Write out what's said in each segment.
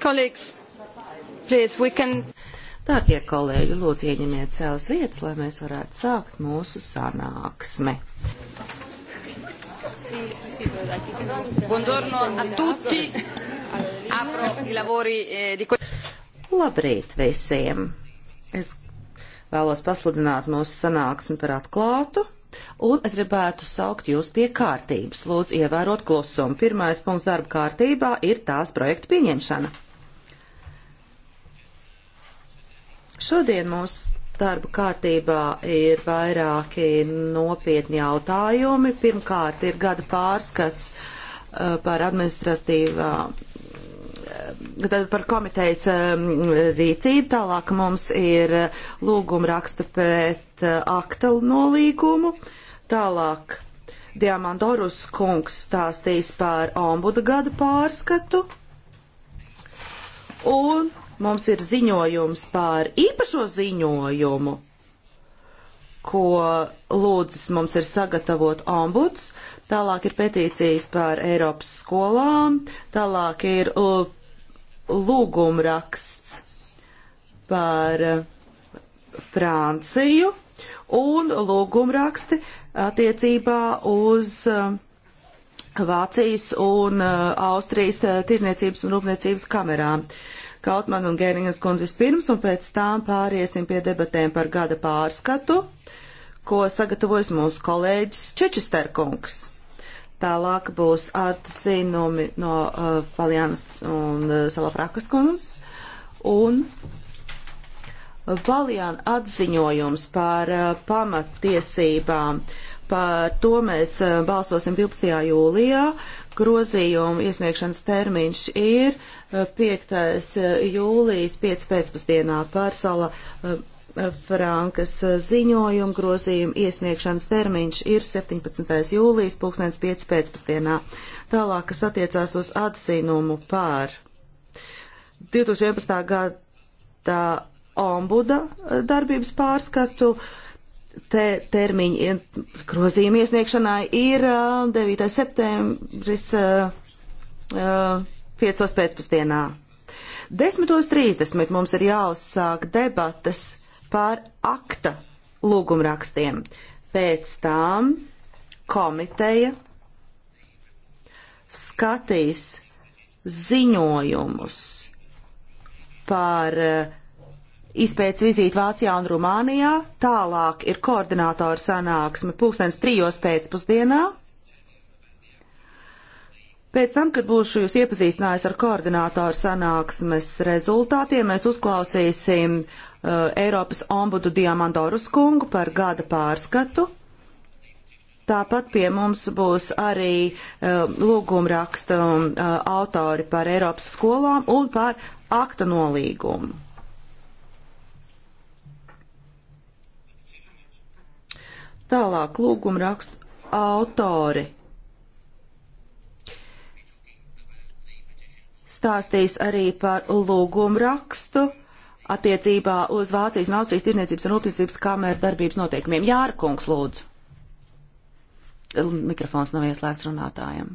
Colleagues, please, we can. Dārgie kolēģi, lūdzu ieņemiet savas vietas, lai mēs varētu sākt mūsu sanāksmi. Buongiorno a tutti. Apro i lavori eh, di Labrīt visiem. Es vēlos pasludināt mūsu sanāksmi par atklātu. Un es gribētu saukt jūs pie kārtības. Lūdzu, ievērot klusumu. Pirmais punkts darba kārtībā ir tās projekta pieņemšana. Šodien mūsu darba kārtībā ir vairāki nopietni jautājumi. Pirmkārt ir gada pārskats uh, par administratīvā. Eh, tad par komitejas um, rīcību tālāk mums ir lūguma raksta pret uh, eh, aktalu nolīgumu. Tālāk Diamandorus kungs stāstīs par ombuda gadu pārskatu. Un Mums ir ziņojums par īpašo ziņojumu, ko lūdzas mums ir sagatavot ombuds, tālāk ir petīcijas par Eiropas skolām, tālāk ir lūgumraksts par eh, Franciju un lūgumraksti attiecībā uz eh, Vācijas un eh, Austrijas tirniecības un rūpniecības kamerām. Uh, Kautman un Gēringas kundze vispirms, un pēc tām pāriesim pie debatēm par gada pārskatu, ko sagatavojas mūsu kolēģis Čečisterkungs. Tālāk būs atzinumi no uh, Faljānas un uh, Salafrakas kundzes. Un Valjāna atziņojums par uh, pamattiesībām, par to mēs uh, balsosim 12. jūlijā. Uh, grozījumu iesniegšanas termiņš ir 5. Eh, eh, jūlijas 5. pēcpusdienā pārsala eh, Frankas ziņojumu grozījumu iesniegšanas termiņš ir 17. jūlijas 2005. pēcpusdienā. Tālāk, kas attiecās uz atzinumu pār 2011. gada ombuda darbības pārskatu, uh, te termiņi grozījuma iesniegšanai ir 9. septembris 5. pēcpusdienā. 10.30 mums ir jāuzsāk debatas par akta lūgumrakstiem. Pēc tām komiteja skatīs ziņojumus par uh, izpētes vizīti Vācijā un Rumānijā, tālāk ir koordinātora sanāksme pulkstens trijos pēcpusdienā. Pēc tam, kad būšu jūs iepazīstinājis ar koordinātoru sanāksmes rezultātiem, mēs uzklausīsim uh, Eiropas ombudu Diamandorus kungu par gada pārskatu. Tāpat pie mums būs arī uh, lūguma raksta um, uh, autori par Eiropas skolām un par akta nolīgumu. Tālāk lūguma rakstu autori stāstīs arī par lūgumu rakstu attiecībā uz Vācijas un Austrijas tirniecības un rūpniecības kameru darbības noteikumiem. Jāra kungs, lūdzu. Mikrofons nav ieslēgts runātājiem.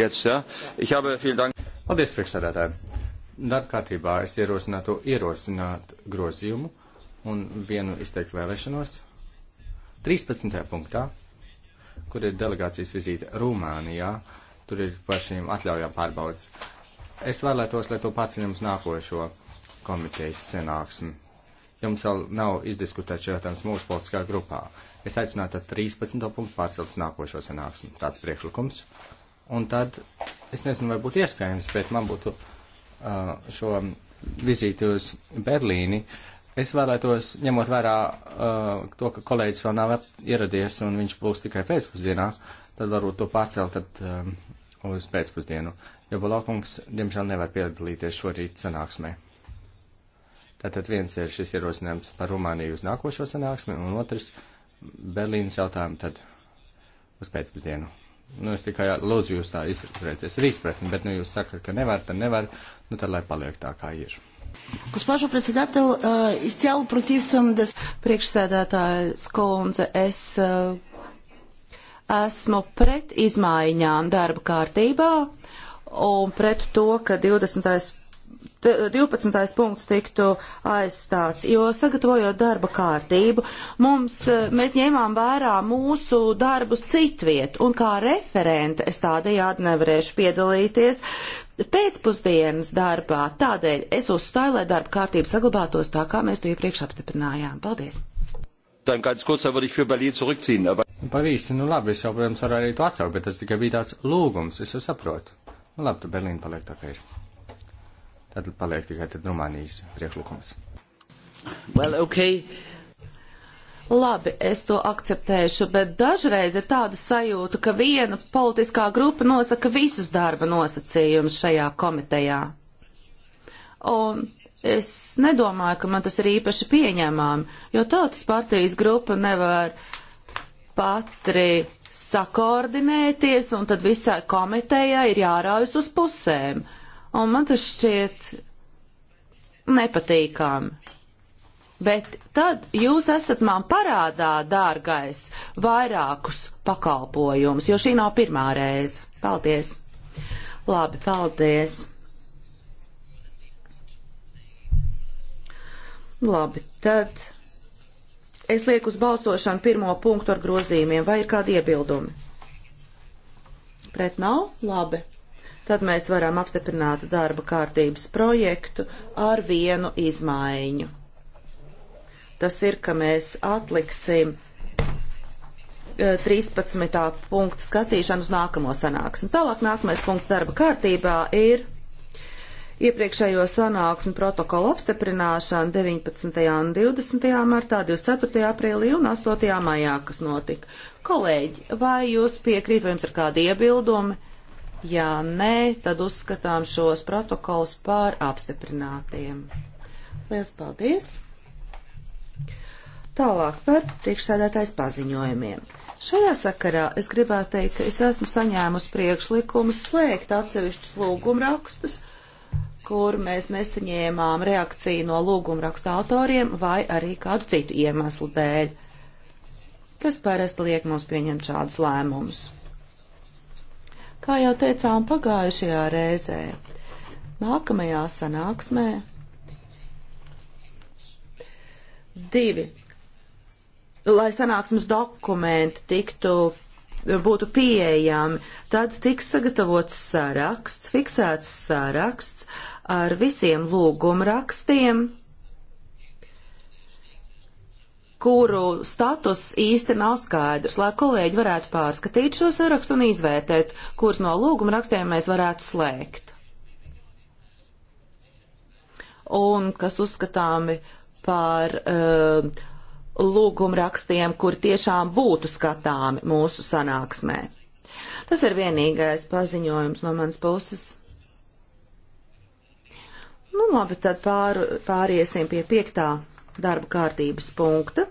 Jetzt, ja. Ich habe vielen Dank. Paldies, priekšsēdētāji. Darbkārtībā es ierosinātu ierosināt grozījumu un vienu izteikt vēlēšanos 13. punktā, kur ir delegācijas vizīte Rumānijā, tur ir par šīm atļaujām pārbaudas. Es vēlētos, lai to pārceļam uz nākošo komitejas senāksmi. Jums vēl nav izdiskutēts šī jautājums mūsu politiskā grupā. Es aicinātu 13. punktu pārcelt uz nākošo senāksmi. Tāds priekšlikums. Un tad, es nezinu, vai būtu iespējams, bet man būtu uh, šo vizīti uz Berlīni uh, Es vēlētos, ņemot vērā uh, to, ka kolēģis vēl nav ieradies un viņš būs tikai pēcpusdienā, tad varbūt to pārcelt tad, um, uz pēcpusdienu, jo Balakungs, diemžēl, nevar piedalīties šorīt sanāksmē. Tātad viens ir šis ierosinājums par Rumāniju uz nākošo sanāksmi, un otrs - Berlīnas jautājumu tad uz pēcpusdienu. Nu, es tikai lūdzu jūs tā izturēties ar izpratni, bet, nu, jūs sakat, ka nevar, tad nevar, nu, tad lai paliek tā, kā ir. Госпожо председател, изцяло против съм да... Priekšsēdētājas kundze, es esmu pret izmaiņām darba kārtībā un pret to, ka 20. 12. punkts tiktu aizstāts, jo sagatavojot darba kārtību, mums, mēs ņēmām vērā mūsu darbus citviet, un kā referente es tādējādi nevarēšu piedalīties pēcpusdienas darbā. Tādēļ es uzstāju, lai darba kārtība saglabātos tā, kā mēs to iepriekš apstiprinājām. Paldies! Pavīsi, nu labi, es jau, protams, varu arī to atsaukt, bet tas tikai bija tāds lūgums, es jau saprotu. Nu labi, tu Berlīna paliek tā, kā ir. Tad paliek tikai tad Rumānijas priekšlikums. Well, okay labi, es to akceptēšu, bet dažreiz ir tāda sajūta, ka viena politiskā grupa nosaka visus darba nosacījumus šajā komitejā. Un es nedomāju, ka man tas ir īpaši pieņemām, jo tautas partijas grupa nevar patri sakoordinēties, un tad visai komitejai ir jāraujas uz pusēm. Un man tas šķiet nepatīkami bet tad jūs esat man parādā, dārgais, vairākus pakalpojumus, jo šī nav pirmā reize. Paldies! Labi, paldies! Labi, tad es lieku uz balsošanu pirmo punktu ar grozījumiem. Vai ir kādi iebildumi? Pret nav? Labi tad mēs varam apstiprināt darba kārtības projektu ar vienu izmaiņu tas ir, ka mēs atliksim 13. Eh, punktu skatīšanu uz nākamo sanāksmi. Tālāk nākamais punkts darba kārtībā ir iepriekšējo sanāksmi protokolu apstiprināšana 19. un 20. martā, 24. aprīlī un 8. maijā, kas notika. Kolēģi, vai jūs piekrīt, vai jums ir kādi iebildumi? Ja nē, tad uzskatām šos protokols par apstiprinātiem. Lielas paldies! Tālāk par priekšsēdētājs paziņojumiem. Šajā sakarā es gribētu teikt, ka es esmu saņēmusi priekšlikumus slēgt atsevišķus lūgumrakstus, kur mēs nesaņēmām reakciju no lūgumrakstu autoriem vai arī kādu citu iemeslu dēļ, kas parasti liek mums pieņemt šādus lēmumus. Kā jau teicām pagājušajā reizē, nākamajā sanāksmē divi lai sanāksmes dokumenti tiktu būtu pieejami, tad tiks sagatavots saraksts, fiksēts saraksts ar visiem lūgumrakstiem, kuru status īsti nav skaidrs, lai kolēģi varētu pārskatīt šo sarakstu un izvērtēt, kurus no lūgumrakstiem mēs varētu slēgt. Un kas uzskatāmi par uh, lūgumrakstiem, kur tiešām būtu skatāmi mūsu sanāksmē. Tas ir vienīgais paziņojums no manas puses. Nu, labi, tad pār, pāriesim pie piektā darba kārtības punkta.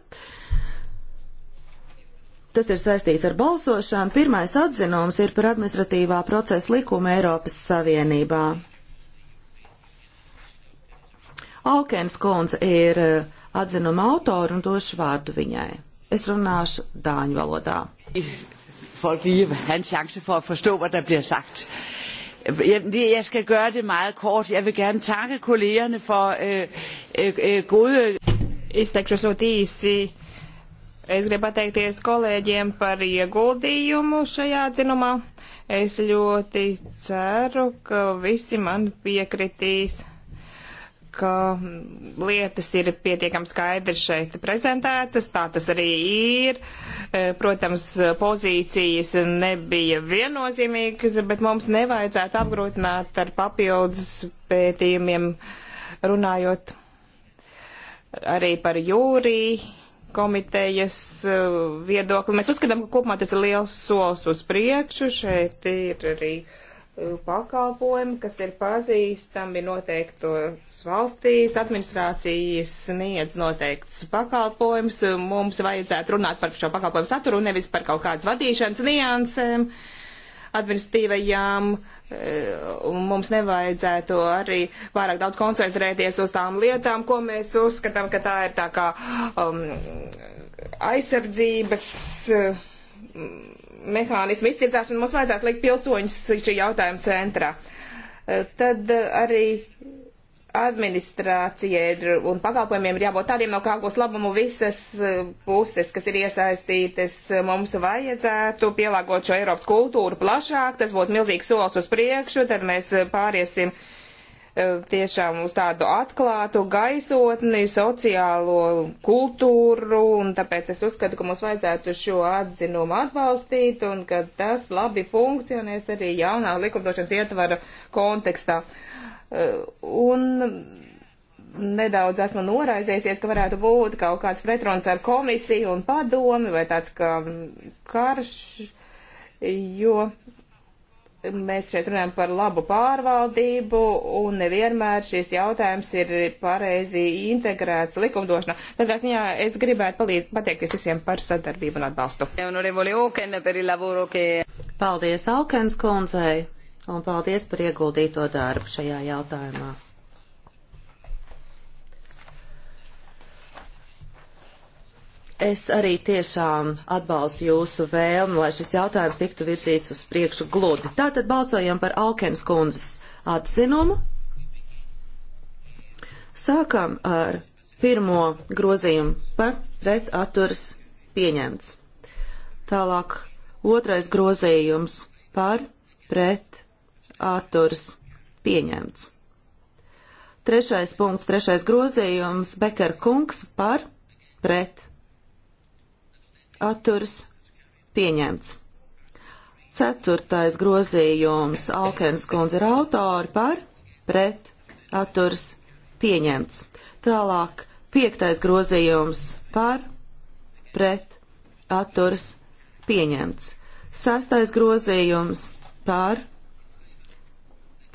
Tas ir saistīts ar balsošanu. Pirmais atzinums ir par administratīvā procesa likumu Eiropas Savienībā. Aukens kundze ir uh, atzinuma autoru un došu vārdu viņai. Es runāšu dāņu valodā. Folk lige have en chance for at forstå, hvad der bliver sagt. Jeg skal gøre det meget kort. Jeg vil gerne takke kollegerne for øh, øh, øh, gode... Izteikšos ļoti īsi. Es gribu pateikties kolēģiem par ieguldījumu šajā atzinumā. Es ļoti ceru, ka visi man piekritīs ka lietas ir pietiekami skaidri šeit prezentētas, tā tas arī ir. E, protams, pozīcijas nebija viennozīmīgas, bet mums nevajadzētu apgrūtināt ar papildus pētījumiem runājot arī par jūrī komitejas e, viedokli. Mēs uzskatām, ka kopumā tas ir liels solis uz priekšu. Šeit ir arī uh, Eh, pakalpojumi, kas ir pazīstami noteiktos valstīs, administrācijas sniedz noteikts pakalpojums. Mums vajadzētu runāt par šo pakalpojumu saturu, nevis par kaut kādas vadīšanas niansēm, administratīvajām. Eh, mums nevajadzētu arī pārāk daudz koncentrēties uz tām lietām, ko mēs uzskatām, ka tā ir tā kā um, aizsardzības. Um, mehānismu iztirzāšanu mums vajadzētu likt pilsoņus šī jautājuma centrā. E, tad e, arī administrācija ir, un pakalpojumiem ir jābūt tādiem, no kā gūs labumu visas e, puses, kas ir iesaistītas. Mums vajadzētu pielāgot šo Eiropas kultūru plašāk, tas būtu milzīgs solis uz priekšu, tad mēs pāriesim uh, E, tiešām uz tādu atklātu gaisotni, sociālo kultūru, un tāpēc es uzskatu, ka mums vajadzētu šo atzinumu atbalstīt, un ka tas labi funkcionēs arī jaunā likumdošanas ietvara kontekstā. E, un nedaudz esmu noraizējies, ka varētu būt kaut kāds pretruns ar komisiju un padomi, vai tāds kā karš, jo mēs šeit runājam par labu pārvaldību, un nevienmēr šis jautājums ir pareizi integrēts likumdošanā. Tādā ziņā es gribētu pateikties visiem par sadarbību un atbalstu. Paldies Alkens kundzei, un paldies par ieguldīto darbu šajā jautājumā. Es arī tiešām atbalstu jūsu vēlmi, lai šis jautājums tiktu virzīts uz priekšu gludi. Tātad balsojam par Alkenas kundzes atzinumu. Sākam ar pirmo grozījumu par pret atturas pieņemts. Tālāk otrais grozījums par pret atturas pieņemts. Trešais punkts, trešais grozījums Bekar kungs par pret atturas pieņemts. Ceturtais grozījums Alkens kundze ir autori par pret atturas pieņemts. Tālāk piektais grozījums par pret atturas pieņemts. Sastais grozījums par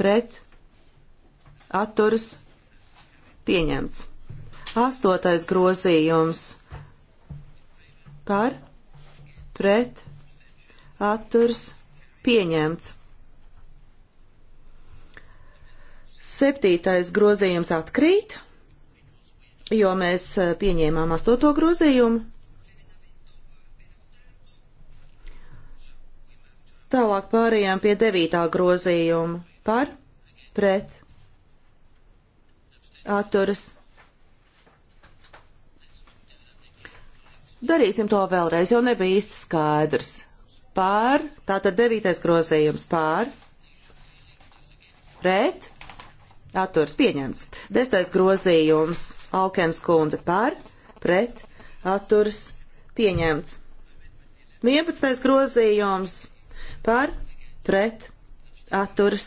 pret atturas pieņemts. Astotais grozījums par pret atturs pieņemts. Septītais grozījums atkrīt, jo mēs eh, pieņēmām astoto grozījumu. Tālāk pārējām pie devītā grozījuma par pret atturas pieņemts Darīsim to vēlreiz, jo nebija īsti skaidrs. Pār, tātad devītais grozījums pār, pret, atturs pieņemts. Desmitais grozījums Aukens kundze pār, pret, atturs pieņemts. Vienpadsmitais grozījums pār, pret, atturs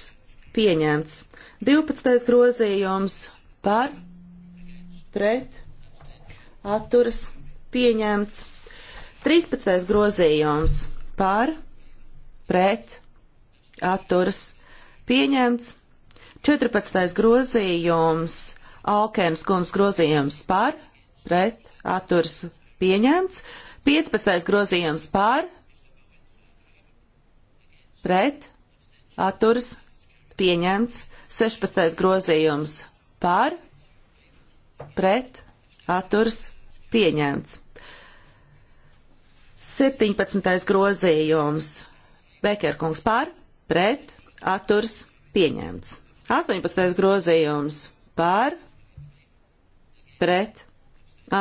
pieņemts. Divpadsmitais grozījums pār, pret, atturs pieņemts atturas pieņemts. 13. grozījums par, pret, atturas, pieņemts. 14. grozījums, Alkēnas kundas grozījums par, pret, atturas, pieņemts. 15. grozījums par, pret, atturas, pieņemts. 16. grozījums par, pret, atturas, pieņemts pieņemts. 17. grozījums. Bekerkungs pār, pret, atturs, pieņemts. 18. grozījums pār, pret,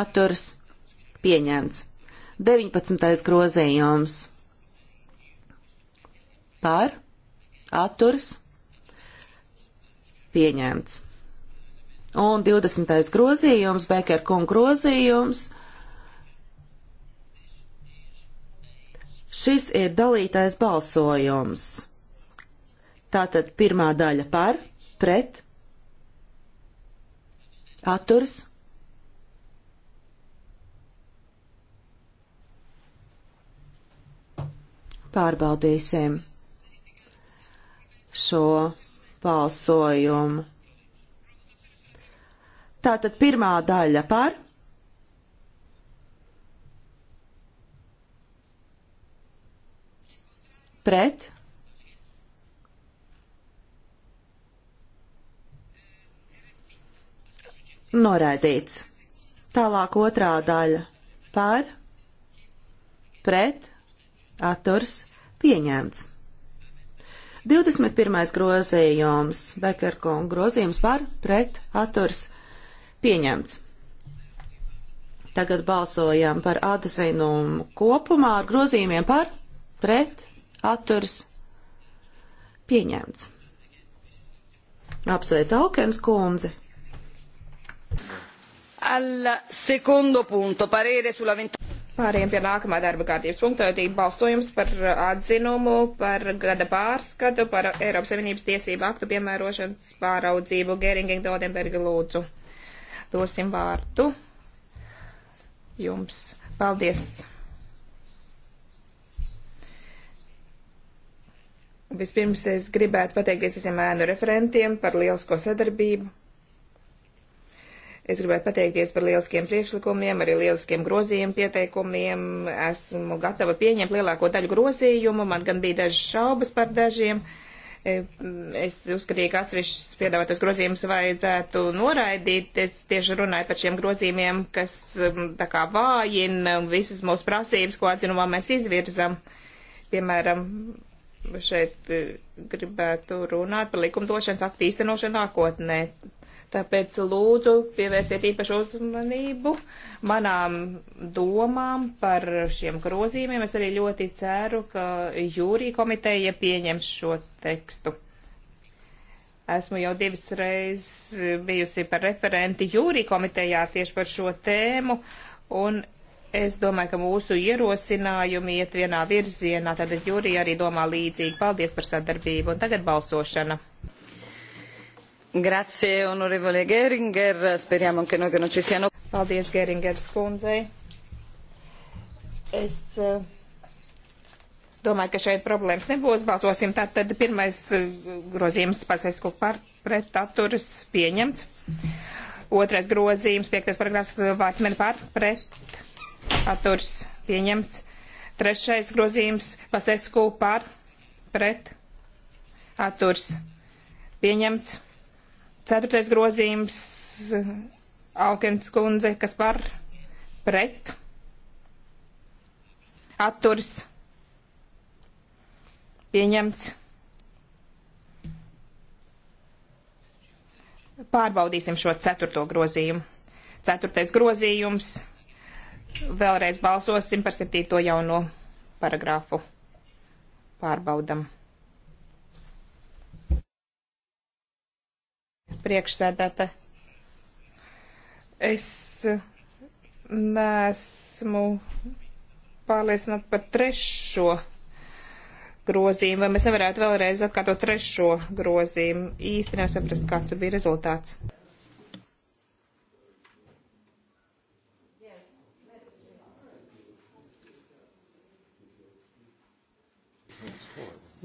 atturs, pieņemts. 19. grozījums pār, atturs, pieņemts. Un 20. grozījums, Beker kunga grozījums. Šis ir dalītais balsojums. Tātad pirmā daļa par, pret, atturs. Pārbaudīsim šo balsojumu. Tātad pirmā daļa par. Pret. Noraidīts. Tālāk otrā daļa par. Pret. Atturs. Pieņemts. 21. grozījums, Bekerkunga grozījums par pret atturs Pieņemts. Tagad balsojam par atzinumu kopumā ar grozījumiem par, pret, atturs, pieņemts. Apsveic Aukens kundzi. Al secondo punto, parere sulla 21. Pāriem pie nākamā darba kārtības punkta, tīk balsojums par atzinumu, par gada pārskatu, par Eiropas Savienības tiesību aktu piemērošanas pāraudzību Geringendodenberga lūdzu dosim vārdu jums. Paldies! Vispirms es gribētu pateikties visiem ēnu referentiem par lielisko sadarbību. Es gribētu pateikties par lieliskiem priekšlikumiem, arī lieliskiem grozījumu pieteikumiem. Esmu gatava pieņemt lielāko daļu grozījumu, man gan bija dažas šaubas par dažiem. Uh, E, es uzskatīju, ka atsevišķus piedāvātos grozījumus vajadzētu noraidīt. Es tieši runāju par šiem grozījumiem, kas tā kā vājina visas mūsu prasības, ko atzinumā mēs izvirzam. Piemēram, šeit e, gribētu runāt par likumdošanas aktu īstenošanu nākotnē. Tāpēc lūdzu pievērsiet īpašu uzmanību manām domām par šiem grozījumiem. Es arī ļoti ceru, ka jūrī komiteja pieņems šo tekstu. Esmu jau divas reizes bijusi par referenti jūrī komitejā tieši par šo tēmu, un es domāju, ka mūsu ierosinājumi iet vienā virzienā, tad jūrī arī domā līdzīgi. Paldies par sadarbību, un tagad balsošana. Grazie, onorevole Geringer. Speriamo anche noi che non ci siano. Paldies, Geringers kundzei. Es eh, domāju, ka šeit problēmas nebūs. Balsosim tātad pirmais eh, grozījums pasaisko par pret atturas pieņemts. Otrais grozījums, piektais paragrāfs eh, vārtmeni par pret atturas pieņemts. Trešais grozījums pasaisko par pret atturas pieņemts. Ceturtais grozījums Alkens kundze, kas par pret atturs pieņemts. Pārbaudīsim šo ceturto grozījumu. Ceturtais grozījums. Vēlreiz balsosim par septīto jauno paragrāfu. Pārbaudam. priekšsēdētā. Es neesmu pārliecināta par trešo grozījumu, vai mēs nevarētu vēlreiz atkārtot trešo grozījumu. Īsti nevar saprast, kāds tur bija rezultāts.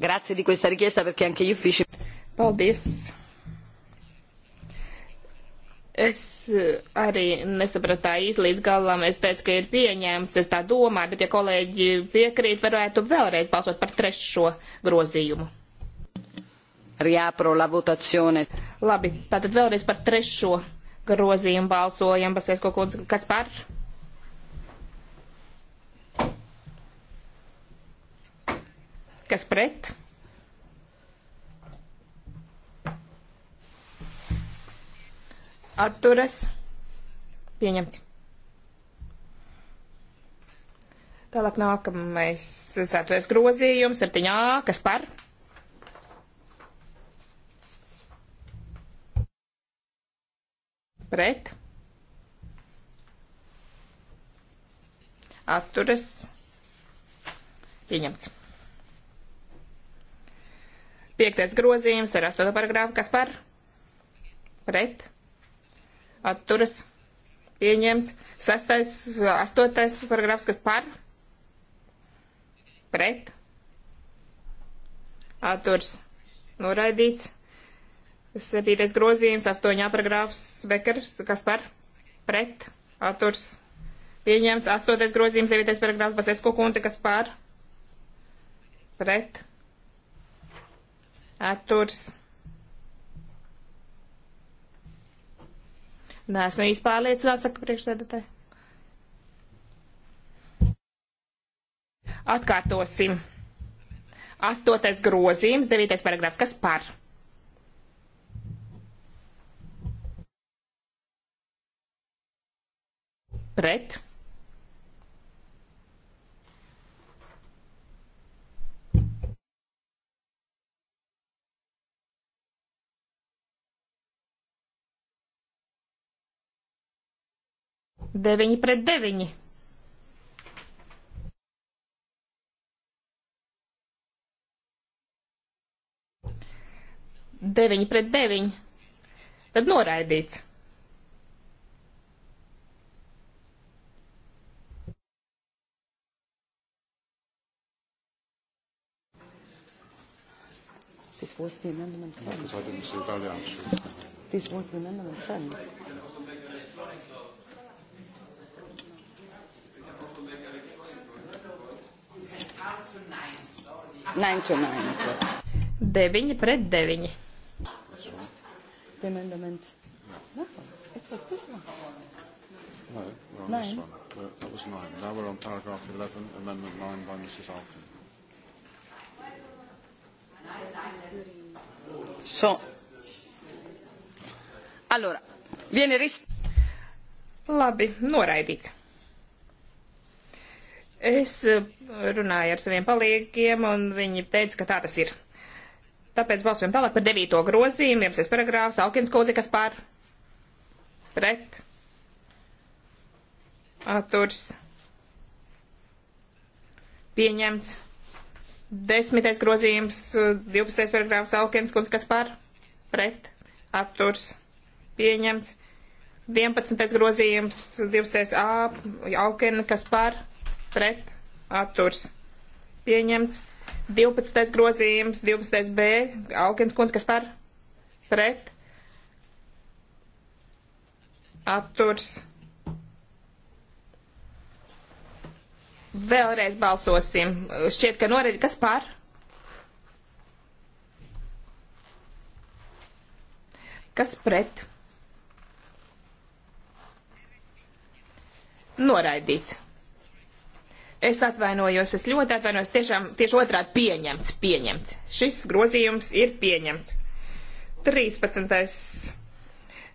Grazie di questa richiesta perché anche gli uffici. Paldies. Es eh, arī nesapratu tā īsti līdz galam. Es teicu, ka ir pieņemts, es tā domāju, bet ja kolēģi piekrīt, varētu vēlreiz balsot par trešo grozījumu. Riapro la votazione. Labi, tātad vēlreiz par trešo grozījumu balsojam. Pasies, ko kundze, kas par? Kas pret? atturas pieņemts. Tālāk nākamais ceturtais grozījums, septiņā, kas par? Pret. Atturas. Pieņemts. Piektais grozījums ar astoto paragrāfu, kas par? Pret atturas pieņemts. Sastais, astotais paragrāfs, kas par, pret, atturas noraidīts. Septītais grozījums, astoņā paragrāfs, bekars, kas par, pret, atturas pieņemts. Astotais grozījums, devītais paragrāfs, basesko kundze, kas par, pret, atturas noraidīts Nesmu īsti pārliecināts, saka priekšsēdētāji. Atkārtosim. Astotais grozījums, devītais paragrāfs. Kas par? Pret. 9 pret 9. Deviņi pret deviņi. Tad noraidīts. This was the amendment 10. Yeah, because I didn't see Valiant. This was the amendment 10. 9 to 9 it was. 9 pret 9. The amendment. No. It was this one. No, we're on nine. this one. We're, that was 9. Now we're on paragraph 11, amendment 9 by Mrs. Alkin. So, allora, viene risposto. Labi, noraidīts. Es eh, runāju ar saviem palīgiem, un viņi teica, ka tā tas ir. Tāpēc balsojam tālāk par devīto grozījumu, iepsies paragrāfs, Alkins Kodzi, kas pār pret atturs pieņemts. Desmitais grozījums, 12. Eh, paragrāfs Alkins Kodzi, kas pār pret atturs pieņemts. 11. grozījums, 12. A, Alkina, kas pār pret pret atturs pieņemts. 12. grozījums, 12. B, Alkins kundz, kas par pret atturs. Vēlreiz balsosim. Šķiet, ka norēģi, kas par? Kas pret? Noraidīts. Es atvainojos, es ļoti atvainojos, tiešām tieši otrādi pieņemts, pieņemts. Šis grozījums ir pieņemts. 13.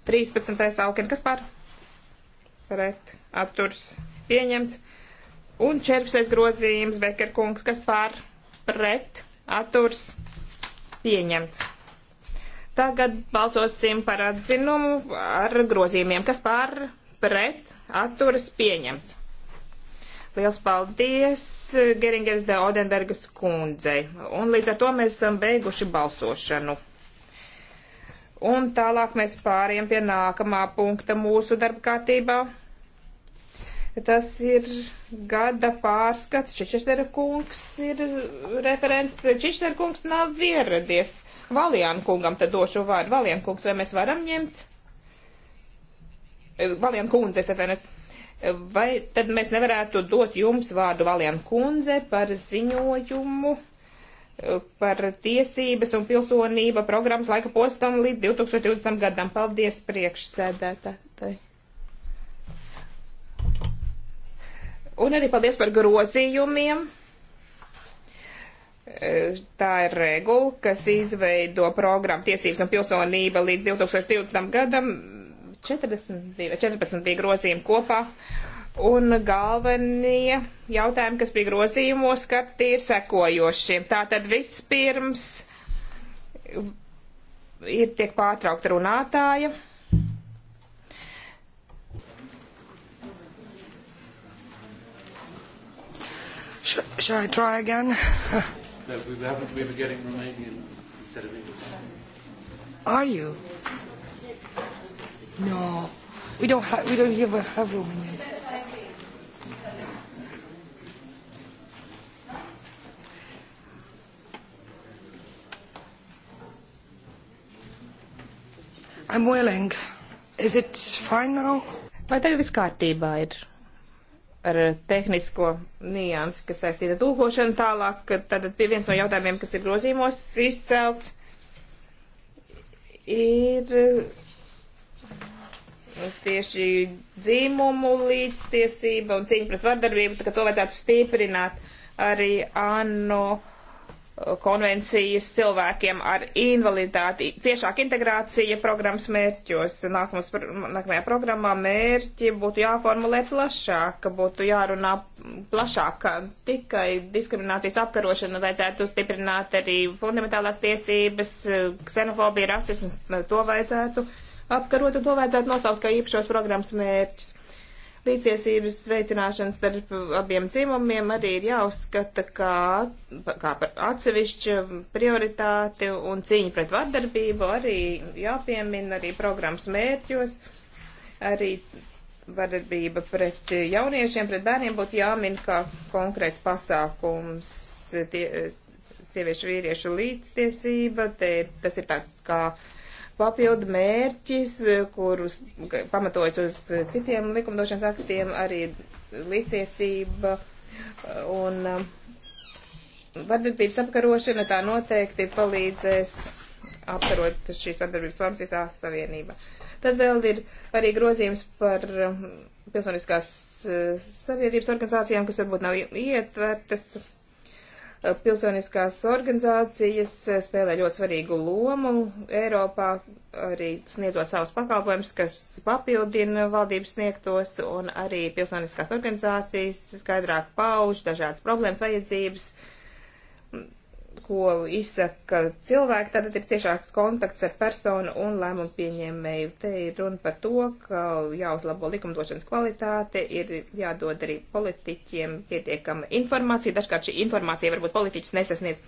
13. augļi, kas par? Pret, atturs, pieņemts. Un 14. grozījums, Beker kungs, kas par? Pret, atturs, pieņemts. Tagad balsosim par atzinumu ar grozījumiem, kas par? Pret, atturs, pieņemts. Liels paldies Geringers de Odenbergas kundzei. Un līdz ar to mēs esam beiguši balsošanu. Un tālāk mēs pāriem pie nākamā punkta mūsu darba kārtībā. Tas ir gada pārskats. Čičestera kungs ir referents. Čičestera kungs nav ieradies. Valjāna kungam tad došu vārdu. Valjāna kungs, vai mēs varam ņemt? Valjāna kundze, es atvainojos. Vai tad mēs nevarētu dot jums vārdu Valien kundze par ziņojumu par tiesības un pilsonība programmas laika postam līdz 2020. gadam. Paldies priekšsēdētāji. Un arī paldies par grozījumiem. Tā ir regula, kas izveido programmu tiesības un pilsonība līdz 2020. gadam. 42 vai 14 bija grozījumi kopā. Un galvenie jautājumi, kas bija grozījumos, kad tie ir sekojošie. Tātad vispirms ir tiek pārtraukta runātāja. Should, should I try again? no, we haven't. We were getting Romanian instead of English. Are you? No, we don't have we don't even have Romanian. I'm willing. Is it fine now? Vai tagad viss kārtībā ir ar tehnisko niansi, kas saistīta ar tūkošanu tālāk? Tad pie viens no jautājumiem, kas ir grozīmos izcelts, ir tieši dzīmumu līdztiesība un cīņa pret vardarbību, ka to vajadzētu stiprināt arī ANO uh, konvencijas cilvēkiem ar invaliditāti. Ciešāk integrācija programmas mērķos. Nākamos, nākamajā programmā mērķi būtu jāformulē plašāk, būtu jārunā plašāk. Tikai diskriminācijas apkarošana vajadzētu stiprināt arī fundamentālās tiesības, uh, ksenofobija, rasismas, to vajadzētu uh, apkarot, un to vajadzētu nosaukt kā īpašos programmas mērķus. Līdziesības veicināšana starp abiem dzimumiem arī ir jāuzskata kā, kā par atsevišķu prioritāti un cīņa pret vardarbību arī jāpiemina arī programmas mērķos, arī vardarbība pret jauniešiem, pret bērniem būtu jāmin kā konkrēts pasākums. Tie, sieviešu vīriešu līdztiesība, te, tas ir tāds kā uh, papildu mērķis, eh, kurus pamatojas uz eh, citiem likumdošanas aktiem, arī līdziesība eh, un vardarbības apkarošana tā noteikti palīdzēs apkarot šīs vardarbības formas visā savienībā. Tad vēl ir arī grozījums par pilsoniskās sabiedrības organizācijām, kas varbūt nav ietvertas Pilsoniskās organizācijas eh, spēlē ļoti svarīgu lomu Eiropā, arī sniedzot savus pakalpojumus, kas papildina valdības sniegtos, un arī pilsoniskās organizācijas skaidrāk pauž dažādas problēmas, vajadzības, uh, ko izsaka cilvēki, tad ir ciešāks kontakts ar personu un lēmumu pieņēmēju. Te ir runa par to, ka jāuzlabo likumdošanas kvalitāte, ir jādod arī politiķiem pietiekama informācija. Dažkārt šī informācija varbūt politiķis nesasniedz.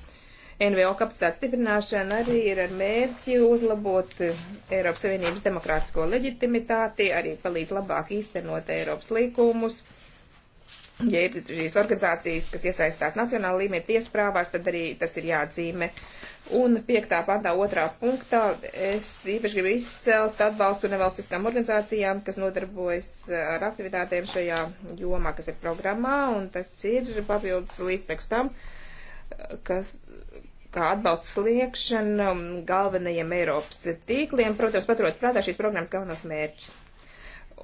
NVO kapacitātes stiprināšana arī ir ar mērķi uzlabot Eiropas Savienības demokrātisko leģitimitāti, arī palīdz labāk īstenot Eiropas līkumus ja ir šīs organizācijas, kas iesaistās nacionāla līmenī tiesprāvās, tad arī tas ir jāatzīmē. Un piektā pantā otrā punktā es īpaši gribu izcelt atbalstu nevalstiskām organizācijām, kas nodarbojas ar aktivitātēm šajā jomā, kas ir programmā, un tas ir papildus līdztekst tam, kas, kā atbalsts sliekšana galvenajiem Eiropas tīkliem, protams, paturot prātā šīs programmas galvenos mērķus.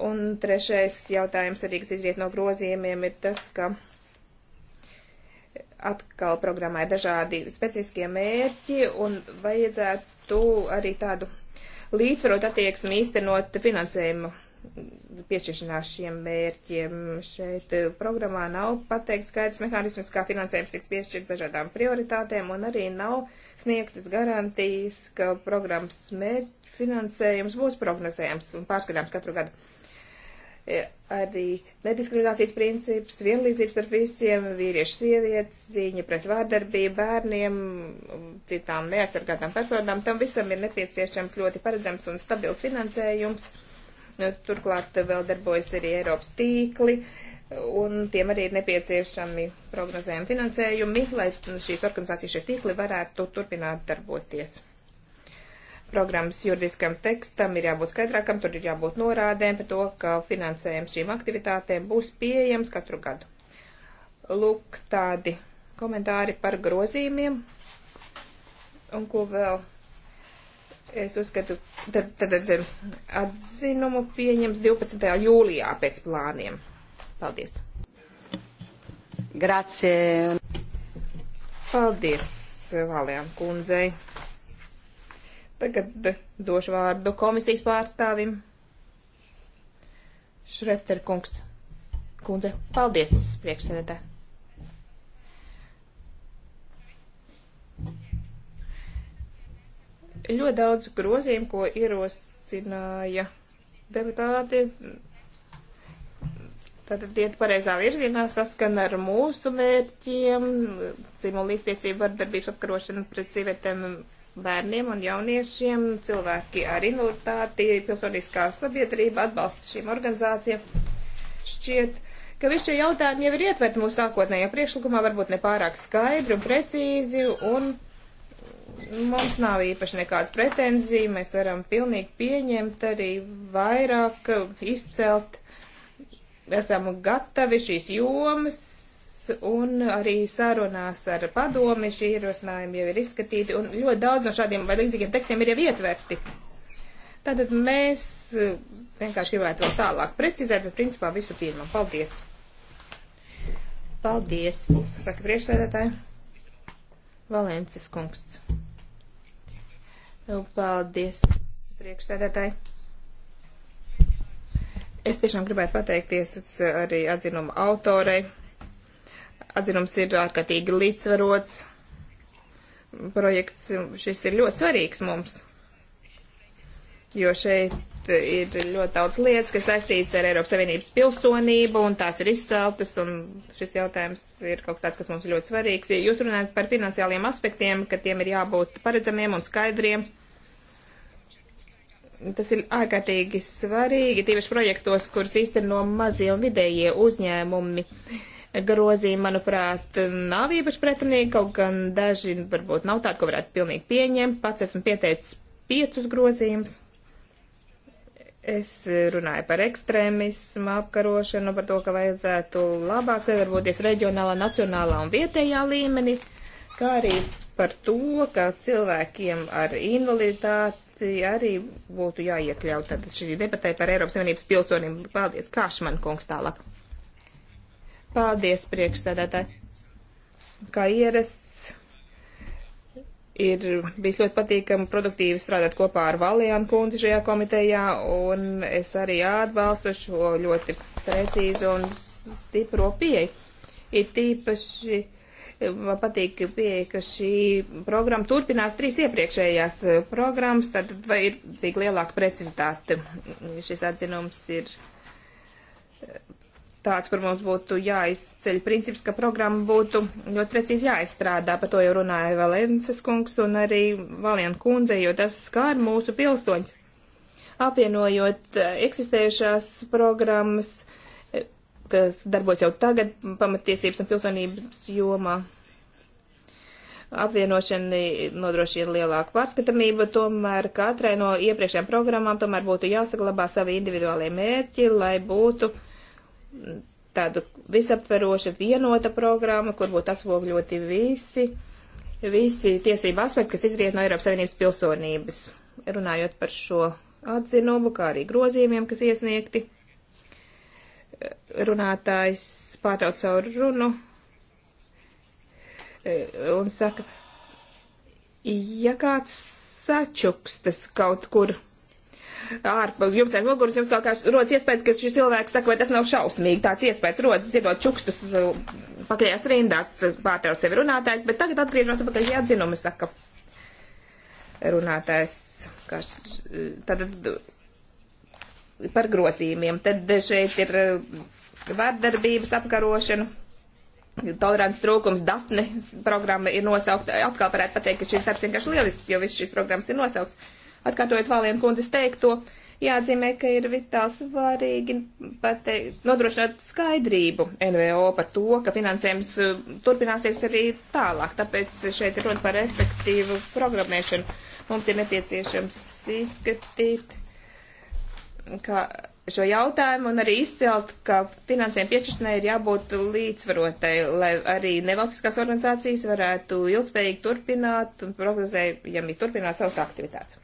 Un trešais jautājums arī, kas izriet no grozījumiem, ir tas, ka atkal programmā ir dažādi specifiskie mērķi un vajadzētu arī tādu līdzsvarot attieksmi īstenot finansējumu piešķiršanā šiem mērķiem. Šeit programmā nav pateikts skaidrs mehānisms, kā finansējums tiks piešķirts dažādām prioritātēm, un arī nav sniegtas garantijas, ka programmas mērķi finansējums būs prognozējams un pārskatāms katru gadu. E, arī nediskriminācijas princips, vienlīdzības starp visiem, vīriešu sievietes, cīņa pret vārdarbību, bērniem, citām neaizsargātām personām. Tam visam ir nepieciešams ļoti paredzams un stabils finansējums. Nu, turklāt vēl darbojas arī Eiropas tīkli, un tiem arī ir nepieciešami prognozējami finansējumi, lai šīs organizācijas šie tīkli varētu turpināt darboties. Programmas juridiskam tekstam ir jābūt skaidrākam, tur ir jābūt norādēm par to, ka finansējums šīm aktivitātēm būs pieejams katru gadu. Lūk, tādi komentāri par grozījumiem. Un ko vēl? Es uzskatu, tad, tad, tad atzinumu pieņems 12. jūlijā pēc plāniem. Paldies. Grazie. Paldies Valēm kundzei. Tagad došu vārdu komisijas pārstāvim. Šreter kungs. Kundze, paldies, priekšsēdētē. Ļoti daudz grozījumu, ko ierosināja deputāti, Tātad iet pareizā virzienā, saskana ar mūsu mērķiem, dzimuma līdztiesību, vardarbības apkarošana pret sievietēm bērniem un jauniešiem, cilvēki ar invaliditāti, pilsoniskā sabiedrība atbalsta šīm organizācijām. Šķiet, ka visi šie jautājumi jau ir ietverti mūsu sākotnējā priekšlikumā, varbūt ne pārāk skaidri un precīzi, un mums nav īpaši nekāda pretenzija, mēs varam pilnīgi pieņemt arī vairāk izcelt. Esam gatavi šīs jomas un arī sarunās ar padomi šie ierosinājumi jau ir izskatīti, un ļoti daudz no šādiem vai līdzīgiem tekstiem ir jau ietverti. Tātad mēs e, vienkārši gribētu vēl tālāk precizēt, bet principā visu pieņemam. Paldies! Paldies, saka priekšsēdētāji. Valencis kungs. Paldies, priekšsēdētāji. Es tiešām gribētu pateikties e, arī atzinuma autorei. Atzinums ir ārkārtīgi līdzsvarots. Projekts šis ir ļoti svarīgs mums, jo šeit ir ļoti daudz lietas, kas saistīts ar Eiropas Savienības pilsonību, un tās ir izceltas, un šis jautājums ir kaut kas tāds, kas mums ir ļoti svarīgs. Jūs runājat par finansiāliem aspektiem, ka tiem ir jābūt paredzamiem un skaidriem. Uh, Tas ir ārkārtīgi svarīgi, tīpaši projektos, kurus īsteno mazie un vidējie uzņēmumi. Grozījumi, manuprāt, nav īpaši pretrunīgi, kaut gan daži varbūt nav tādi, ko varētu pilnīgi pieņemt. Pats esmu pieteicis piecus grozījumus. Es runāju par ekstrēmismu, apkarošanu, par to, ka vajadzētu labāk sadarboties reģionālā, nacionālā un vietējā līmenī, kā arī par to, ka cilvēkiem ar invaliditāti arī būtu jāiekļaut tātad šī debatē par Eiropas Savienības pilsoniem. Paldies, Kāšman kungs tālāk. Paldies, priekšsēdētāji. Kā ierasts, ir bijis ļoti patīkami produktīvi strādāt kopā ar Valjānu kundzi šajā komitejā, un es arī atbalstu šo ļoti precīzu un stipro pieeju. Ir tīpaši Man patīk pieeja, ka šī programma turpinās trīs iepriekšējās programmas, tad vai ir cik lielāka precizitāte. Šis atzinums ir eh, tāds, kur mums būtu jāizceļ princips, ka programma būtu ļoti precīzi jāizstrādā. Par to jau runāja Valences kungs un arī Valienta kundze, jo tas skar mūsu pilsoņus. Apvienojot eh, eksistējušās programmas, uh, kas darbojas jau tagad pamatiesības un pilsonības jomā. Apvienošana nodrošina lielāku pārskatamību, tomēr katrai no iepriekšējām programmām tomēr būtu jāsaglabā savi individuālie mērķi, lai būtu tāda visaptveroša vienota programma, kur būtu atsvogļoti visi, visi tiesību aspekti, kas izriet no Eiropas Savienības pilsonības. Runājot par šo atzinumu, kā arī grozījumiem, kas iesniegti runātājs pārtrauc savu runu e, un saka, ja kāds sačukstas kaut kur ārpus jums aiz muguras, jums kaut kāds rodas iespējas, ka šis cilvēks saka, vai tas nav šausmīgi, tāds iespējas rodas, dzirdot čukstus e, pakaļajās rindās, e, pārtrauc sevi runātājs, bet tagad atgriežos atpakaļ pie atzinuma, saka runātājs. Kā, tātad par grozījumiem. Tad šeit ir eh, vārdarbības apkarošana, tolerants trūkums, Dafne programma ir nosaukta. Atkal varētu pateikt, ka šis darbs vienkārši lielisks, jo viss šīs programmas ir nosaukts. Atkārtojot Valienu kundzes teikto, jāatzīmē, ka ir vitāli svarīgi pateikt, nodrošināt skaidrību NVO par to, ka finansējums eh, turpināsies arī tālāk. Tāpēc šeit ir runa par efektīvu programmēšanu. Mums ir nepieciešams izskatīt ka šo jautājumu un arī izcelt, ka finansējuma piešķiršanai ir jābūt līdzsvarotai, lai arī nevalstiskās organizācijas varētu ilgspējīgi turpināt un prognozējami turpināt savas aktivitātes.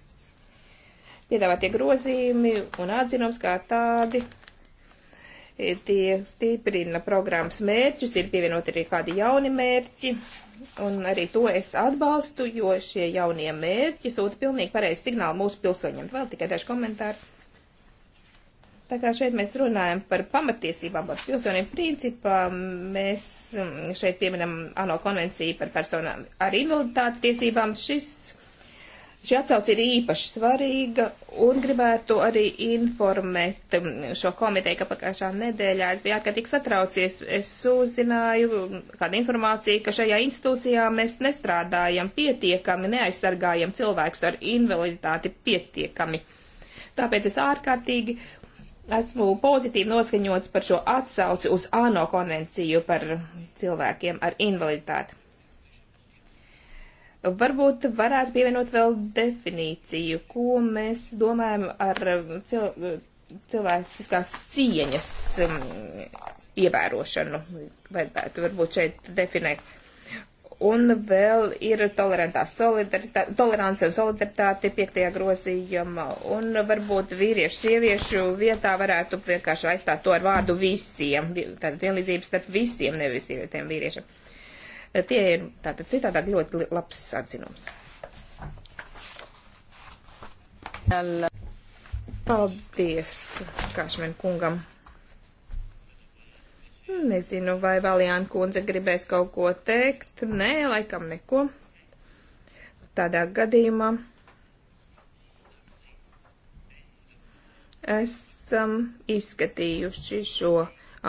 Piedāvātie grozījumi un atzinums kā tādi e, tie stiprina programmas mērķus, ir pievienot arī kādi jauni mērķi, un arī to es atbalstu, jo šie jaunie mērķi sūta pilnīgi pareizi signāli mūsu pilsoņiem. Vēl tikai daži komentāri Tā kā šeit mēs runājam par pamatiesībām, par pilsoniem principā, mēs šeit pieminam ANO konvenciju par personām ar invaliditātes tiesībām. Šis, šī atsauce ir īpaši svarīga un gribētu arī informēt šo komiteju, ka pagājušā nedēļā es biju ārkārtīgi satraucies. Es uzzināju kādu informāciju, ka šajā institūcijā mēs nestrādājam pietiekami, neaizsargājam cilvēkus ar invaliditāti pietiekami. Tāpēc es ārkārtīgi esmu pozitīvi noskaņots par šo atsauci uz ANO konvenciju par cilvēkiem ar invaliditāti. Varbūt varētu pievienot vēl definīciju, ko mēs domājam ar cil cilvēciskās cieņas um, ievērošanu. Vajadzētu varbūt šeit definēt. Un vēl ir tolerance un solidaritāte piektajā grozījumā. Un varbūt vīriešu, sieviešu vietā varētu vienkārši aizstāt to ar vārdu visiem. Tātad vienlīdzības starp visiem, nevis sievietēm vīriešiem. Tie ir tātad citādāk ļoti labs atzinums. Paldies Kāšmen kungam. Nezinu, vai Valjāna kundze gribēs kaut ko teikt. Nē, laikam neko. Tādā gadījumā esam izskatījuši šo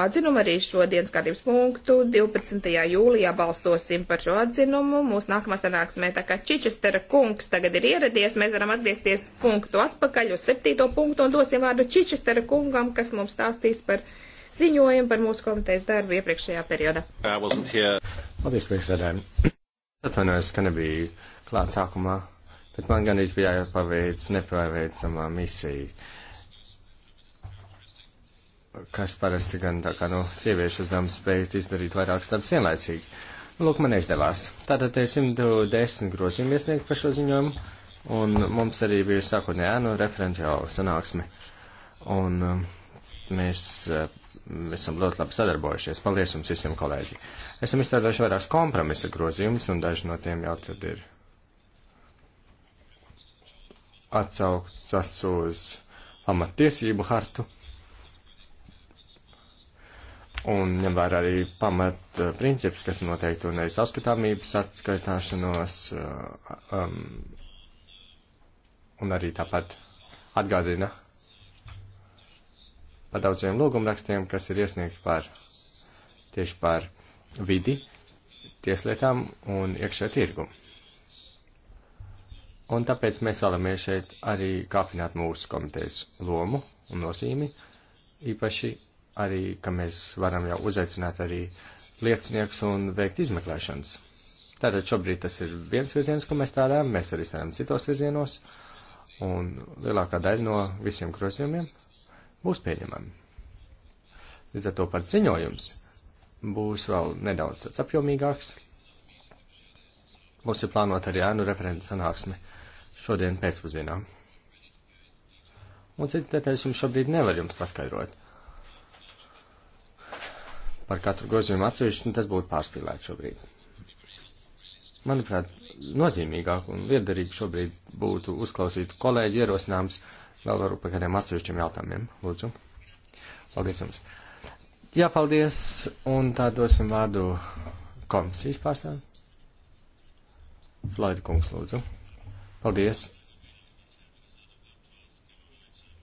atzinumu arī šodienas kārtības punktu. 12. jūlijā balsosim par šo atzinumu. Mūsu nākamā sanāksmē tā kā Čičestera kungs tagad ir ieradies, mēs varam atgriezties punktu atpakaļ uz 7. punktu un dosim vārdu Čičestera kungam, kas mums stāstīs par ziņojumu par mūsu komitejas darbu iepriekšējā periodā. Paldies, priekšsēdētāji. Atvainojos, ka nebija klāt sākumā, bet man gan bija jāpaveic nepaveicamā misija kas parasti gan tā kā, nu, sieviešu uzdevums spēja izdarīt vairākas darbus vienlaicīgi. Lūk, man izdevās. Tātad te 110 grozījumi iesniegt par šo ziņojumu, un mums arī bija sākotnē ēnu referenti jau sanāksme. Un um, mēs uh, esam ļoti labi sadarbojušies. Paldies jums visiem, kolēģi. Esam izstrādājuši vairākus kompromisa grozījumus, un daži no tiem jau tad ir atsauktas uz pamatiesību hartu. Un ņem vērā arī pamat eh, princips, kas noteikti un nevis atskatāmības atskaitāšanos, eh, um, un arī tāpat atgādina par daudziem lūgumrakstiem, kas ir iesniegti par tieši par vidi, tieslietām un iekšē tirgu. Un tāpēc mēs vēlamies šeit arī kāpināt mūsu komitejas lomu un nozīmi, īpaši arī, ka mēs varam jau uzaicināt arī liecinieks un veikt izmeklēšanas. Tātad šobrīd tas ir viens virziens, ko mēs strādājam, mēs arī strādājam citos virzienos, un lielākā daļa no visiem grozījumiem būs pieņemami. Līdz ar to pats ziņojums būs vēl nedaudz apjomīgāks. Mums ir plānota arī ēnu referenta sanāksme šodien pēcpusdienā. Un citas detaļas jums šobrīd nevar jums paskaidrot. Par katru grozījumu atsevišķi nu, tas būtu pārspīlēts šobrīd. Manuprāt, nozīmīgāk un liederīgi šobrīd būtu uzklausīt kolēģi ierosinājums vēl varu par kādiem atsevišķiem jautājumiem. Lūdzu. Paldies jums. Jā, paldies. Un tā dosim vārdu komisijas pārstāvjiem. Floyd kungs, lūdzu. Paldies.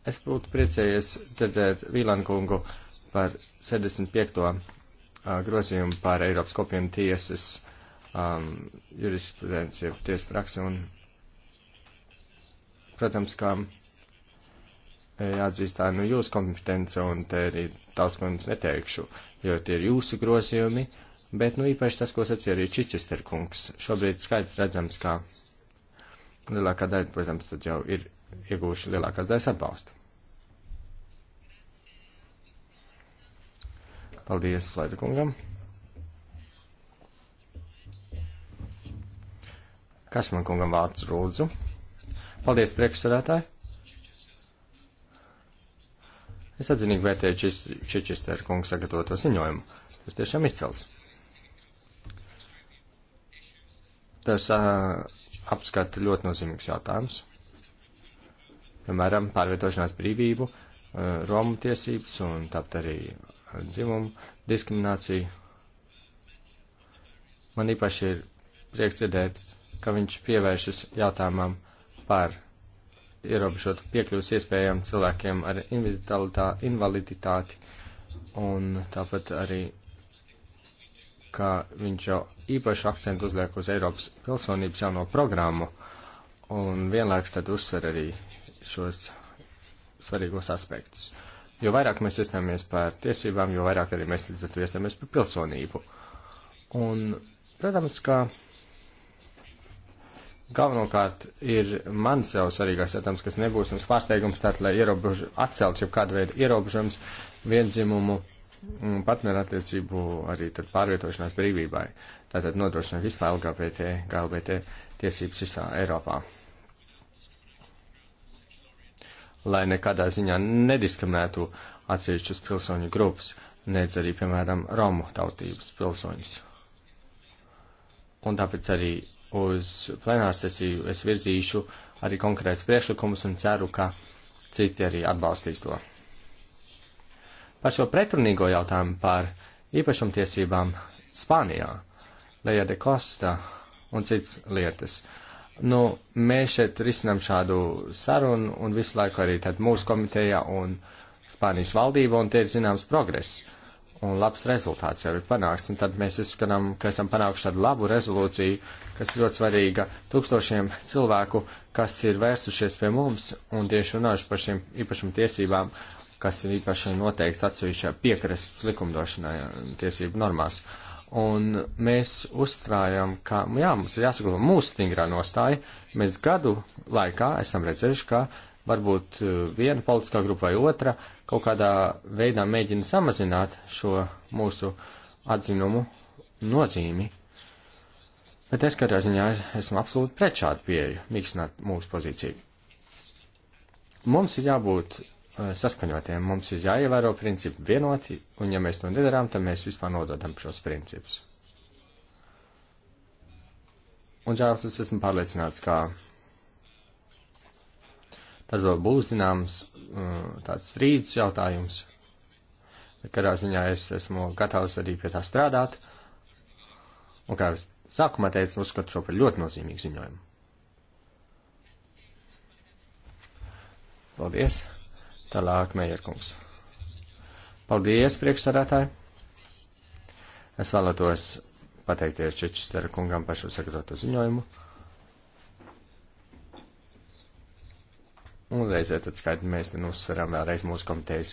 Es būtu priecējies dzirdēt Vīlānu kungu par 75. grozījumu par Eiropas kopienu tiesas um, jurisprudenci, tiesa praksi un, protams, kā jāatzīst e, tā, nu, jūsu kompetence, un te arī daudz ko jums neteikšu, jo tie ir jūsu grozījumi, bet, nu, īpaši tas, ko sacīja arī Čičester kungs, šobrīd skaidrs redzams, ka lielākā daļa, protams, tad jau ir iegūši lielākās daļas atbalstu. Paldies, Flaida kungam. Kas man kungam vārds lūdzu? Paldies, priekšsēdētāji! Es atzinīgi vērtēju Čičester kungu sagatavoto ziņojumu. Tas tiešām izcels. Tas uh, apskata ļoti nozīmīgs jautājums. Piemēram, pārvietošanās brīvību, uh, Romu tiesības un tāpat arī dzimumu diskrimināciju. Man īpaši ir prieks dzirdēt, ka viņš pievēršas jautājumam par ierobežot piekļuvas iespējām cilvēkiem ar invaliditāti, un tāpat arī, ka viņš jau īpaši akcentu uzliek uz Eiropas pilsonības jauno programmu, un vienlaiks tad uzsver arī šos svarīgos aspektus. Jo vairāk mēs iestāmies par tiesībām, jo vairāk arī mēs līdz ar to iestāmies par pilsonību. Un, protams, ka galvenokārt ir mans jau svarīgais jautājums, kas nebūs mums pārsteigums, tātad, lai ierobež, atcelt jau kādu veidu ierobežams viendzimumu mm, partneru attiecību arī tad pārvietošanās brīvībai. Tātad nodrošina vispār LGBT, GLBT tiesības visā Eiropā. Lai nekādā ziņā nediskriminētu atsevišķas pilsoņu grupas, nedz arī, piemēram, Romu tautības pilsoņus. Un tāpēc arī uz plenārsesiju es virzīšu arī konkrēts priekšlikumus un ceru, ka citi arī atbalstīs to. Par šo pretrunīgo jautājumu par īpašumtiesībām Spānijā, Leja de Costa un cits lietas. Nu, mēs šeit risinām šādu sarunu un visu laiku arī tad mūsu komiteja un Spānijas valdība un tie ir zināms progress. Uh, un labs rezultāts jau ir panākts, un tad mēs izskanam, ka esam panākuši tādu labu rezolūciju, kas ļoti svarīga tūkstošiem cilvēku, kas ir vērsušies pie mums un tieši runājuši par šiem īpašam tiesībām, kas ir īpaši noteikts atsevišķā piekrasts likumdošanai tiesību normās. Un mēs uzstrājam, ka, jā, mums ir jāsaglabā mūsu stingrā nostāja. Mēs gadu laikā esam redzējuši, ka varbūt eh, viena politiskā grupa vai otra kaut kādā veidā mēģina samazināt šo mūsu atzinumu nozīmi. Bet es katrā ziņā esmu absolūti pret šādu pieeju, mīkstināt mūsu pozīciju. Mums ir jābūt eh, saskaņotiem, mums ir jāievēro principi vienoti, un ja mēs to nedarām, tad mēs vispār nododam šos principus. Un, Džēls, es esmu pārliecināts, ka Tas vēl būs zināms mm, tāds strīdus jautājums, bet kādā ziņā es esmu gatavs arī pie tā strādāt. Un kā jau es sākumā teicu, uzskatu šo par ļoti nozīmīgu ziņojumu. Paldies! Tālāk, Mejerkungs. Paldies, priekšsarātāji! Es vēlētos pateikties Čečistera kungam par šo sagatavotu ziņojumu. Un nu, reizē tad skaidri mēs uzsveram vēlreiz mūsu komitejas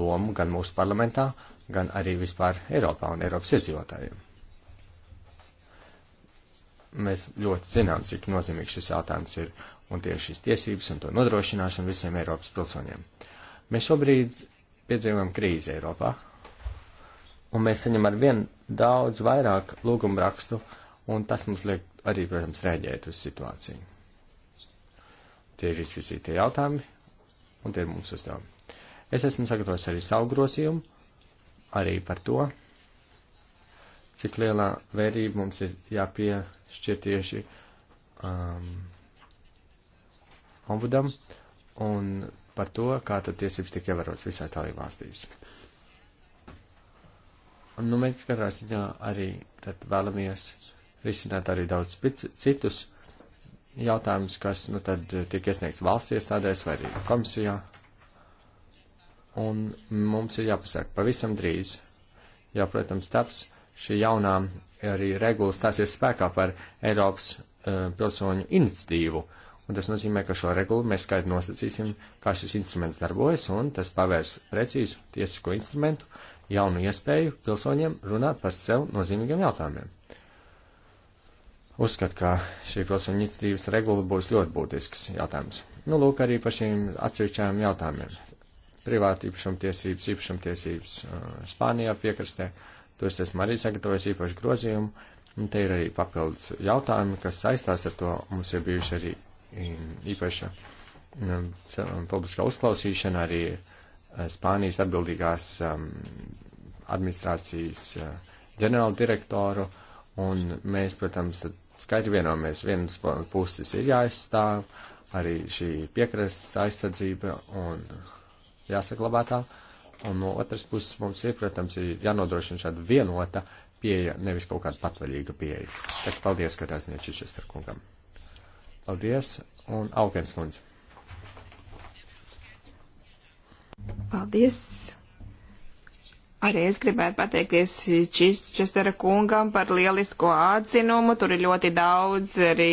lomu gan mūsu parlamentā, gan arī vispār Eiropā un Eiropas iedzīvotājiem. Mēs ļoti zinām, cik nozīmīgs šis jautājums ir un tieši šīs tiesības un to nodrošināšanu visiem Eiropas pilsoņiem. Mēs šobrīd piedzīvojam krīzi Eiropā, un mēs saņem ar vien daudz vairāk lūgumu rakstu, un tas mums liek arī, protams, rēģēt uz situāciju. Tie ir izvirzītie jautājumi, un tie ir mums uzdevumi. Es esmu sagatavojis arī savu grozījumu, arī par to, cik lielā vērība mums ir jāpiešķir tieši um, ombudam un par to, kā tad tiesības tiek ievērotas visās dalībvalstīs. Un nu, mēs katrā ziņā arī tad vēlamies risināt arī daudz citus jautājums, kas nu, tad eh, tiek iesniegts valsts iestādēs vai arī komisijā. Un mums ir jāpasaka pavisam drīz, jo, protams, taps šī jaunā arī regula stāsies spēkā par Eiropas uh, pilsoņu iniciatīvu. Un tas nozīmē, ka šo regulu mēs skaidri nosacīsim, kā šis instruments darbojas, un tas pavērs precīzu tiesisko instrumentu jaunu iespēju pilsoņiem runāt par sev nozīmīgiem jautājumiem uzskata, ka šī pilsoņu iniciatīvas regula būs ļoti būtisks jautājums. Nu, lūk, arī par šīm atsevišķām jautājumiem. Privāti īpašumtiesības, īpašumtiesības uh, Spānijā piekrastē, to es esmu arī sagatavojis īpašu grozījumu, un te ir arī papildus jautājumi, kas saistās ar to. Mums ir bijuši arī um, īpaša um, um, publiskā uzklausīšana, arī uh, Spānijas atbildīgās administrācijas uh, ģenerāldirektoru, un mēs, protams, tad skaidri vienojamies, vienas puses ir jāaizstāv, arī šī piekrastes aizsardzība un jāsaglabā tā, un no otras puses mums ir, protams, ir jānodrošina šāda vienota pieeja, nevis kaut kāda patvaļīga pieeja. Tad paldies, ka tās niečišas ar kungam. Paldies, un Aukens kundze. Paldies. Arī es gribētu pateikties Čistara kungam par lielisko atzinumu. Tur ir ļoti daudz arī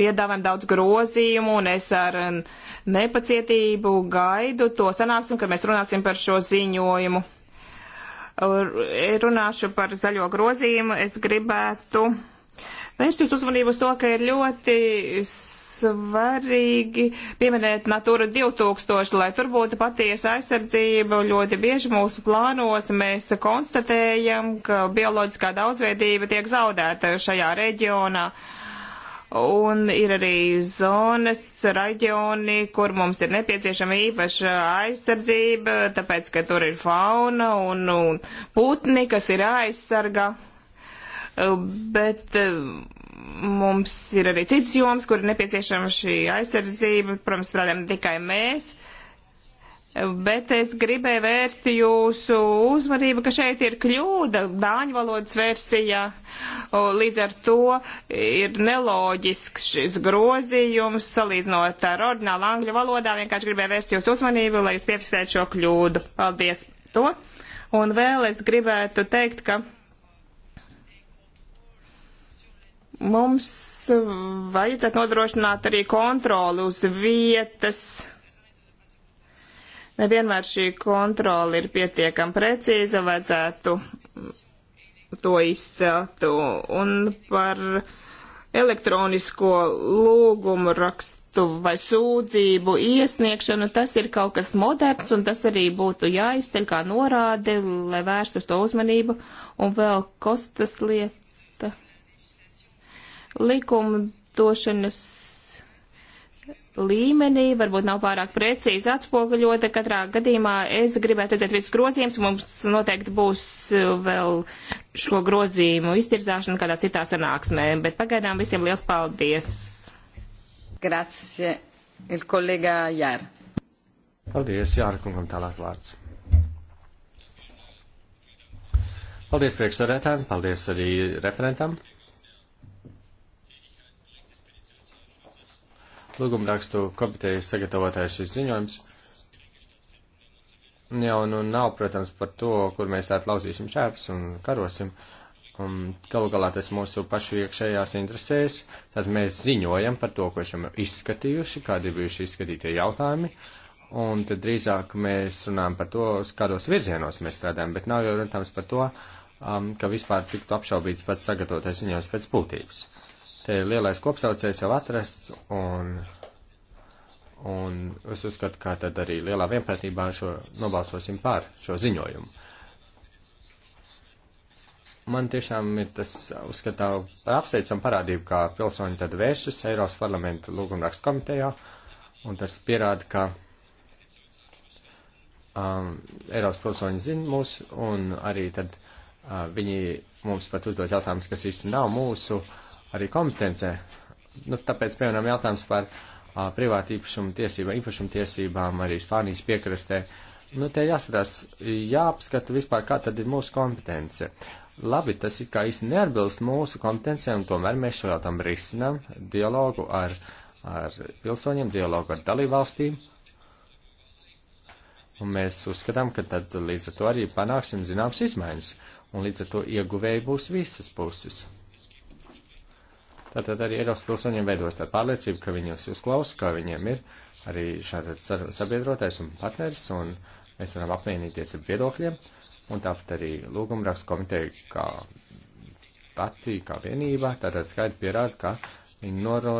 piedāvājumu, daudz grozījumu, un es ar nepacietību gaidu to sanāksim, kad mēs runāsim par šo ziņojumu. Runāšu par zaļo grozījumu. Es gribētu vērst jūsu uzmanību uz to, ka ir ļoti svarīgi pieminēt Natūra 2000, lai tur būtu patiesa aizsardzība. Ļoti bieži mūsu plānos mēs konstatējam, ka bioloģiskā daudzveidība tiek zaudēta šajā reģionā. Un ir arī zonas, reģioni, kur mums ir nepieciešama īpaša aizsardzība, tāpēc, ka tur ir fauna un, un putni, kas ir aizsarga. Bet mums ir arī citas jomas, kur ir nepieciešama šī aizsardzība. Protams, strādājam tikai mēs. Bet es gribēju vērst jūsu uzmanību, ka šeit ir kļūda dāņu valodas versijā. Līdz ar to ir neloģisks šis grozījums, salīdzinot ar ordinālu angļu valodā. Vienkārši gribēju vērst jūsu uzmanību, lai jūs piefiksētu šo kļūdu. Paldies to. Un vēl es gribētu teikt, ka Mums vajadzētu nodrošināt arī kontroli uz vietas. Nevienmēr šī kontrola ir pietiekam precīza, vajadzētu to izcelt. Un par elektronisko lūgumu rakstu vai sūdzību iesniegšanu, tas ir kaut kas moderns, un tas arī būtu jāizceļ kā norāde, lai vērstu uz to uzmanību. Un vēl kostas lieta likumdošanas līmenī, varbūt nav pārāk precīzi atspoguļota. Katrā gadījumā es gribētu redzēt visus grozījumus, mums noteikti būs vēl šo grozījumu iztirzāšana kādā citā sanāksmē, bet pagaidām visiem liels paldies! Grazie, il kolega Jāra. Paldies, Jāra kungam tālāk vārds. Paldies priekšsarētājiem, paldies arī referentam. Lūgumrakstu komitejas sagatavotājs šis ziņojums. Jau nu nav, protams, par to, kur mēs tā lauzīsim čēpus un karosim. Un galu galā tas mūsu pašu iekšējās interesēs. Tad mēs ziņojam par to, ko esam izskatījuši, kādi ir bijuši izskatītie jautājumi. Un tad drīzāk mēs runājam par to, kādos virzienos mēs strādājam, bet nav jau, protams, par to, um, ka vispār tiktu apšaubīts pats sagatavotais ziņojums pēc būtības te ir lielais kopsaucējs jau atrasts, un, un es uzskatu, ka tad arī lielā vienprātībā šo nobalsosim par šo ziņojumu. Man tiešām ir tas uzskatā apsveicam parādību, kā pilsoņi tad vēršas Eiropas parlamenta lūgumrakstu komitejā, un tas pierāda, ka um, Eiropas pilsoņi zina mūs, un arī tad uh, viņi mums pat uzdot jautājumus, kas īsti nav mūsu uh, arī kompetencē. Nu, tāpēc, piemēram, jautājums par a, privātu īpašumu tiesībām, īpašumu tiesībām arī Spānijas piekrastē. Nu, te jāskatās, jāapskata vispār, kā tad ir mūsu kompetence. Labi, tas it kā īsti neatbilst mūsu kompetencijām, tomēr mēs šo jautājumu risinām dialogu ar, ar pilsoņiem, dialogu ar dalībvalstīm. Un mēs uzskatām, ka tad līdz ar to arī panāksim zināmas izmaiņas, un līdz ar to ieguvēji būs visas puses. Tātad arī Eiropas pilsoņiem veidos tāda pārliecība, ka viņus uzklaus, ka viņiem ir arī šāds sabiedrotais un partneris, un mēs varam apvienīties ar viedokļiem, un tāpat arī lūgumrakstu komiteja kā pati, kā vienība, tātad skaidri pierāda, ka viņi noro,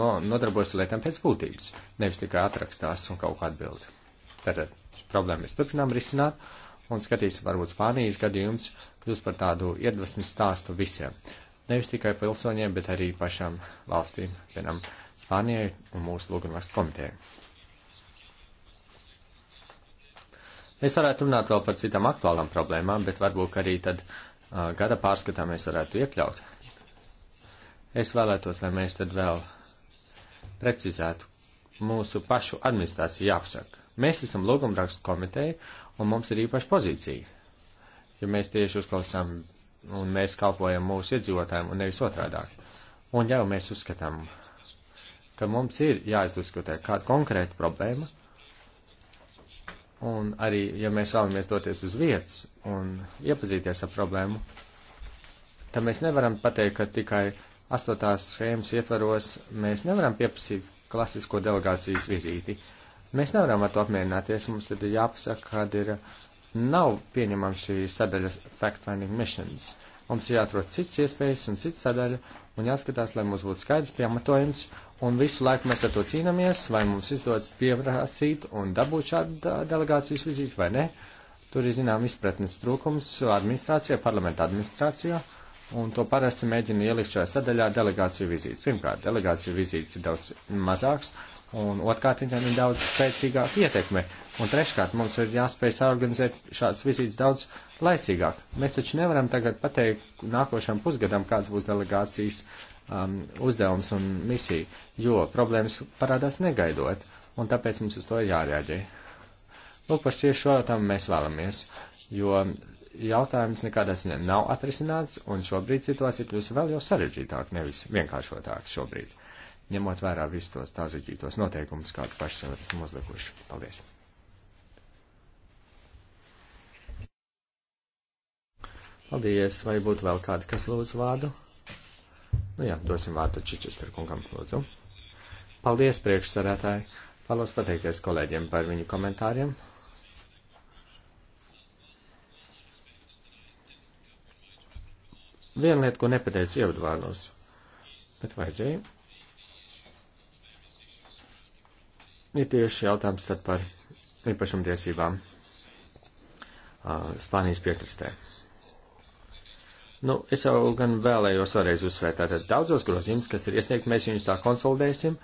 no, nodarbojas lietām pēc būtības, nevis tikai atrakstās un kaut kā atbild. Tātad problēmu mēs turpinām risināt, un skatīs varbūt Spānijas gadījums kļūst par tādu iedvesmas stāstu visiem. Uh, nevis tikai pilsoņiem, bet arī pašām valstīm, vienam Spānijai un mūsu lūgumrakstu komitejai. Mēs varētu runāt vēl par citām aktuālām problēmām, bet varbūt arī tad uh, gada pārskatā mēs varētu iekļaut. Es vēlētos, lai mēs tad vēl precizētu mūsu pašu administrāciju jāapsaka. Mēs esam lūgumrakstu komiteja un mums ir īpaša pozīcija, jo mēs tieši uzklausām un mēs kalpojam mūsu iedzīvotājiem, un nevis otrādāk. Un jau mēs uzskatām, ka mums ir jāizdiskutē kāda konkrēta problēma, un arī, ja mēs vēlamies doties uz vietas un iepazīties ar problēmu, tad mēs nevaram pateikt, ka tikai astotās schēmas ietvaros mēs nevaram pieprasīt klasisko delegācijas vizīti. Mēs nevaram ar to apmierināties, mums tad ir jāpasaka, kāda ir uh, Nav pieņemama šī sadaļa fact-finding missions. Mums jāatrod cits iespējas un cits sadaļa, un jāskatās, lai mums būtu skaidrs pamatojums, un visu laiku mēs ar to cīnāmies, vai mums izdodas pieprasīt un dabūt šādu delegācijas vizīti vai ne. Tur ir zinām izpratnes trūkums administrācijā, parlamenta administrācijā, un to parasti mēģina ielikt šajā sadaļā delegāciju vizītes. Pirmkārt, delegāciju vizītes ir daudz mazāks, un otrkārt, viņam ir daudz spēcīgāka ietekme Un treškārt, mums ir jāspēj saorganizēt šādas vizītes daudz laicīgāk. Mēs taču nevaram tagad pateikt nākošam pusgadam, kāds būs delegācijas um, uzdevums un misija, jo problēmas parādās negaidot, un tāpēc mums uz to jārēģē. Lūk, par tieši šo jautājumu mēs vēlamies, jo jautājums nekādā ziņā nav atrisināts, un šobrīd situācija kļūst vēl jau sarežģītāk, nevis vienkāršotāk šobrīd, ņemot vērā visus tos tā sarežģītos noteikumus, kāds paši esam uzlikuši. Paldies! Paldies, vai būtu vēl kādi, kas lūdz vārdu? Nu jā, dosim vārdu Čičester kungam, lūdzu. Paldies, priekšsarētāji. Vēlos pateikties kolēģiem par viņu komentāriem. Viena lieta, ko nepateicu ievadvārdos, bet vajadzēja, ir tieši jautājums tad par īpašumtiesībām Spānijas piekrastē. Nu, es jau gan vēlējos vēlreiz uzsvērt, tātad daudzos grozījumus, kas ir iesniegt, mēs viņus tā konsolidēsim,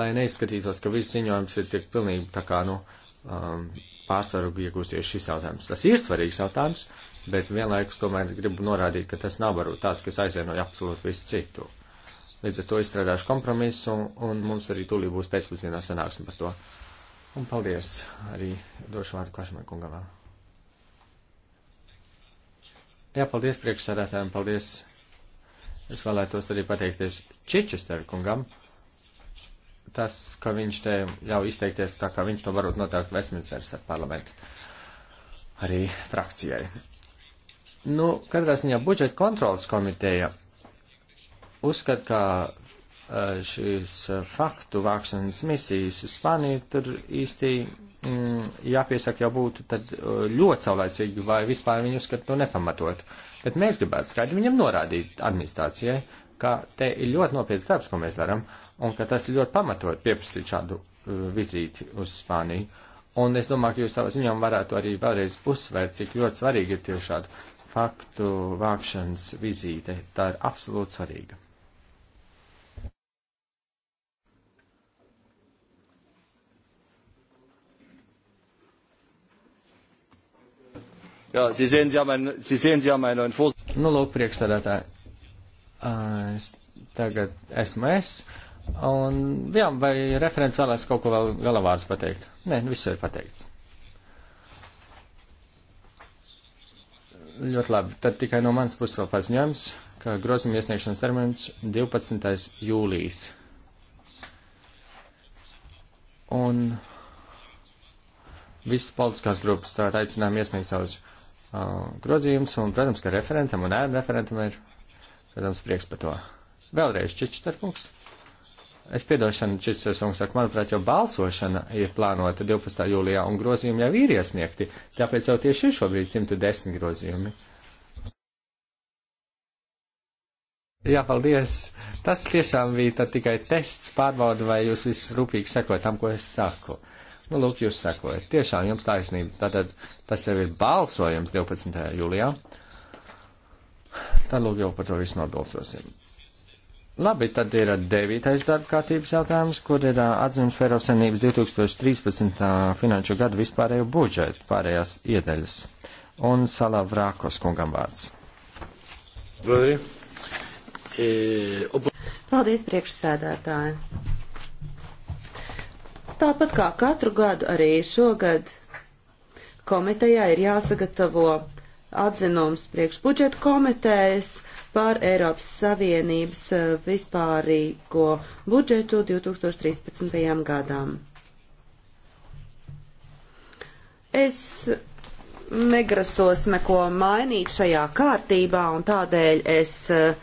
lai neizskatītos, ka viss ziņojums ir tik pilnīgi tā kā, nu, um, pārsvaru iegūsies šis jautājums. Tas ir svarīgs jautājums, bet vienlaikus tomēr gribu norādīt, ka tas nav varbūt tāds, kas aizvienoja absolūti visu citu. Līdz ar to izstrādāšu kompromisu, un, un mums arī tūlī būs pēcpusdienā sanāksme par to. Un paldies arī došu vārdu Kašmai kungam vēl. Jā, paldies priekšsēdētājiem, paldies. Es vēlētos arī pateikties Čičester kungam. Tas, ka viņš te jau izteikties tā, kā viņš to varbūt noteikt Westminsteras ar parlamentu. Arī frakcijai. Nu, katrā ziņā budžeta kontrolas komiteja uzskat, ka eh, šīs eh, faktu vākšanas misijas uz Spāniju tur īsti Mm, jāpiesaka jau būtu tad uh, ļoti saulēcīgi vai vispār viņi uzskata to nepamatot. Bet mēs gribētu skaidri viņam norādīt administrācijai, ka te ir ļoti nopietns darbs, ko mēs darām, un ka tas ir ļoti pamatot pieprasīt šādu uh, vizīti uz Spāniju. Un es domāju, ka jūs savā ziņā varētu arī vēlreiz uzsvērt, cik ļoti svarīgi ir tieši šāda faktu vākšanas vizīte. Tā ir absolūti svarīga. Jā, Sie sehen, Sie haben einen, Sie sehen, Sie haben einen Vorsitz. Nu, lūk, priekšsēdētāji. Uh, es tagad esmu es. Un, jā, vai referents vēlēs kaut ko vēl galavārs pateikt? Nē, nu, viss ir pateikts. Ļoti labi. Tad tikai no manas puses vēl paziņojums, ka grozījuma iesniegšanas termiņš 12. jūlijas. Un visas politiskās grupas tā aicinām iesniegt savus grozījums, un, protams, ka referentam un ēnu referentam ir, protams, prieks par to. Vēlreiz Čičsterkungs. Es piedošanu, Čičsterkungs saka, manuprāt, jau balsošana ir plānota 12. jūlijā, un grozījumi jau ir iesniegti, tāpēc jau tieši ir šobrīd 110 grozījumi. Jā, paldies. Tas tiešām bija tikai tests, pārbauda, vai jūs viss rūpīgi sekot tam, ko es saku. Nu, lūk, jūs sekojat. Tiešām jums taisnība. Tātad tas jau ir balsojums 12. jūlijā. Tad, lūk, jau par to visu nobalsosim. Labi, tad ir devītais darba kārtības jautājums, kur ir atzīmes par Eiropas Savienības 2013. finanšu gadu vispārējo budžetu pārējās iedaļas. Un Salā Vrākos kungam vārds. Eh, Paldies, priekšsēdētāji. Tāpat kā katru gadu arī šogad komitejā ir jāsagatavo atzinums priekš budžeta komitejas par Eiropas Savienības eh, vispārīgo budžetu 2013. gadām. Es negrasos neko mainīt šajā kārtībā un tādēļ es eh,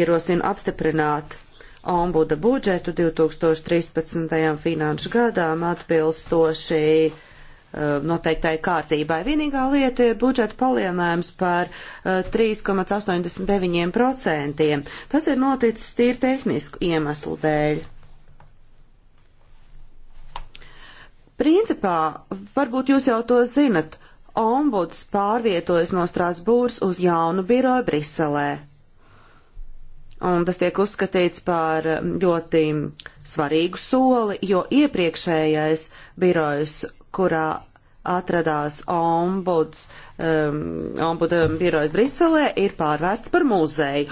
ierosinu apstiprināt ombuda budžetu 2013. finanšu gadām atbilstoši eh, noteiktai kārtībai. Vienīgā lieta ir budžeta palielinājums par 3,89%. Eh, Tas ir noticis tīri tehnisku iemeslu dēļ. Principā, varbūt jūs jau to zinat, ombuds pārvietojas no Strasbūras uz jaunu biroju Briselē un tas tiek uzskatīts par um, ļoti svarīgu soli, jo iepriekšējais birojs, kurā atradās ombuds, um, ombuda birojas Briselē, ir pārvērsts par muzeju.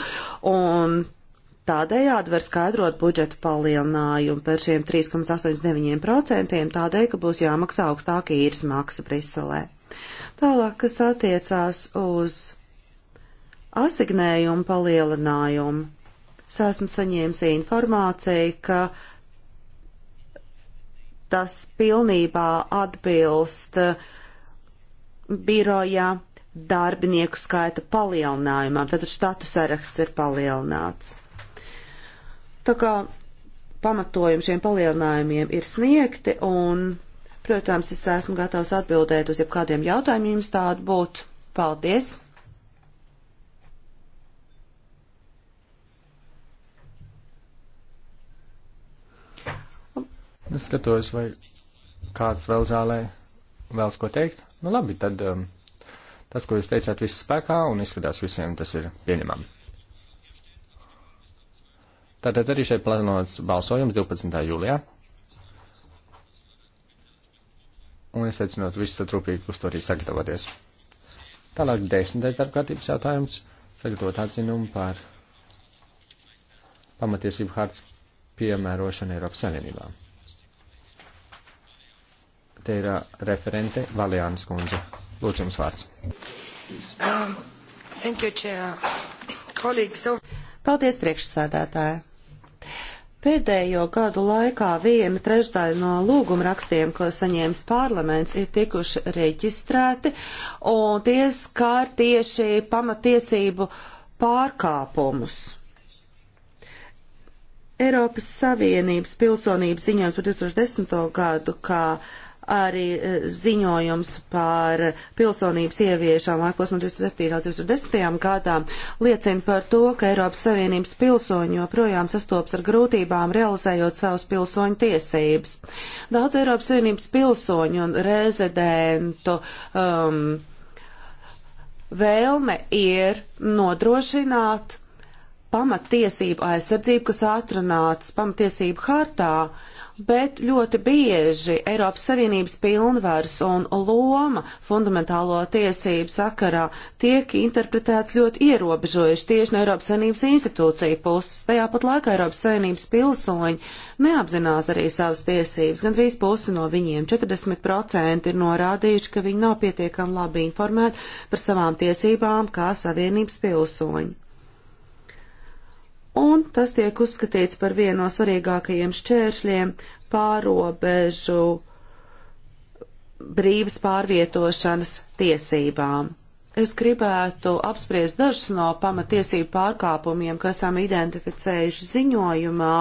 Un tādējādi var skaidrot budžeta palielinājumu par šiem 3,89%, tādēļ, ka būs jāmaksā augstāka īres maksa Briselē. Tālāk, kas attiecās uz asignējumu palielinājumu. Es esmu saņēmusi informāciju, ka tas pilnībā atbilst birojā darbinieku skaita palielinājumam, tad štatu saraksts ir palielināts. Tā kā pamatojumi šiem palielinājumiem ir sniegti un, protams, es esmu gatavs atbildēt uz jebkādiem jautājumiem, jums tādu būtu. Paldies! Es nu, skatos, vai kāds vēl zālē vēlas ko teikt. Nu labi, tad um, tas, ko jūs teicāt, viss spēkā un izskatās visiem, tas ir pieņemami. Tātad arī šeit plānots balsojums 12. jūlijā. Un es aicinot visus tad rūpīgi uz to arī sagatavoties. Tālāk desmitais darbkārtības jautājums - sagatavot atzinumu par pamatiesību hartas piemērošanu Eiropas Savienībām. Te ir referente Valiānas kundze. Lūdzu, jums vārds. Um, thank you, chair. Colleagues, so... Paldies, priekšsēdētāji. Pēdējo gadu laikā viena trešdaļa no lūguma rakstiem, ko saņēmis parlaments, ir tikuši reģistrēti, un tie skār tieši pamatiesību pārkāpumus. Eiropas Savienības pilsonības ziņojums par 2010. gadu, kā arī e, ziņojums par pilsonības ieviešanu laikosmā 2007.2010. gadām liecina par to, ka Eiropas Savienības pilsoņi joprojām sastops ar grūtībām realizējot savus pilsoņu tiesības. Daudz Eiropas Savienības pilsoņu un rezidentu um, vēlme ir nodrošināt pamatiesību aizsardzību, kas atrunātas pamatiesību hartā, uh, bet ļoti bieži Eiropas Savienības pilnvars un loma fundamentālo tiesību sakarā tiek interpretēts ļoti ierobežojuši tieši no Eiropas Savienības institūciju puses. Tajā pat laikā Eiropas Savienības pilsoņi neapzinās arī savas tiesības. Gan drīz pusi no viņiem, 40% ir norādījuši, ka viņi nav pietiekami labi informēti par savām tiesībām kā Savienības pilsoņi un tas tiek uzskatīts par vienu no svarīgākajiem šķēršļiem pārobežu brīvas pārvietošanas tiesībām. Es gribētu apspriest dažus no pamatiesību pārkāpumiem, kas esam identificējuši ziņojumā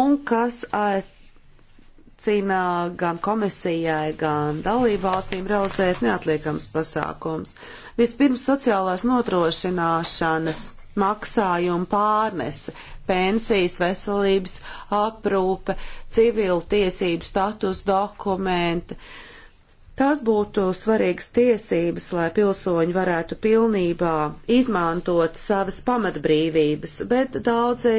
un kas aicina gan komisijai, gan dalībvalstīm realizēt neatliekams pasākums. Vispirms sociālās nodrošināšanas maksājumu pārnese, pensijas, veselības aprūpe, civiltiesību status dokumenti. Tās būtu svarīgas tiesības, lai pilsoņi varētu pilnībā izmantot savas pamatbrīvības, bet daudzi,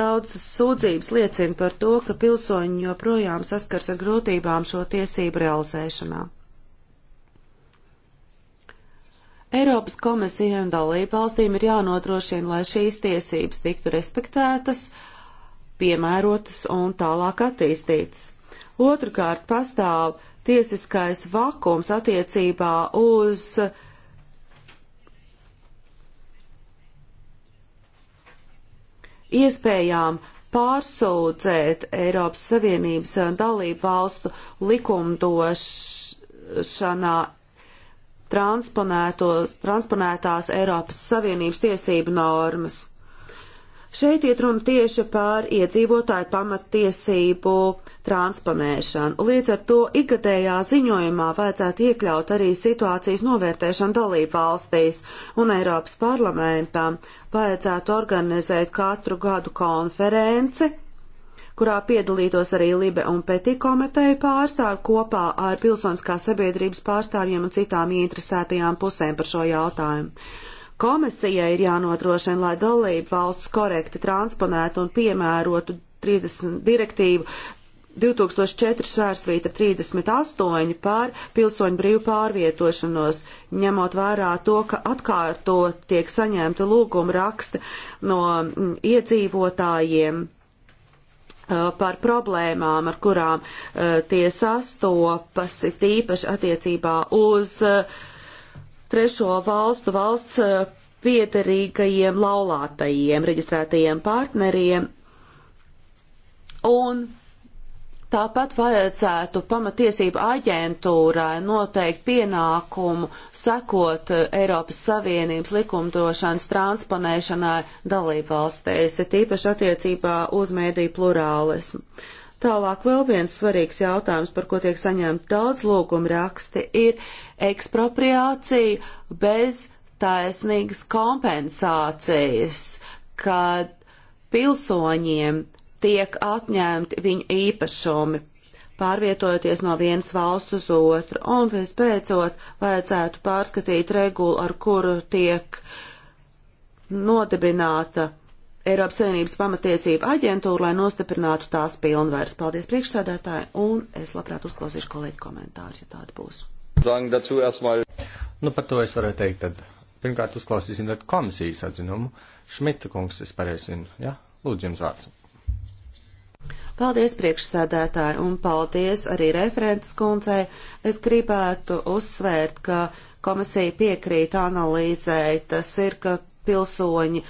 daudzas sūdzības liecina par to, ka pilsoņi joprojām saskars ar grūtībām šo tiesību realizēšanā. Eiropas komisijai un dalību valstīm ir jānodrošina, lai šīs tiesības tiktu respektētas, piemērotas un tālāk attīstītas. Otrkārt, pastāv tiesiskais vakums attiecībā uz iespējām pārsūdzēt Eiropas Savienības dalību valstu likumdošanā transponētās Eiropas Savienības tiesību normas. Šeit iet runa tieši par iedzīvotāju pamattiesību transponēšanu. Līdz ar to ikgadējā ziņojumā vajadzētu iekļaut arī situācijas novērtēšanu dalību valstīs, un Eiropas parlamentam vajadzētu organizēt katru gadu konferenci kurā piedalītos arī Libe un Peti komiteju pārstāvi kopā ar pilsoniskās sabiedrības pārstāvjiem un citām ieinteresētajām pusēm par šo jautājumu. Komisijai ir jānodrošina, lai dalību valsts korekti transponētu un piemērotu 30 direktīvu 2004 svērsvīta 38 pār pilsoņu brīvu pārvietošanos, ņemot vērā to, ka atkārtot tiek saņemta lūguma raksta no mm, iedzīvotājiem Eh, par problēmām, ar kurām eh, tie sastopas, tīpaši attiecībā uz eh, trešo valstu valsts pietarīgajiem laulātajiem reģistrētajiem partneriem. Un Tāpat vajadzētu pamatiesību aģentūrai noteikt pienākumu sekot Eiropas Savienības likumdošanas transponēšanai dalībvalstēs, tīpaši attiecībā uz mēdīju plurālismu. Tālāk vēl viens svarīgs jautājums, par ko tiek saņemt daudz lūgumu raksti, ir ekspropriācija bez taisnīgas kompensācijas, kad pilsoņiem tiek atņemti viņu īpašumi, pārvietojoties no vienas valsts uz otru, un vispēcot vajadzētu pārskatīt regulu, ar kuru tiek nodibināta Eiropas Savienības pamatiesība aģentūra, lai nostiprinātu tās pilnvērs. Paldies priekšsēdētāji, un es labprāt uzklausīšu kolēģi komentārus, ja tāda būs. Nu, par to es varētu teikt tad. Pirmkārt, uzklausīsim tad komisijas atzinumu. Šmita kungs, es pareizinu, ja? Lūdzu, jums vārds. Paldies priekšsēdētāji un paldies arī referents kundzei. Es gribētu uzsvērt, ka komisija piekrīt analīzēji, tas ir, ka pilsoņi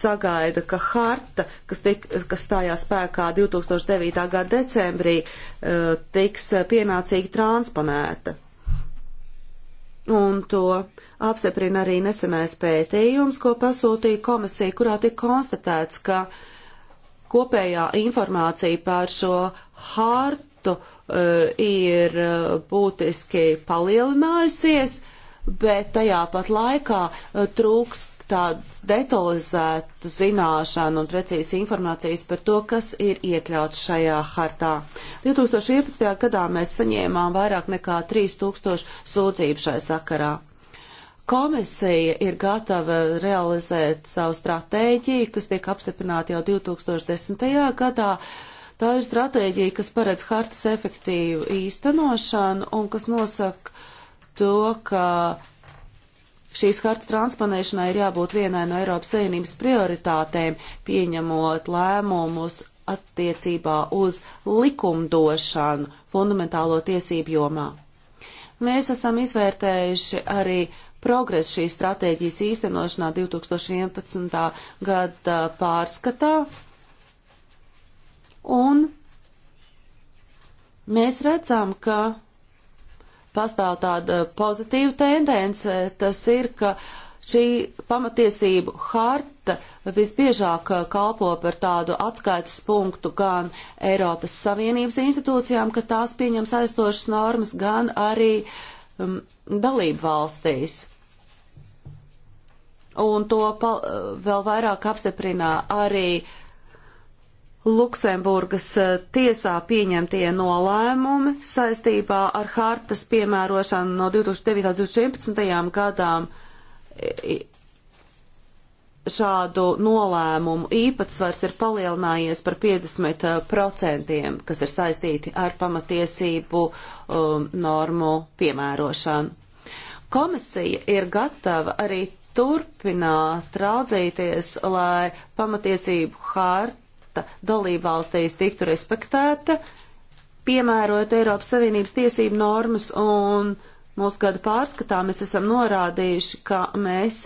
sagaida, ka harta, kas, tik, kas stājās spēkā 2009. gada decembrī, eh, tiks pienācīgi transponēta un to apstiprina arī nesenais pētījums, ko pasūtīja komisija, kurā tika konstatēts, ka kopējā informācija par šo hartu uh, ir uh, būtiski palielinājusies, bet tajā pat laikā uh, trūkst tādas detalizētu zināšanu un precīzi informācijas par to, kas ir iekļauts šajā hartā. 2011. gadā mēs saņēmām vairāk nekā 3000 sūdzību šai sakarā. Komisija ir gatava realizēt savu stratēģiju, kas tiek apstiprināta jau 2010. gadā. Tā ir stratēģija, kas paredz hartas efektīvu īstenošanu un kas nosaka to, ka Šīs hartas transponēšanai ir jābūt vienai no Eiropas Savienības prioritātēm, pieņemot lēmumus attiecībā uz likumdošanu fundamentālo tiesību jomā. Mēs esam izvērtējuši arī progresu šīs stratēģijas īstenošanā 2011. gada pārskatā. Un mēs redzam, ka pastāv tāda eh, pozitīva tendence, tas ir, ka šī pamatiesību harta visbiežāk eh, kalpo par tādu atskaites punktu gan Eiropas Savienības institūcijām, ka tās pieņem saistošas normas, gan arī um, dalību valstīs. Un to eh, vēl vairāk apstiprinā arī uh, Luksemburgas eh, tiesā pieņemtie nolēmumi saistībā ar hartas piemērošanu no 2009. līdz 2011. gadām e, e, šādu nolēmumu īpatsvars ir palielinājies par 50%, eh, kas ir saistīti ar pamatiesību um, normu piemērošanu. Komisija ir gatava arī turpināt raudzīties, lai pamatiesību hārta harta dalībvalstīs tiktu respektēta, piemērojot Eiropas Savienības tiesību normas un mūsu gadu pārskatā mēs esam norādījuši, ka mēs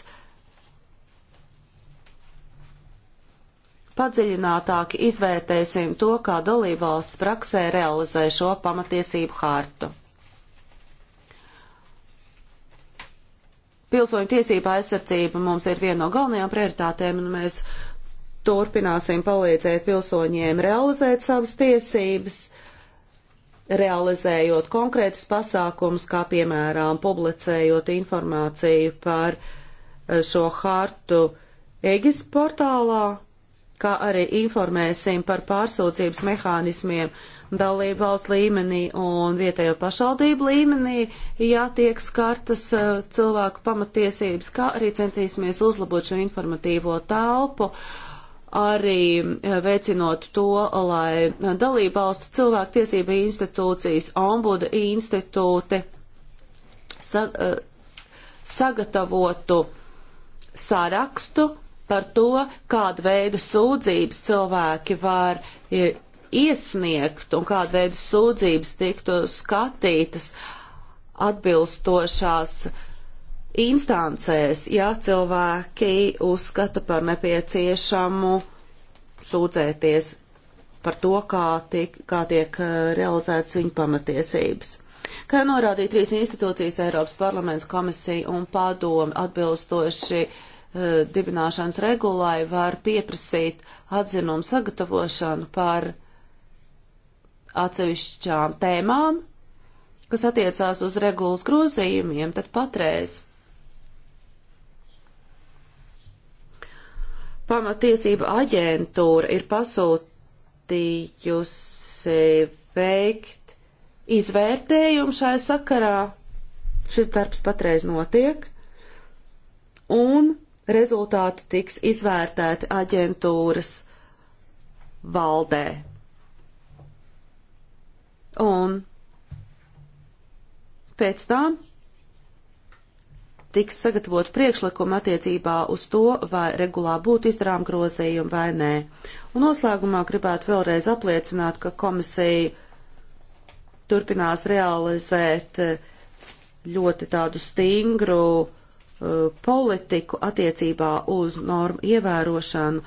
padziļinātāk izvērtēsim to, kā dalībvalsts praksē realizē šo pamatiesību hārtu. Pilsoņu tiesība aizsardzība mums ir viena no galvenajām prioritātēm, un mēs uh, turpināsim palīdzēt pilsoņiem realizēt savas tiesības, realizējot konkrētus pasākums, kā piemēram publicējot informāciju par eh, šo hartu Egis portālā, kā arī informēsim par pārsūdzības mehānismiem dalību valstu līmenī un vietējo pašvaldību līmenī, ja tiek skartas eh, cilvēku pamatiesības, kā arī centīsimies uzlabot šo informatīvo telpu. Uh, arī eh, veicinot to, lai eh, dalībvalstu cilvēktiesība institūcijas, ombuda institūti sa eh, sagatavotu sarakstu par to, kādu veidu sūdzības cilvēki var iesniegt un kādu veidu sūdzības tiktu skatītas atbilstošās uh, instancēs, ja cilvēki uzskata par nepieciešamu sūdzēties par to, kā tiek, kā tiek eh, realizētas viņu pamatiesības. Kā norādīja trīs institūcijas - Eiropas parlaments, komisija un padomi atbilstoši uh, dibināšanas regulai, var pieprasīt atzinumu sagatavošanu par atsevišķām tēmām, kas attiecās uz regulas grozījumiem, tad patreiz pamatiesība aģentūra ir pasūtījusi veikt izvērtējumu šai sakarā. Šis darbs patreiz notiek, un rezultāti tiks izvērtēti aģentūras valdē. Un pēc tam tiks sagatavot priekšlikumi attiecībā uz to, vai regulā būtu izdarām grozījumi vai nē. Un noslēgumā gribētu vēlreiz apliecināt, ka komisija turpinās realizēt eh, ļoti tādu stingru uh, politiku attiecībā uz normu ievērošanu,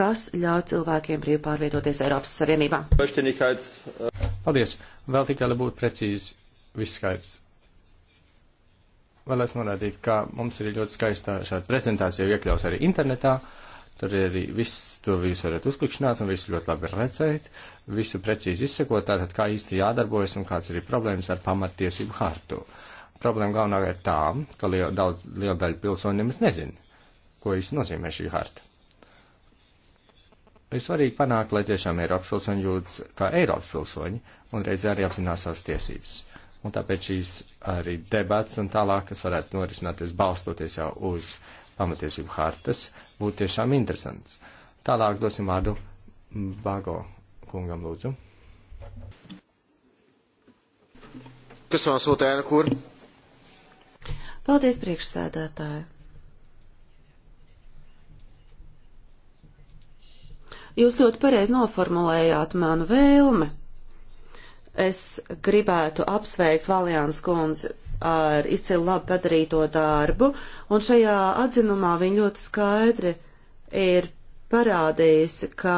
kas ļauj cilvēkiem brīvi pārvietoties Eiropas Savienībā. Eh, Paldies! Vēl tikai, lai būtu precīzi viss skaidrs vēlēs norādīt, ka mums ir ļoti skaista šāda prezentācija iekļaus arī internetā. Tur ir arī viss, to jūs varat uzklikšķināt un visu ļoti labi redzēt, visu precīzi izsekot, tātad kā īsti jādarbojas un kāds ir problēmas ar pamattiesību hartu. Problēma galvenā ir tā, ka liel, daudz, liela daļa pilsoņu nemaz nezina, ko īsti nozīmē šī harta. Ir svarīgi panākt, lai tiešām Eiropas pilsoņi jūtas kā Eiropas pilsoņi un reizē arī apzinās savas tiesības un tāpēc šīs arī debats un tālāk, kas varētu norisināties balstoties jau uz pamatiesību hartas, būtu tiešām interesants. Tālāk dosim vārdu Bago kungam lūdzu. Köszönöm a szót, elnök úr! Paldies, priekšsēdētāji! Jūs ļoti pareizi noformulējāt manu vēlmi Es gribētu apsveikt Valjāns kundzi ar izcilu labi padarīto darbu, un šajā atzinumā viņa ļoti skaidri ir parādījusi, ka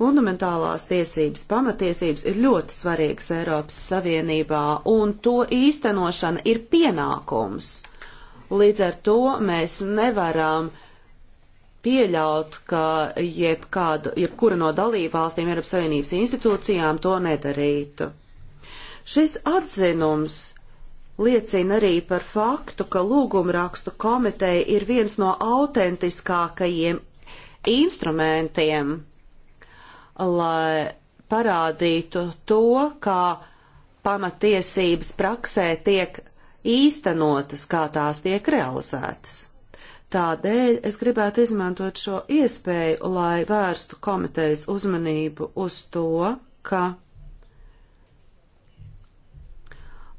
fundamentālās tiesības, pamatiesības ir ļoti svarīgas Eiropas Savienībā, un to īstenošana ir pienākums. Līdz ar to mēs nevaram pieļaut, ka jebkādu, jebkura no dalībvalstīm Eiropas Savienības institūcijām to nedarītu. Šis atzinums liecina arī par faktu, ka lūgumrakstu komiteja ir viens no autentiskākajiem instrumentiem, lai parādītu to, kā pamatiesības praksē tiek īstenotas, kā tās tiek realizētas. Tādēļ es gribētu izmantot šo iespēju, lai vērstu komitejas uzmanību uz to, ka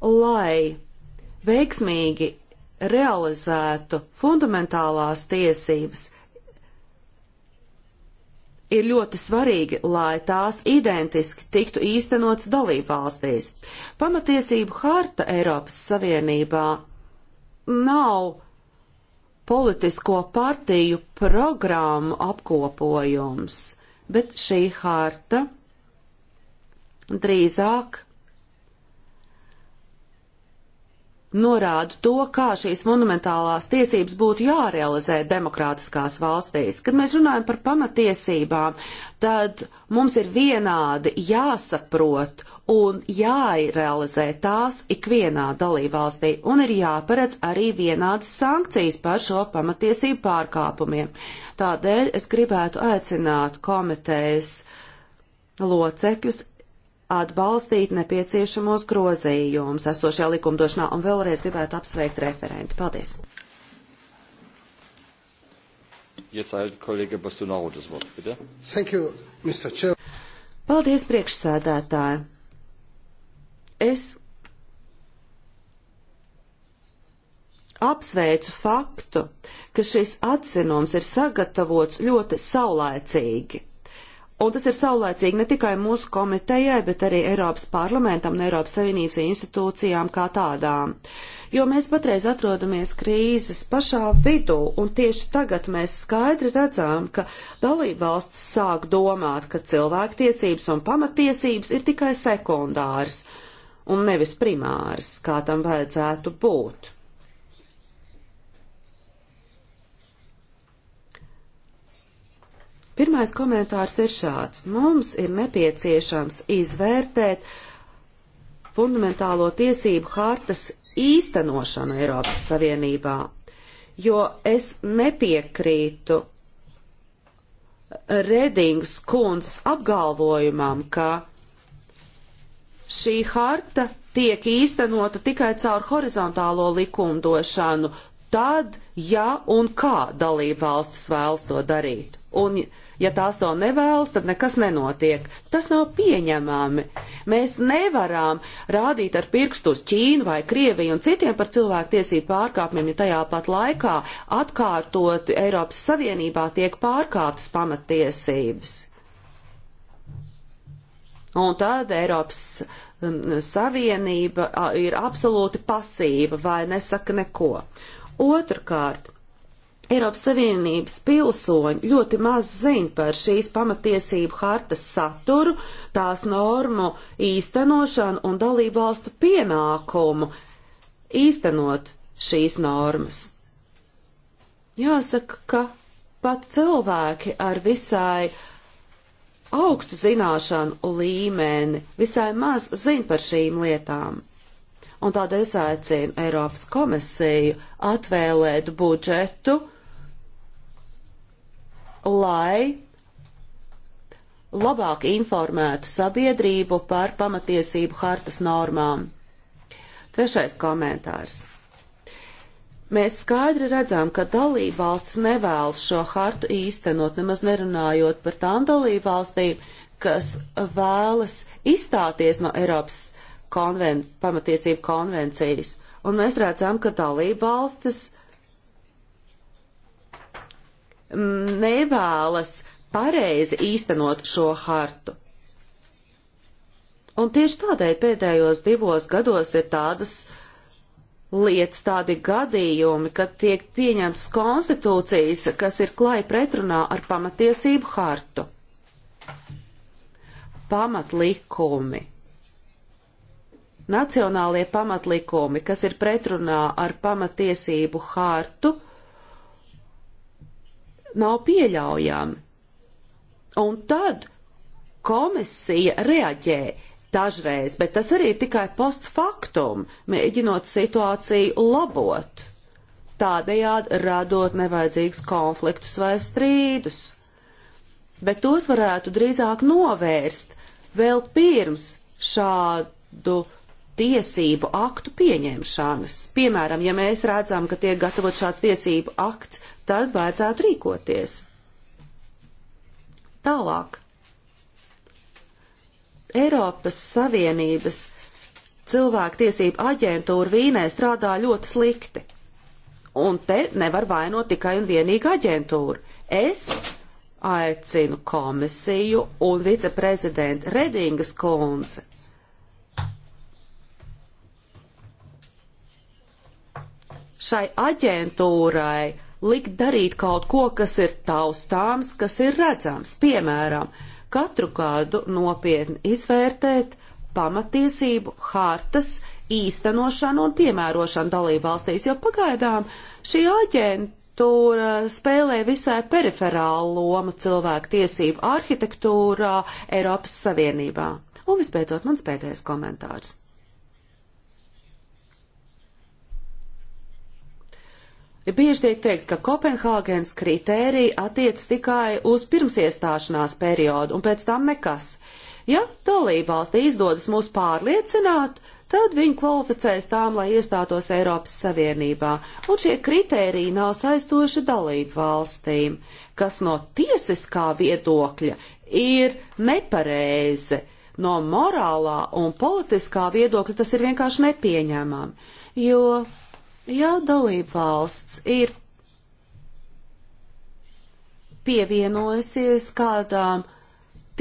lai veiksmīgi realizētu fundamentālās tiesības, ir ļoti svarīgi, lai tās identiski tiktu īstenots dalībvalstīs. Pamatiesību harta Eiropas Savienībā nav politisko partiju programmu apkopojums, bet šī harta drīzāk norāda to, kā šīs monumentālās tiesības būtu jārealizē demokrātiskās valstīs. Kad mēs runājam par pamatiesībām, tad mums ir vienādi jāsaprot un jārealizē tās ikvienā dalībvalstī, un ir jāparedz arī vienādas sankcijas par šo pamatiesību pārkāpumiem. Tādēļ es gribētu aicināt komitejas locekļus atbalstīt nepieciešamos grozījumus esošajā likumdošanā un vēlreiz gribētu apsveikt referenti. Paldies! Thank you, Mr. Chair. Paldies, priekšsēdētāji. Es apsveicu faktu, ka šis atzinums ir sagatavots ļoti saulēcīgi Un tas ir saulēcīgi ne tikai mūsu komitejai, bet arī Eiropas parlamentam un Eiropas Savienības institūcijām kā tādām. Jo mēs patreiz atrodamies krīzes pašā vidū, un tieši tagad mēs skaidri redzam, ka dalībvalsts sāk domāt, ka cilvēktiesības un pamatiesības ir tikai sekundāras un nevis primāras, kā tam vajadzētu būt. Pirmais komentārs ir šāds. Mums ir nepieciešams izvērtēt fundamentālo tiesību hartas īstenošanu Eiropas Savienībā, jo es nepiekrītu Redings kundzes apgalvojumam, ka šī harta tiek īstenota tikai caur horizontālo likumdošanu, tad, ja un kā dalība valstis vēlas to darīt. Un Ja tās to nevēlas, tad nekas nenotiek. Tas nav pieņemami. Mēs nevaram rādīt ar pirkstu uz Ķīnu vai Krieviju un citiem par cilvēktiesību pārkāpumiem, ja tajā pat laikā atkārtot Eiropas Savienībā tiek pārkāptas pamatiesības. Un tad Eiropas um, Savienība ir absolūti pasīva vai nesaka neko. Otrkārt, Eiropas Savienības pilsoņi ļoti maz zina par šīs pamatiesību hartas saturu, tās normu īstenošanu un dalību valstu pienākumu īstenot šīs normas. Jāsaka, ka pat cilvēki ar visai augstu zināšanu līmeni visai maz zina par šīm lietām un tādēļ aicinu Eiropas komisiju atvēlēt budžetu lai labāk informētu sabiedrību par pamatiesību hartas normām. Trešais komentārs. Mēs skaidri redzam, ka dalībvalsts nevēlas šo hartu īstenot, nemaz nerunājot par tām dalībvalstīm, kas vēlas izstāties no Eiropas konven pamatiesību konvencijas. Un mēs redzam, ka dalībvalstis nevēlas pareizi īstenot šo hartu. Un tieši tādēļ pēdējos divos gados ir tādas lietas, tādi gadījumi, kad tiek pieņemtas konstitūcijas, kas ir klai pretrunā ar pamatiesību hartu. Pamatlikumi. Nacionālie pamatlikumi, kas ir pretrunā ar pamatiesību hartu, nav pieļaujami. Un tad komisija reaģē dažreiz, bet tas arī ir tikai post faktum, mēģinot situāciju labot, tādējādi radot nevajadzīgus konfliktus vai strīdus. Bet tos varētu drīzāk novērst vēl pirms šādu tiesību aktu pieņemšanas. Piemēram, ja mēs redzam, ka tiek gatavot šāds tiesību akts tad vajadzētu rīkoties. Tālāk. Eiropas Savienības cilvēktiesība aģentūra Vīnē strādā ļoti slikti. Un te nevar vainot tikai un vienīgi aģentūru. Es aicinu komisiju un viceprezidentu Redingas kundzi šai aģentūrai likt darīt kaut ko, kas ir taustāms, kas ir redzams. Piemēram, katru kādu nopietni izvērtēt pamatiesību hartas īstenošanu un piemērošanu dalību valstīs, jo pagaidām šī aģentūra spēlē visai periferālu lomu cilvēku tiesību arhitektūrā Eiropas Savienībā. Un visbeidzot, mans pēdējais komentārs. Bieži tiek teikts, ka Kopenhāgenes kritērija attiec tikai uz pirmsiestāšanās periodu un pēc tam nekas. Ja dalībvalsti izdodas mūs pārliecināt, tad viņi kvalificēs tām, lai iestātos Eiropas Savienībā, un šie kritēriji nav saistoši dalību valstīm, kas no tiesiskā viedokļa ir nepareizi. No morālā un politiskā viedokļa tas ir vienkārši nepieņēmami, jo Ja dalībvalsts ir pievienojusies kādām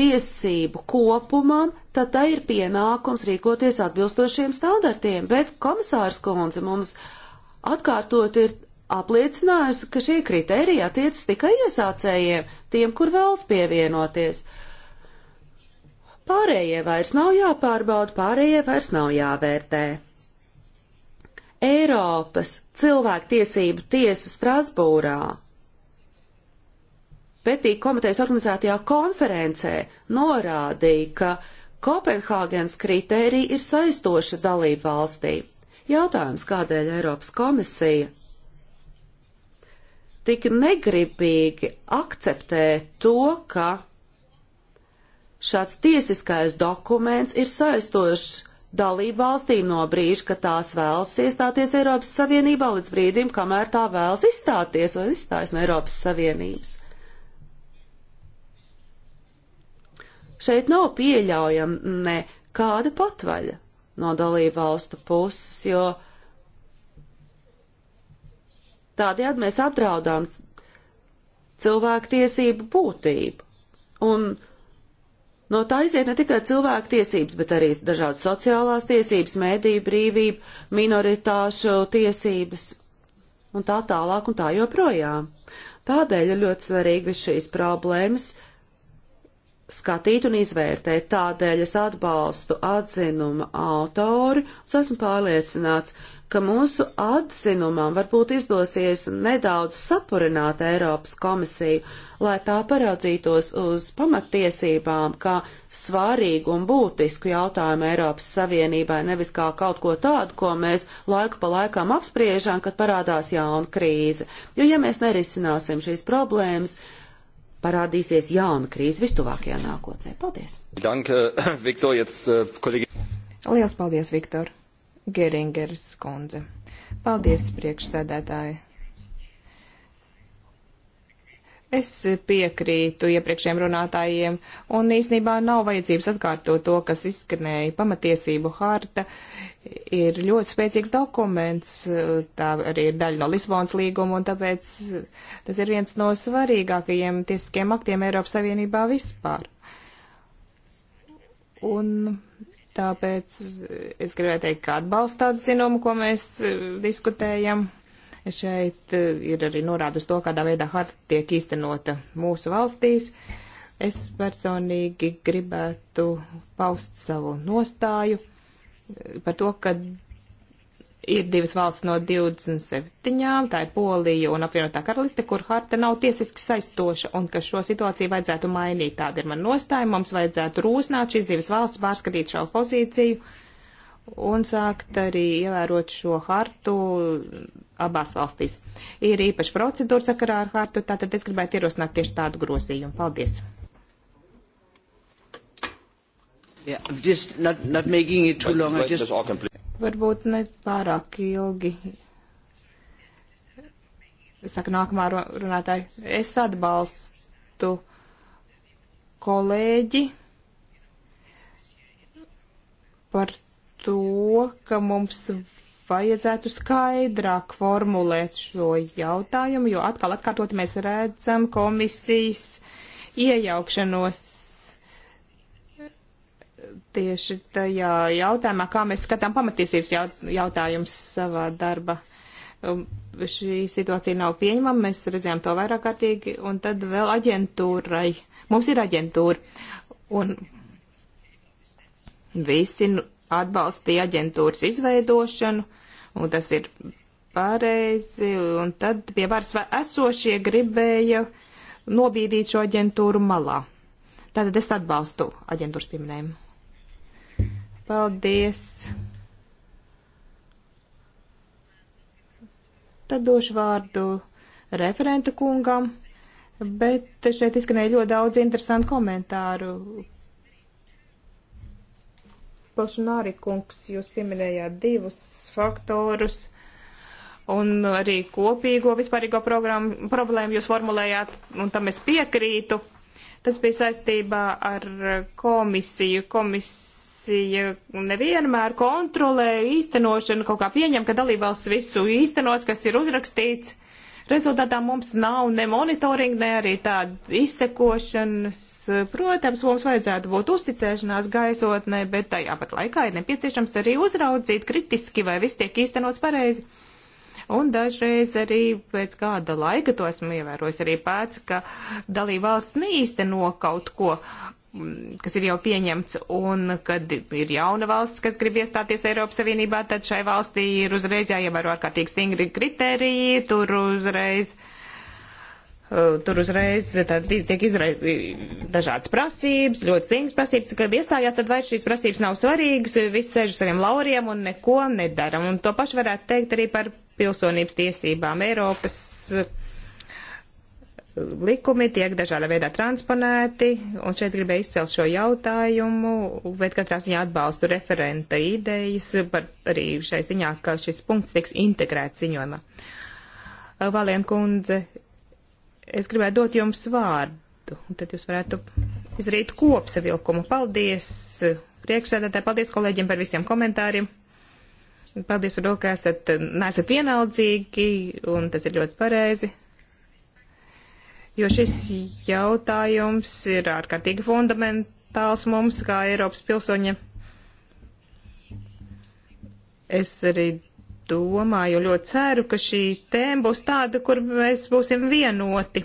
tiesību kopumam, tad tai ir pienākums rīkoties atbilstošiem standartiem, bet komisārs kundze mums atkārtot ir apliecinājusi, ka šie kriteriji attiecas tikai iesācējiem, tiem, kur vēlas pievienoties. Pārējie vairs nav jāpārbauda, pārējie vairs nav jāvērtē. Eiropas cilvēktiesību tiesa Strasbūrā Petī komitejas organizētajā konferencē norādīja, ka Kopenhāgenes kritērija ir saistoša dalību valstī. Jautājums, kādēļ Eiropas komisija tik negribīgi akceptē to, ka šāds tiesiskais dokuments ir saistošs dalību valstīm no brīža, kad tās vēlas iestāties Eiropas Savienībā, līdz brīdim, kamēr tā vēlas izstāties vai izstājas no Eiropas Savienības. Šeit nav pieļaujama nekāda patvaļa no dalību valstu puses, jo tādējādi mēs apdraudām cilvēku tiesību būtību. Un No tā iziet ne tikai cilvēku tiesības, bet arī dažādas sociālās tiesības, mēdīju brīvība, minoritāšu tiesības un tā tālāk un tā joprojām. Tādēļ ir ļoti svarīgi šīs problēmas skatīt un izvērtēt. Tādēļ es atbalstu atzinuma autoru un esmu pārliecināts, ka mūsu atzinumam varbūt izdosies nedaudz sapurināt Eiropas komisiju, lai tā paraudzītos uz pamattiesībām kā svarīgu un būtisku jautājumu Eiropas Savienībai, nevis kā kaut ko tādu, ko mēs laiku pa laikam apspriežam, kad parādās jauna krīze. Jo ja mēs nerisināsim šīs problēmas, parādīsies jauna krīze vistuvākajā nākotnē. Paldies! Danke, Viktor, jetzt, äh, kolēģi. Liels paldies, Viktor! Geringers kundze. Paldies, priekšsēdētāji! Es piekrītu iepriekšējiem runātājiem, un īsnībā nav vajadzības atkārtot to, kas izskanēja. Pamatiesību harta ir ļoti spēcīgs dokuments, tā arī ir daļa no Lisbonas līguma, un tāpēc tas ir viens no svarīgākajiem tiesiskiem aktiem Eiropas Savienībā vispār. Un tāpēc es gribēju teikt, ka atbalstu tādu zinumu, ko mēs eh, diskutējam Šeit e, ir arī norāda uz to, kādā veidā harta tiek īstenota mūsu valstīs. Es personīgi gribētu paust savu nostāju e, par to, ka ir divas valsts no 27, tā ir Polija un apvienotā karaliste, kur harta nav tiesiski saistoša un ka šo situāciju vajadzētu mainīt. Tāda ir man nostāja, mums vajadzētu rūsnāt šīs divas valsts, pārskatīt šo pozīciju un sākt arī ievērot šo hartu abās valstīs. Ir īpaši procedūra sakarā ar hartu, tātad es gribētu ierosināt tieši tādu grozījumu. Paldies! Yeah, not, not long, just... Varbūt ne pārāk ilgi. Saka nākamā runātāja, es atbalstu kolēģi par to, ka mums vajadzētu skaidrāk formulēt šo jautājumu, jo atkal atkārtot mēs redzam komisijas iejaukšanos tieši tajā jautājumā, kā mēs skatām pamatiesības jautājumus savā darba. Um, šī situācija nav pieņemama, mēs redzējām to vairāk kārtīgi, un tad vēl aģentūrai. Mums ir aģentūra, un visi nu, atbalstīja aģentūras izveidošanu, un tas ir pareizi, un tad pie varas esošie gribēja nobīdīt šo aģentūru malā. Tātad es atbalstu aģentūras pieminējumu. Paldies! Tad došu vārdu referenta kungam, bet šeit izskanēja ļoti daudz interesantu komentāru Bošanāri kungs, jūs pieminējāt divus faktorus un arī kopīgo vispārīgo programmu, problēmu jūs formulējāt, un tam es piekrītu. Tas bija saistībā ar komisiju. Komisija nevienmēr kontrolē īstenošanu, kaut kā pieņem, ka dalībvalsts visu īstenos, kas ir uzrakstīts. Uh, Rezultātā mums nav ne monitoringa, ne arī tāda izsekošanas. Protams, mums vajadzētu būt uzticēšanās gaisotnē, bet tajā pat laikā ir nepieciešams arī uzraudzīt kritiski, vai viss tiek īstenots pareizi. Un dažreiz arī pēc kāda laika, to esmu ievērojis arī pēc, ka dalībvalsts neīsteno kaut ko, Mm, kas ir jau pieņemts, un kad ir jauna valsts, kas grib iestāties Eiropas Savienībā, tad šai valstī ir uzreiz jāievēro ārkārtīgi stingri kriteriji, tur uzreiz. Uh, tur uzreiz tad, tiek izraisīts dažādas prasības, ļoti stingras prasības. Kad iestājās, tad vairs šīs prasības nav svarīgas, viss sēž saviem lauriem un neko nedara. Un to pašu varētu teikt arī par pilsonības tiesībām. Eiropas likumi tiek dažāda veidā transponēti, un šeit gribēju izcelt šo jautājumu, bet katrā ziņā atbalstu referenta idejas par arī šai ziņā, ka šis punkts tiks integrēts ziņojumā. Valien kundze, es gribētu dot jums vārdu, un tad jūs varētu izdarīt kopsavilkumu. Paldies priekšsēdētāji, paldies kolēģiem par visiem komentāriem. Paldies par to, ka esat, neesat vienaldzīgi, un tas ir ļoti pareizi jo šis jautājums ir ārkārtīgi fundamentāls mums, kā Eiropas pilsoņiem. Es arī domāju, ļoti ceru, ka šī tēma būs tāda, kur mēs būsim vienoti.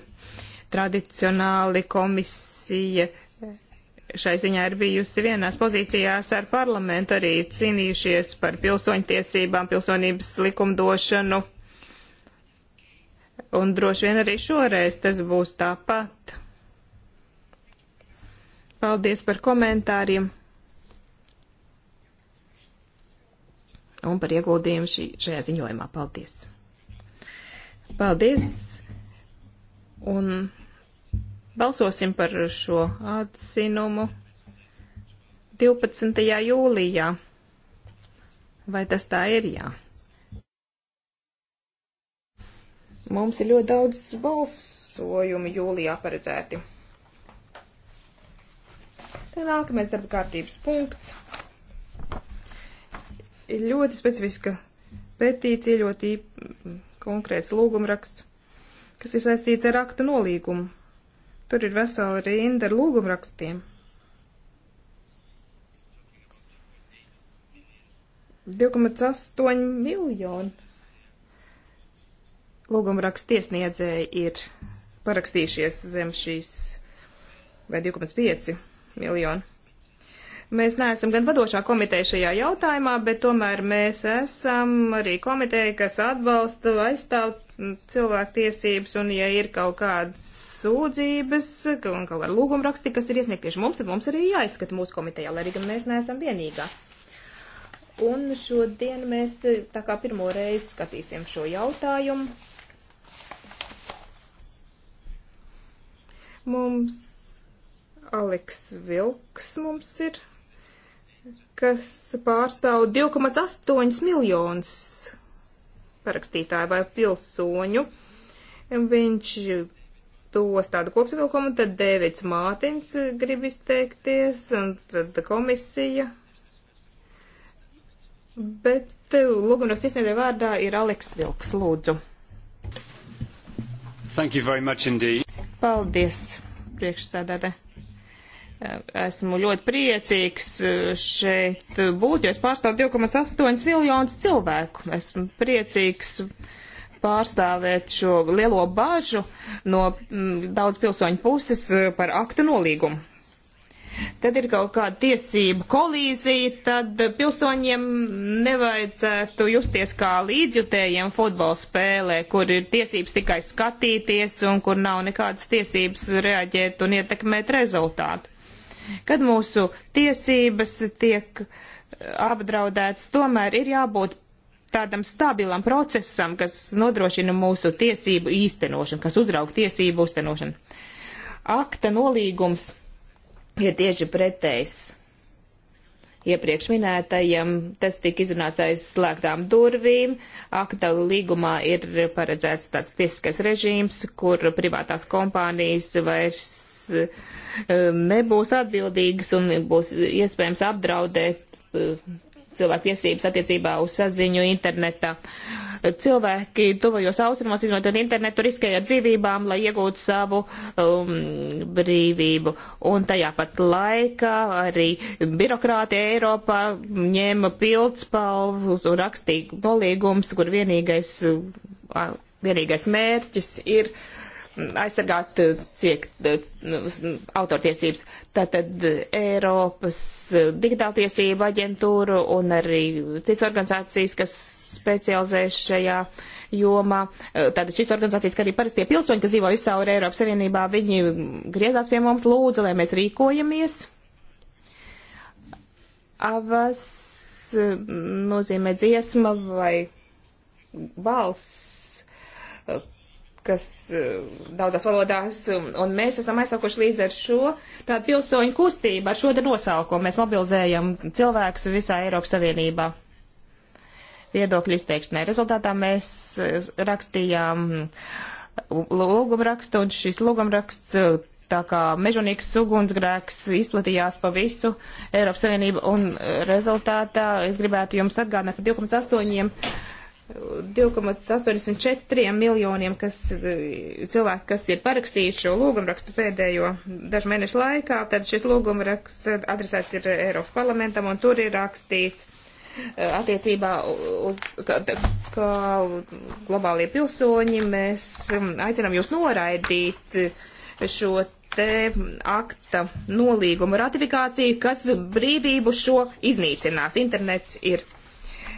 Tradicionāli komisija šai ziņā ir bijusi vienās pozīcijās ar parlamentu, arī cīnījušies par pilsoņtiesībām, pilsonības likumdošanu Un droši vien arī šoreiz tas būs tāpat. Paldies par komentāriem un par ieguldījumu šī, šajā ziņojumā. Paldies! Paldies! Un balsosim par šo atzinumu 12. jūlijā. Vai tas tā ir? Jā. Mums ir ļoti daudz balsojumu jūlijā paredzēti. Tā nākamais darba kārtības punkts. Ir ļoti specifiska petīcija, ļoti konkrēts lūgumraksts, kas ir saistīts ar aktu nolīgumu. Tur ir vesela rinda ar lūgumrakstiem. 2,8 miljoni lūgumraksts tiesniedzēji ir parakstījušies zem šīs vai 2,5 miljonu. Mēs neesam gan vadošā komiteja šajā jautājumā, bet tomēr mēs esam arī komiteja, kas atbalsta, aizstāv cilvēku tiesības, un ja ir kaut kādas sūdzības un kaut kāda lūgumraksti, kas ir iesniegt tieši mums, tad mums arī jāizskata mūsu komitejā, lai arī gan mēs neesam vienīgā. Un šodien mēs tā kā pirmo reizi skatīsim šo jautājumu. Mums Aleks Vilks mums ir, kas pārstāv 2,8 miljonus parakstītāju vai pilsoņu. Viņš tos tādu kopsavilkumu, tad Dēvids Mātins grib izteikties, un tad komisija. Bet eh, lūgumras izsniedzēja vārdā ir Aleks Vilks, lūdzu. Thank you very much indeed. Paldies, priekšsēdētāji. Esmu ļoti priecīgs uh, šeit būt, jo es pārstāvu 2,8 miljonus cilvēku. Esmu priecīgs pārstāvēt šo lielo bāžu no mm, daudz pilsoņu puses uh, par akta nolīgumu tad ir kaut kāda tiesība kolīzija, tad pilsoņiem nevajadzētu justies kā līdzjutējiem futbola spēlē, kur ir tiesības tikai skatīties un kur nav nekādas tiesības reaģēt un ietekmēt rezultātu. Kad mūsu tiesības tiek eh, apdraudētas, tomēr ir jābūt tādam stabilam procesam, kas nodrošina mūsu tiesību īstenošanu, kas uzraug tiesību īstenošanu. Akta nolīgums ir tieši pretējs iepriekš minētajam. Tas tika izrunāts aiz slēgtām durvīm. Akta līgumā ir paredzēts tāds tiesiskais režīms, kur privātās kompānijas vairs eh, nebūs atbildīgas un būs iespējams apdraudēt eh, cilvēktiesības attiecībā uz saziņu internetā. Cilvēki tuvajos austrumos izmantot internetu riskēja dzīvībām, lai iegūtu savu um, brīvību. Un tajā pat laikā arī birokrāti Eiropā ņēma pildspalvus un rakstīja nolīgums, kur vienīgais, uh, vienīgais mērķis ir uh, aizsargāt eh, ciek eh, autortiesības. Tātad eh, Eiropas digitāltiesība aģentūra un arī citas organizācijas, kas specializējas šajā jomā. Tātad šīs organizācijas, kā arī parastie pilsoņi, kas dzīvo visā Eiropas Savienībā, viņi griezās pie mums lūdza, lai mēs rīkojamies. Avas nozīmē dziesma vai balss kas e, daudzās valodās, un mēs esam aizsaukuši līdz ar šo tādu pilsoņu kustību, ar šo te nosaukumu. Mēs mobilizējam cilvēkus visā Eiropas Savienībā viedokļu izteikšanai. Rezultātā mēs e, rakstījām lūgumrakstu, un šis lūgumraksts e, tā kā mežonīgs sugunsgrēks izplatījās pa visu Eiropas Savienību, un rezultātā es gribētu jums atgādināt par 2,8 2,84 miljoniem kas, cilvēku, kas ir parakstījuši šo lūgumrakstu pēdējo dažu mēnešu laikā. Tad šis lūgumraksts adresēts ir Eiropas parlamentam un tur ir rakstīts eh, attiecībā uz, kā, kā globālie pilsoņi mēs mm, aicinām jūs noraidīt šo te akta nolīguma ratifikāciju, kas brīvību šo iznīcinās. Internets ir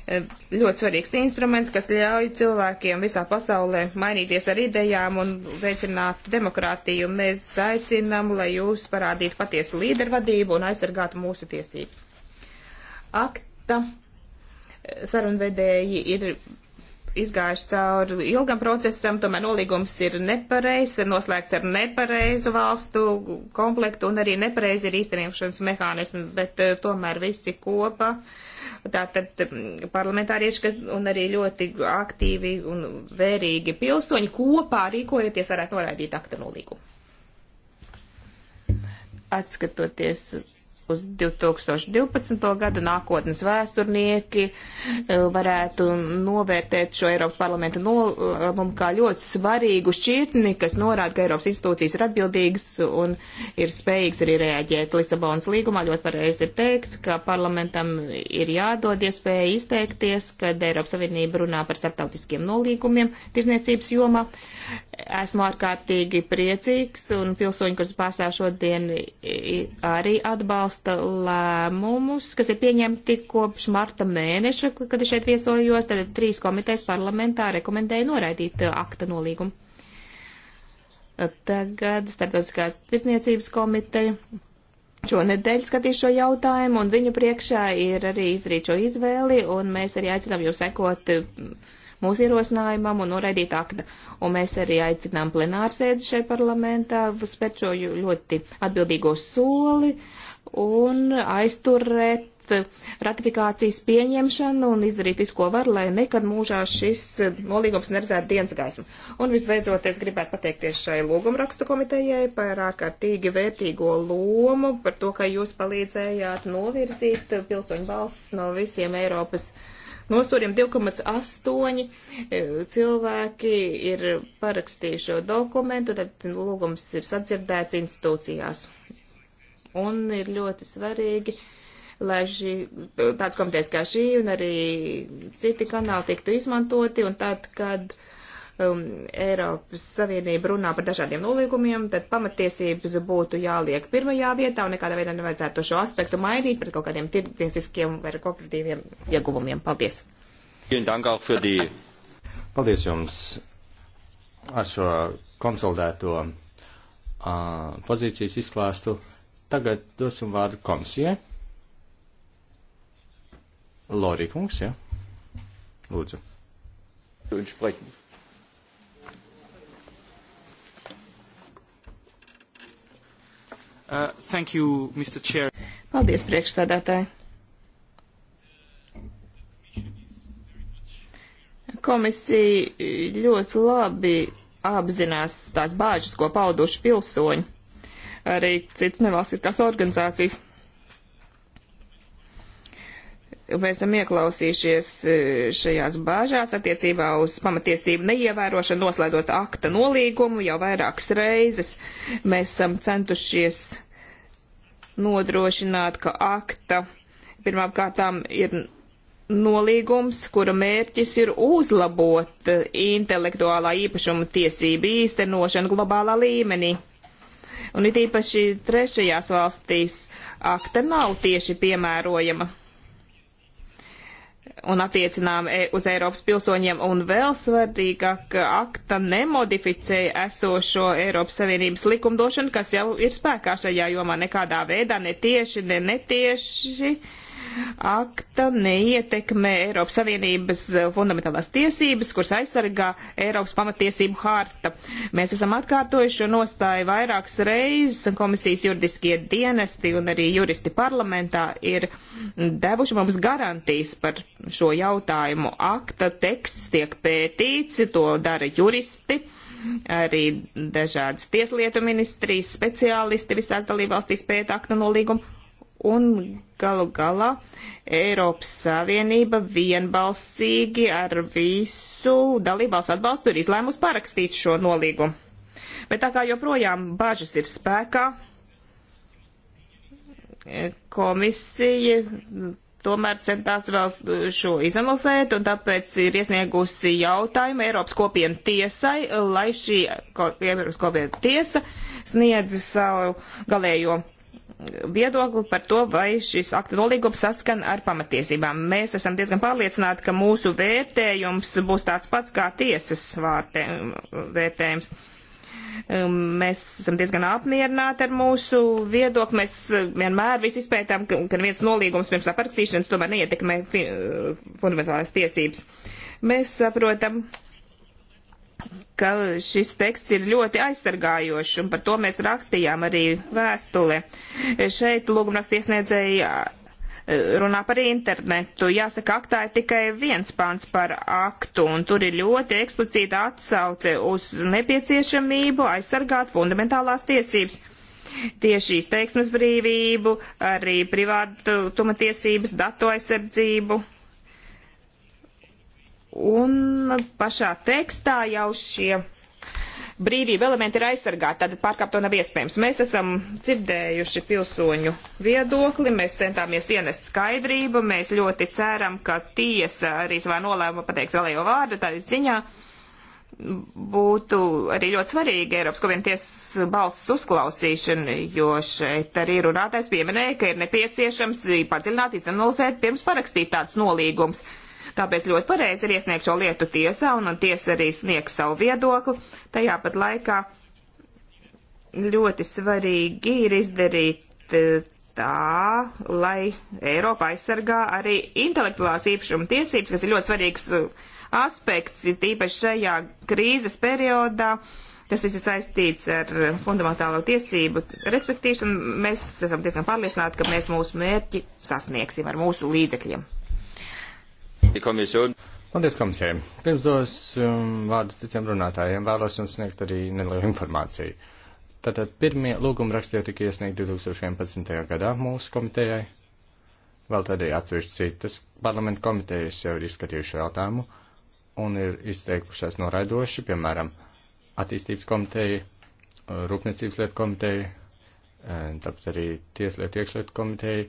ļoti svarīgs instruments, kas ļauj cilvēkiem visā pasaulē mainīties ar idejām un veicināt demokrātiju. Mēs aicinām, lai jūs parādītu patiesu līdervadību un aizsargātu mūsu tiesības. Akta sarunvedēji ir izgājuši cauri ilgam procesam, tomēr nolīgums ir nepareizs, noslēgts ar nepareizu valstu komplektu un arī nepareizi ir īstenības mehānismi, bet eh, tomēr visi kopā Tātad mm, parlamentārieši, kas un arī ļoti aktīvi un vērīgi pilsoņi kopā rīkojoties varētu noraidīt akta nolīgumu. Atskatoties uz 2012. gadu nākotnes vēsturnieki e, varētu novērtēt šo Eiropas parlamenta nolēmumu kā ļoti svarīgu šķirtni, kas norāda, ka Eiropas institūcijas ir atbildīgas un ir spējīgas arī reaģēt. Lisabonas līgumā ļoti pareizi ir teikts, ka parlamentam ir jādod iespēja izteikties, kad Eiropas Savienība runā par starptautiskiem nolīgumiem tirzniecības jomā. Esmu ārkārtīgi priecīgs un pilsoņi, kurus pārstāv šodien, arī atbalsta lēmumus, kas ir pieņemti kopš marta mēneša, kad es šeit viesojos. Tad trīs komitejas parlamentā rekomendēja noraidīt uh, akta nolīgumu. Uh, tagad starptautiskā tirtniecības komiteja šonedēļ skatīs šo jautājumu, un viņu priekšā ir arī izdarīt šo izvēli, un mēs arī aicinām jūs sekot. Uh, mūsu ierosinājumam un noraidīt akta. Un mēs arī aicinām plenārsēdi šeit parlamentā spērt šo ļoti atbildīgo soli un aizturēt ratifikācijas pieņemšanu un izdarīt visu, ko var, lai nekad mūžā šis nolīgums neredzētu dienas gaismu. Un visbeidzot, es gribētu pateikties šai lūgumrakstu komitejai par ārkārtīgi vērtīgo lomu, par to, ka jūs palīdzējāt novirzīt pilsoņu balsis no visiem Eiropas uh, nosoriem 2,8 e, cilvēki ir parakstījuši šo dokumentu, tad lūgums ir sadzirdēts institūcijās. Un ir ļoti svarīgi, lai šī, tāds komitejas kā šī un arī citi kanāli tiktu izmantoti, un tad, kad uh, um, Eiropas Savienība runā par dažādiem nolīgumiem, tad pamatiesības būtu jāliek pirmajā vietā un nekādā veidā nevajadzētu šo aspektu mainīt pret kaut kādiem tirdzniecības vai kooperatīviem ieguvumiem. Paldies! Paldies jums ar šo konsolidēto uh, pozīcijas izklāstu. Tagad dosim vārdu komisijai. Lori kungs, ja? Lūdzu. Entsprechend. Uh, thank you, Mr. Chair. Paldies, priekšsēdētāji. Komisija ļoti labi apzinās tās bāžas, ko pauduši pilsoņi, arī citas nevalstiskās organizācijas. Mēs esam ieklausījušies e, šajās bāžās attiecībā uz pamatiesību neievērošanu, noslēdot akta nolīgumu jau vairākas reizes. Mēs esam centušies nodrošināt, ka akta pirmām kārtām ir nolīgums, kura mērķis ir uzlabot e, intelektuālā īpašuma tiesību īstenošanu globālā līmenī. Un it īpaši trešajās valstīs akta nav tieši piemērojama un attiecinām e, uz Eiropas pilsoņiem, un vēl svarīgāk, akta nemodificēja esošo Eiropas Savienības likumdošanu, kas jau ir spēkā šajā jomā nekādā veidā, ne tieši, ne netieši. Uh, akta neietekmē Eiropas Savienības eh, fundamentālās tiesības, kuras aizsargā Eiropas pamatiesību harta. Mēs esam atkārtojuši nostāju vairākas reizes, un komisijas juridiskie dienesti un arī juristi parlamentā ir devuši mums garantijas par šo jautājumu. Akta teksts tiek pētīts, to dara juristi arī dažādas tieslietu ministrijas speciālisti visās dalībvalstīs pēta akta nolīgumu. Un galu galā Eiropas Savienība vienbalsīgi ar visu dalībvalstu atbalstu ir izlēmusi parakstīt šo nolīgumu. Bet tā kā joprojām bažas ir spēkā, komisija tomēr centās vēl šo izanalizēt, un tāpēc ir iesniegusi jautājumu Eiropas kopienu tiesai, lai šī Eiropas kopienu tiesa sniedz savu galējo viedokli par to, vai šis akta nolīgums saskan ar pamatiesībām. Mēs esam diezgan pārliecināti, ka mūsu vērtējums būs tāds pats kā tiesas vārtē, vērtējums. Um, mēs esam diezgan apmierināti ar mūsu viedokli. Mēs uh, vienmēr visu izpētām, ka, ka viens nolīgums pirms tā parakstīšanas tomēr neietekmē uh, fundamentālās tiesības. Mēs saprotam, uh, ka šis teksts ir ļoti aizsargājošs, un par to mēs rakstījām arī vēstuli. Šeit lūgumraksta iesniedzēja eh, runā par internetu. Jāsaka, aktā ir tikai viens pants par aktu, un tur ir ļoti eksplicīta atsauce uz nepieciešamību aizsargāt fundamentālās tiesības. Tieši izteiksmes brīvību, arī privātuma tiesības, datu aizsardzību Un pašā tekstā jau šie brīvība elementi ir aizsargāti, tad pārkāpt to nav iespējams. Mēs esam dzirdējuši pilsoņu viedokli, mēs centāmies ienest skaidrību, mēs ļoti ceram, ka tiesa arī savā nolēmumā pateiks vēlējo vārdu, tā ziņā būtu arī ļoti svarīga Eiropas Kovienties balss uzklausīšana, jo šeit arī runātais pieminēja, ka ir nepieciešams padziļināt, izanalizēt pirms parakstīt tāds nolīgums. Uh, Tāpēc ļoti pareizi ir iesniegt šo lietu tiesā, un, un tiesa arī sniegs savu viedokli. Tajā pat laikā ļoti svarīgi ir izdarīt e, tā, lai Eiropa aizsargā arī intelektuālās īpašuma tiesības, kas ir ļoti svarīgs e, aspekts, tīpaši šajā krīzes periodā. Tas viss ir saistīts ar fundamentālo tiesību respektīšanu. Mēs esam diezgan pārliecināti, ka mēs mūsu mērķi sasniegsim ar mūsu līdzekļiem. Komisija. Paldies komisijai. Pirms dos um, vārdu citiem runātājiem vēlos jums sniegt arī nelielu informāciju. Tātad pirmie lūguma raksti jau tika iesniegti 2011. gadā mūsu komitejai. Vēl tad arī atsevišķi citas parlamenta komitejas jau ir izskatījuši jautājumu un ir izteikušās noraidoši, piemēram, attīstības komiteja, rūpniecības lietu komiteja, eh, tāpat arī tieslietu iekšlietu komiteja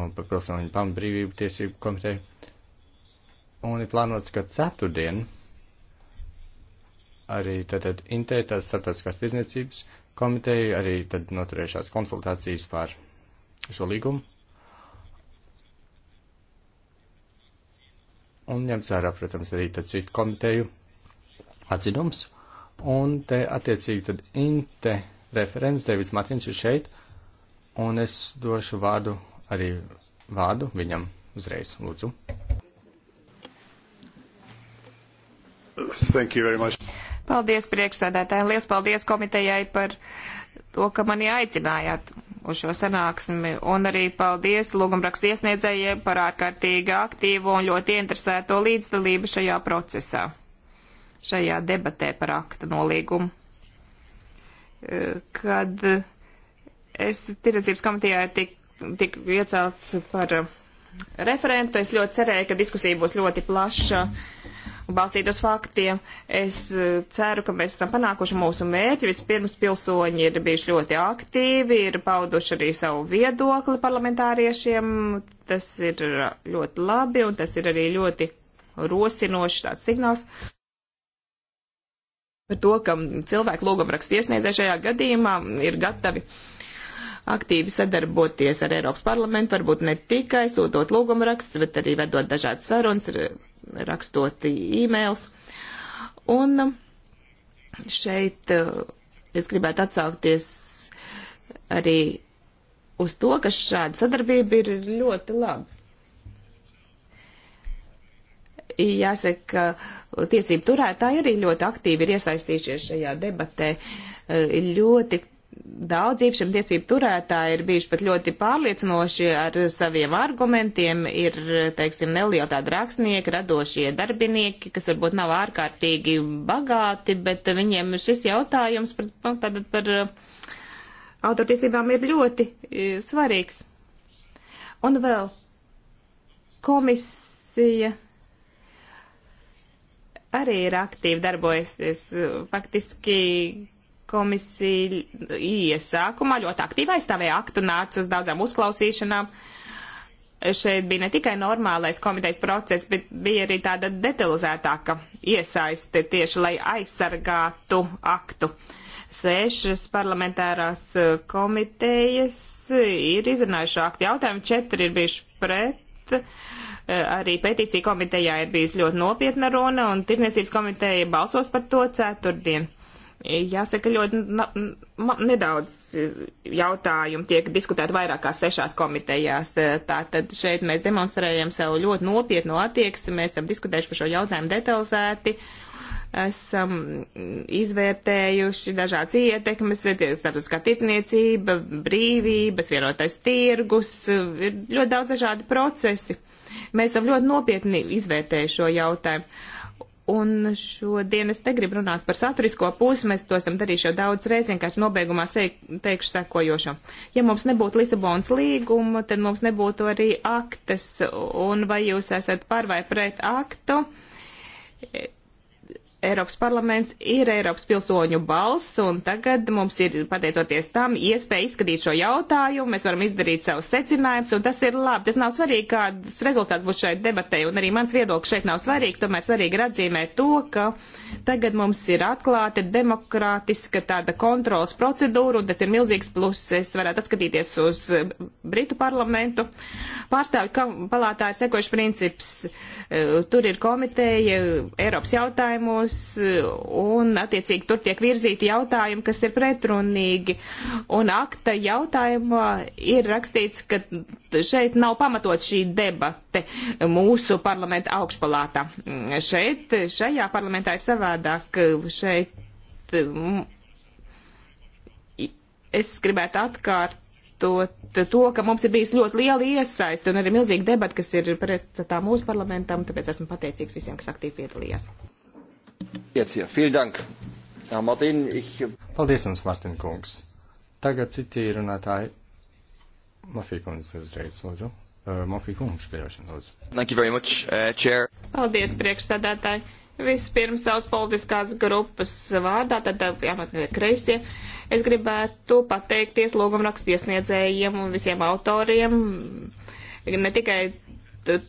un par pilsoņu pamatbrīvību tiesību komiteju. Un ir plānots, ka ceturtdien arī tātad Intē, tās starptautiskās tirzniecības komiteja, arī tad noturējušās konsultācijas par šo līgumu. Un ņemts vērā, protams, arī tad citu komiteju atzinums. Un te attiecīgi tad Inte referents Devis Matiņš ir šeit, un es došu vārdu arī vārdu viņam uzreiz, lūdzu. Thank you very much. Paldies priekšsēdētāji. Lielas paldies komitejai par to, ka mani aicinājāt uz šo sanāksmi. Un arī paldies lūgumrakstu iesniedzējiem par ārkārtīgi aktīvo un ļoti interesēto līdzdalību šajā procesā, šajā debatē par akta nolīgumu. Eh, kad es tirdzniecības komitejā tiku tik iecelts par referentu, es ļoti cerēju, ka diskusija būs ļoti plaša. Mm balstīt uz faktiem. Es eh, ceru, ka mēs esam panākuši mūsu mērķi. Vispirms pilsoņi ir bijuši ļoti aktīvi, ir pauduši arī savu viedokli parlamentāriešiem. Tas ir ļoti labi un tas ir arī ļoti rosinošs tāds signāls. Par to, ka cilvēku lūgumrakstu iesniedzēju šajā gadījumā ir gatavi aktīvi sadarboties ar Eiropas parlamentu, varbūt ne tikai sūtot lūgumrakstus, bet arī vedot dažādas sarunas, rakstot e-mails. Un šeit eh, es gribētu atsaukties arī uz to, ka šāda sadarbība ir ļoti laba. Jāsaka, ka tiesību turētāji arī ļoti aktīvi ir iesaistījušies šajā debatē. Eh, ļoti daudz īpašumtiesību turētāji ir bijuši pat ļoti pārliecinoši ar saviem argumentiem. Ir, teiksim, neliela tāda rakstnieka, radošie darbinieki, kas varbūt nav ārkārtīgi bagāti, bet viņiem šis jautājums par, nu, tātad par uh, autortiesībām ir ļoti uh, svarīgs. Un vēl komisija arī ir aktīvi darbojusies. Faktiski komisija iesākumā ļoti aktīvi aizstāvēja aktu, nāca uz daudzām uzklausīšanām. Šeit bija ne tikai normālais komitejas process, bet bija arī tāda detalizētāka iesaiste tieši, lai aizsargātu aktu. Sešas parlamentārās eh, komitejas ir izrunājuši aktu jautājumu, četri ir bijuši pret. Eh, arī pētīcija komitejā ir bijusi ļoti nopietna runa, un tirniecības komiteja balsos par to ceturtdienu Jāsaka, ļoti nedaudz eh, jautājumu tiek diskutēti vairākās sešās komitejās. Eh, tātad šeit mēs demonstrējam savu ļoti nopietnu attieksmi, mēs esam diskutējuši par šo jautājumu detalizēti, esam mm, izvērtējuši dažādas ietekmes, starptautiskā tirtniecība, brīvības, vienotais tirgus, eh, ir ļoti daudz dažādi procesi. Mēs esam ļoti nopietni izvērtējuši šo jautājumu Un šodien es negribu runāt par saturisko pusi, mēs to esam darījuši jau daudz reiz, vienkārši nobeigumā teikšu sekojošo. Ja mums nebūtu Lisabonas līguma, tad mums nebūtu arī aktas, un vai jūs esat par vai pret aktu, Eiropas parlaments ir Eiropas pilsoņu balss, un tagad mums ir, pateicoties tam, iespēja izskatīt šo jautājumu, mēs varam izdarīt savus secinājumus, un tas ir labi. Tas nav svarīgi, kāds rezultāts būs šai debatei, un arī mans viedoklis šeit nav svarīgs, tomēr svarīgi ir atzīmēt to, ka tagad mums ir atklāta, demokrātiska tāda kontrols procedūra, un tas ir milzīgs plus. Es varētu atskatīties uz Britu parlamentu. Pārstāvju palātā ir sekojuši princips. Tur ir komiteja Eiropas jautājumos, jautājumus, un attiecīgi tur tiek virzīti jautājumi, kas ir pretrunīgi. Un akta jautājumā ir rakstīts, ka šeit nav pamatot šī debate mūsu parlamenta augšpalātā. Šeit, šajā parlamentā ir savādāk. Šeit es gribētu atkārt uzskatot to, ka mums ir bijis ļoti liela iesaiste un arī milzīga debata, kas ir pretstatā mūsu parlamentam, tāpēc esmu pateicīgs visiem, kas aktīvi piedalījās. Paldies jums, Mārtiņ kungs. Tagad citi runātāji. Mafija kundze uzreiz, lūdzu. Uh, Mafija kungs, pieļaušana, lūdzu. Thank you very much, uh, chair. Paldies, priekšsēdētāji. Vispirms savas politiskās grupas vārdā, tad jāmatnē kreisie. Es gribētu pateikties lūgumrakstiesniedzējiem un visiem autoriem ne tikai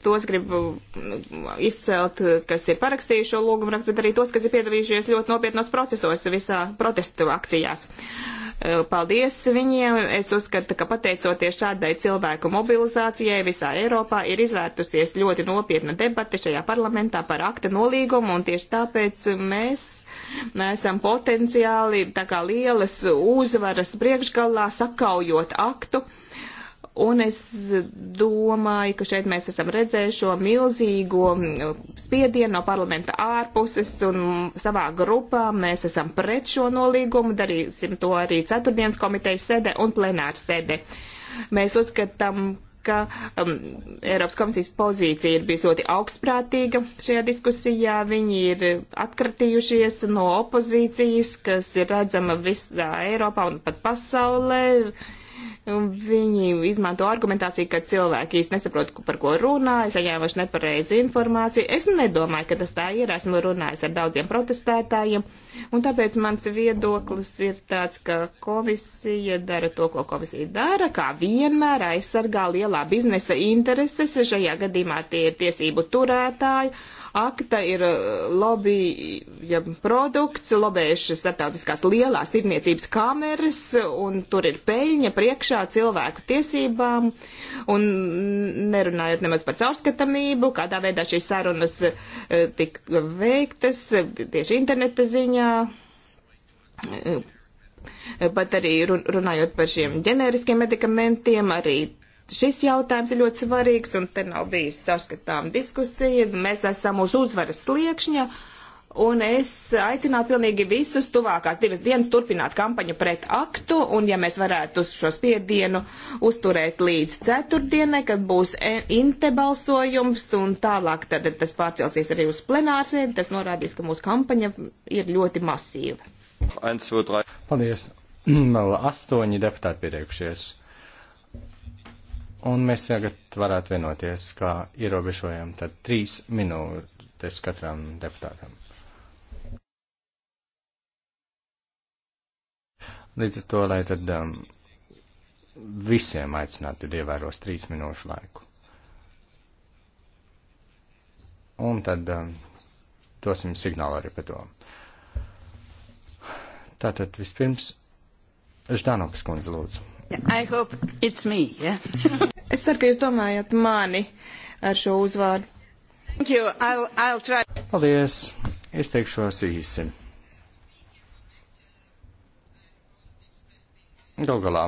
tos gribu nu, izcelt, kas ir parakstījuši šo lūgumu rakstu, bet arī tos, kas ir piedalījušies ļoti nopietnos procesos visā protestu akcijās. Paldies viņiem. Es uzskatu, ka pateicoties šādai cilvēku mobilizācijai visā Eiropā ir izvērtusies ļoti nopietna debata šajā parlamentā par akta nolīgumu, un tieši tāpēc mēs esam potenciāli tā kā lielas uzvaras priekšgalā sakaujot aktu Un es domāju, ka šeit mēs esam redzējuši šo milzīgo mm, spiedienu no parlamenta ārpuses, un savā grupā mēs esam pret šo nolīgumu, darīsim to arī ceturtdienas komitejas sēdē un plenāra sēdē. Mēs uzskatām, ka um, Eiropas komisijas pozīcija ir bijusi ļoti augstprātīga šajā diskusijā. Viņi ir atkratījušies no opozīcijas, kas ir redzama visā Eiropā un pat pasaulē. Uh, Viņi izmanto argumentāciju, ka cilvēki īsti nesaprot, par ko runā, es saņēmuši nepareizu informāciju. Es nedomāju, ka tas tā ir, esmu runājis ar daudziem protestētājiem, un tāpēc mans viedoklis ir tāds, ka komisija dara to, ko komisija dara, kā vienmēr aizsargā lielā biznesa intereses, šajā gadījumā tie ir tiesību turētāji, akta ir uh, lobby ja, produkts, lobējušas starptautiskās lielās tirniecības kameras, un tur ir peļņa priekšā cilvēku tiesībām, un nerunājot nemaz par caurskatamību, kādā veidā šīs sarunas uh, tik veiktas tieši interneta ziņā uh, pat arī runājot par šiem ģenēriskiem medikamentiem, arī Šis jautājums ir ļoti svarīgs, un te nav bijis saskatām diskusija. Mēs esam uz uzvaras sliekšņa, un es aicinātu pilnīgi visus tuvākās divas dienas turpināt kampaņu pret aktu, un ja mēs varētu šo spiedienu uzturēt līdz ceturtdienai, kad būs e, inte balsojums, un tālāk tad tas pārcelsies arī uz plenārsēdi, tas norādīs, ka mūsu kampaņa ir ļoti masīva. 1, 2, 3. Paldies. Vēl astoņi deputāti pieteikušies. Un mēs tagad varētu vienoties, kā ierobežojam tad trīs minūtes katram deputātam. Līdz ar to, lai tad um, visiem aicinātu ievēros trīs minūšu laiku. Un tad um, dosim signālu arī par to. Tātad vispirms Ždanokas kundze lūdzu. I hope it's me, yeah? es ceru, ka jūs domājat mani ar šo uzvārdu. Thank you, I'll, I'll try. Paldies, es teikšos īsi. Gal galā,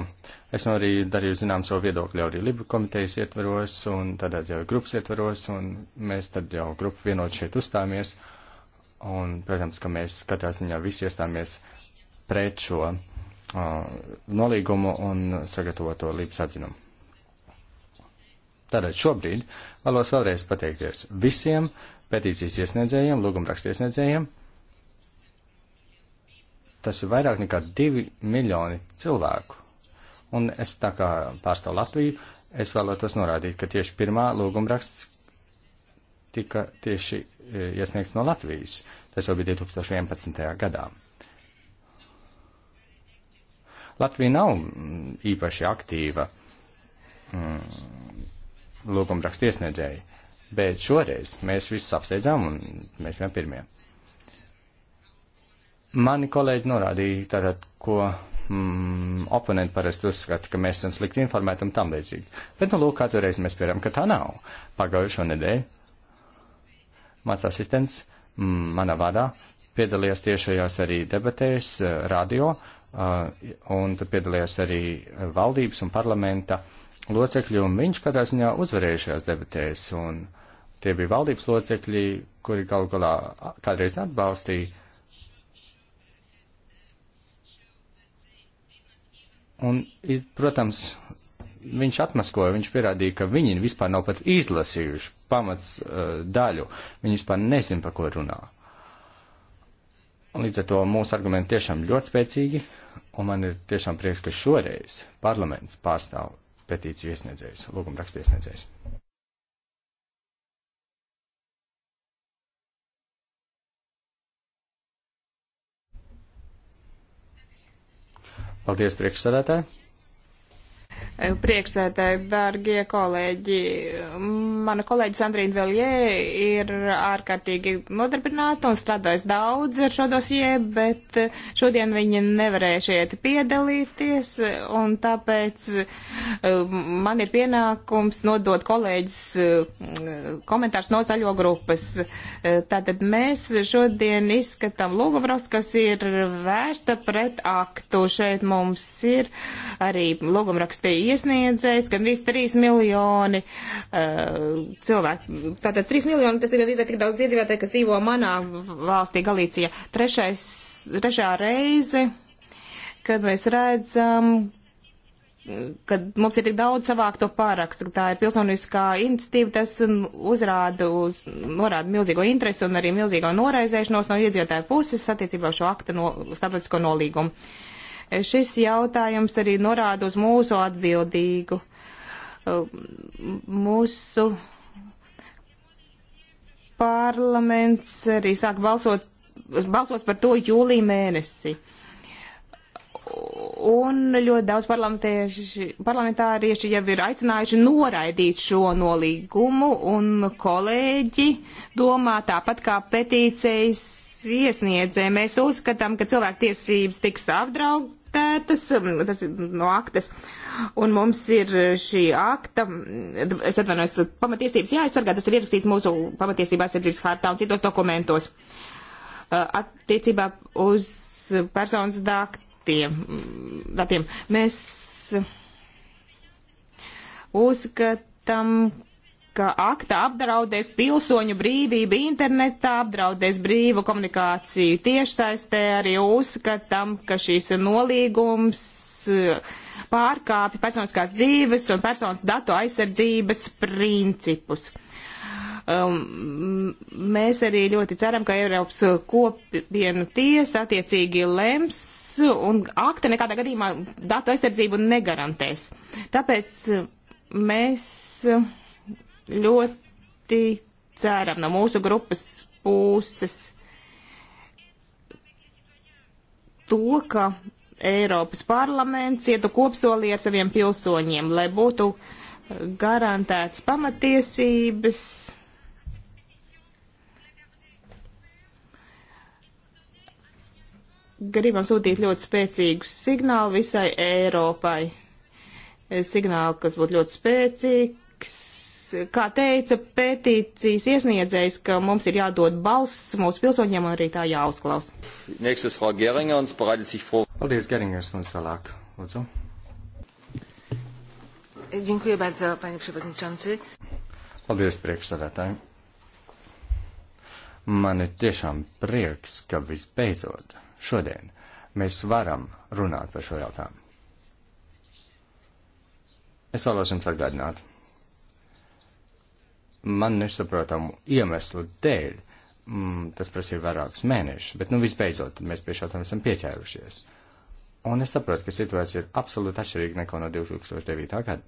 es nu arī darīju zinām savu viedokli jau arī Libu komitejas ietveros un tad jau grupas ietveros un mēs tad jau grupu vienot šeit uzstāmies un, protams, ka mēs katrā ziņā visi iestāmies pret šo uh, nolīgumu un sagatavoto līdz atzinumu. Tātad šobrīd vēlos vēlreiz pateikties visiem petīcijas iesniedzējiem, lūgumrakstu iesniedzējiem. Tas ir vairāk nekā divi miljoni cilvēku. Un es tā kā pārstāvu Latviju, es vēlētos norādīt, ka tieši pirmā lūgumraksts tika tieši e, iesniegts no Latvijas. Tas jau bija 2011. gadā. Latvija nav īpaši aktīva mm, lūgumrakstu iesniedzēja, bet šoreiz mēs visus apsteidzām un mēs vien pirmie. Mani kolēģi norādīja tātad, ko mm, oponenti parasti uzskata, ka mēs esam slikti informēti un tam līdzīgi. Bet, nu, lūk, katru reizi mēs pieram, ka tā nav. Pagājušo nedēļu mans asistents mm, manā vadā piedalījās tiešajās arī debatēs eh, radio, Uh, un tur piedalījās arī uh, valdības un parlamenta locekļi, un viņš kādā ziņā uzvarēja šajās debatēs, un tie bija valdības locekļi, kuri galu galā kādreiz atbalstīja. Un, protams, viņš atmaskoja, viņš pierādīja, ka viņi vispār nav pat izlasījuši pamats uh, daļu, viņi vispār nezin, pa ko runā. Un līdz ar to mūsu argumenti tiešām ļoti spēcīgi, Un man ir tiešām prieks, ka šoreiz parlaments pārstāv petīciju iesniedzējus, lūguma rakstu iesniedzējus. Paldies, priekšsēdētāji! Priekšsēdētāji, dārgie kolēģi, mana kolēģa Sandrīna Veljē ir ārkārtīgi nodarbināta un strādājas daudz ar šo dosie, bet šodien viņa nevarēja šeit piedalīties, un tāpēc um, man ir pienākums nodot kolēģis um, komentārs no zaļo grupas. Uh, tātad mēs šodien izskatām lūgumros, kas ir vērsta pret aktu. Šeit mums ir arī lūgumraksta iesniedzējs, gan visi 3 miljoni uh, cilvēku. Tātad 3 miljoni, tas ir gandrīz tik daudz iedzīvotāji, kas dzīvo manā valstī Galīcijā. Trešais, trešā reize, kad mēs redzam, kad mums ir tik daudz savākto pārakstu, tā ir pilsoniskā iniciatīva, tas uzrāda uz, norāda milzīgo interesi un arī milzīgo noraizēšanos no iedzīvotāju puses attiecībā uz šo akta no, starptautisko nolīgumu. Uh, Šis jautājums arī norāda uz mūsu atbildīgu, um, mūsu parlaments arī sāk balsot, balsos par to jūlī mēnesi. Un ļoti daudz parlamentārieši jau ir aicinājuši noraidīt šo nolīgumu, un kolēģi domā tāpat kā petīcijas iesniedzēji. Mēs uzskatām, ka cilvēktiesības tiks apdraudētas, um, tas ir no aktas, un mums ir šī akta, mm, es atvainojos, pamatiesības jāaizsargā, tas ir ierakstīts mūsu pamatiesībā aizsardzības hārtā un citos dokumentos. Uh, attiecībā uz personas datiem, mm, datiem mēs uzskatām, ka akta apdraudēs pilsoņu brīvību internetā, apdraudēs brīvu komunikāciju tiešsaistē, arī uzskatām, ka šīs nolīgums eh, pārkāpja personiskās dzīves un personas datu aizsardzības principus. Um, mēs arī ļoti ceram, ka Eiropas kopienu tiesa attiecīgi lems un akta nekādā gadījumā datu aizsardzību negarantēs. Tāpēc eh, mēs. Uh, ļoti ceram no mūsu grupas puses to, ka Eiropas parlaments ietu kopsolī ar saviem pilsoņiem, lai būtu garantēts pamatiesības. Gribam sūtīt ļoti spēcīgu signālu visai Eiropai. Signālu, kas būtu ļoti spēcīgs, kā teica pētīcijas iesniedzējs, ka mums ir jādod balsts mūsu pilsoņiem un arī tā jāuzklaus. Paldies, Geringers, mums tālāk. Lūdzu. Dziękuję bardzo, panie przewodniczący. Paldies, priekšsēdētāji. Man ir tiešām prieks, ka visbeidzot šodien mēs varam runāt par šo jautājumu. Es vēlos jums atgādināt, man nesaprotamu iemeslu dēļ mm, tas prasīja vairākus mēnešus, bet nu visbeidzot mēs pie šā tam esam pieķērušies. Un es saprotu, ka situācija ir absolūti atšķirīga nekā no 2009. gada.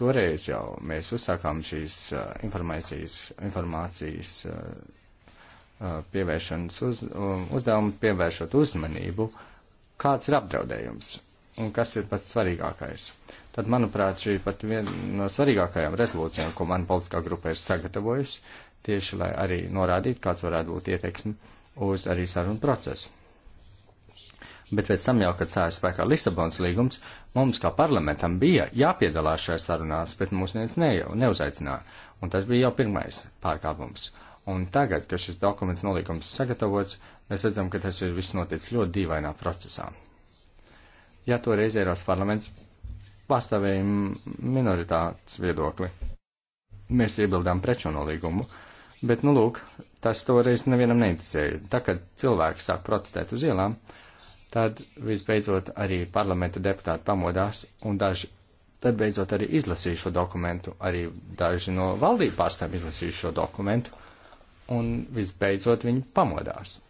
Toreiz jau mēs uzsākām šīs uh, informācijas, informācijas uh, uh pievēršanas uz, um, uzdevumu, pievēršot uzmanību, kāds ir apdraudējums un kas ir pats svarīgākais tad, manuprāt, šī pat viena no svarīgākajām rezolūcijām, ko man politiskā grupa ir sagatavojusi, tieši lai arī norādītu, kāds varētu būt ieteiksmi uz arī sarunu procesu. Bet pēc tam jau, kad sāja spēkā Lisabons līgums, mums kā parlamentam bija jāpiedalās šajās sarunās, bet mūs neviens ne, neuzaicināja. Un tas bija jau pirmais pārkāpums. Un tagad, kad šis dokuments nolīgums sagatavots, mēs redzam, ka tas ir viss noticis ļoti dīvainā procesā. Ja toreiz Eiropas parlaments pastāvēja minoritātes viedokli. Mēs iebildām pret šo nolīgumu, bet, nu, lūk, tas toreiz nevienam neinteresēja. Tā, kad cilvēki sāk protestēt uz ielām, tad visbeidzot arī parlamenta deputāti pamodās un daži, tad beidzot arī izlasīja šo dokumentu, arī daži no valdību pārstāvju izlasīja šo dokumentu un visbeidzot viņi pamodās.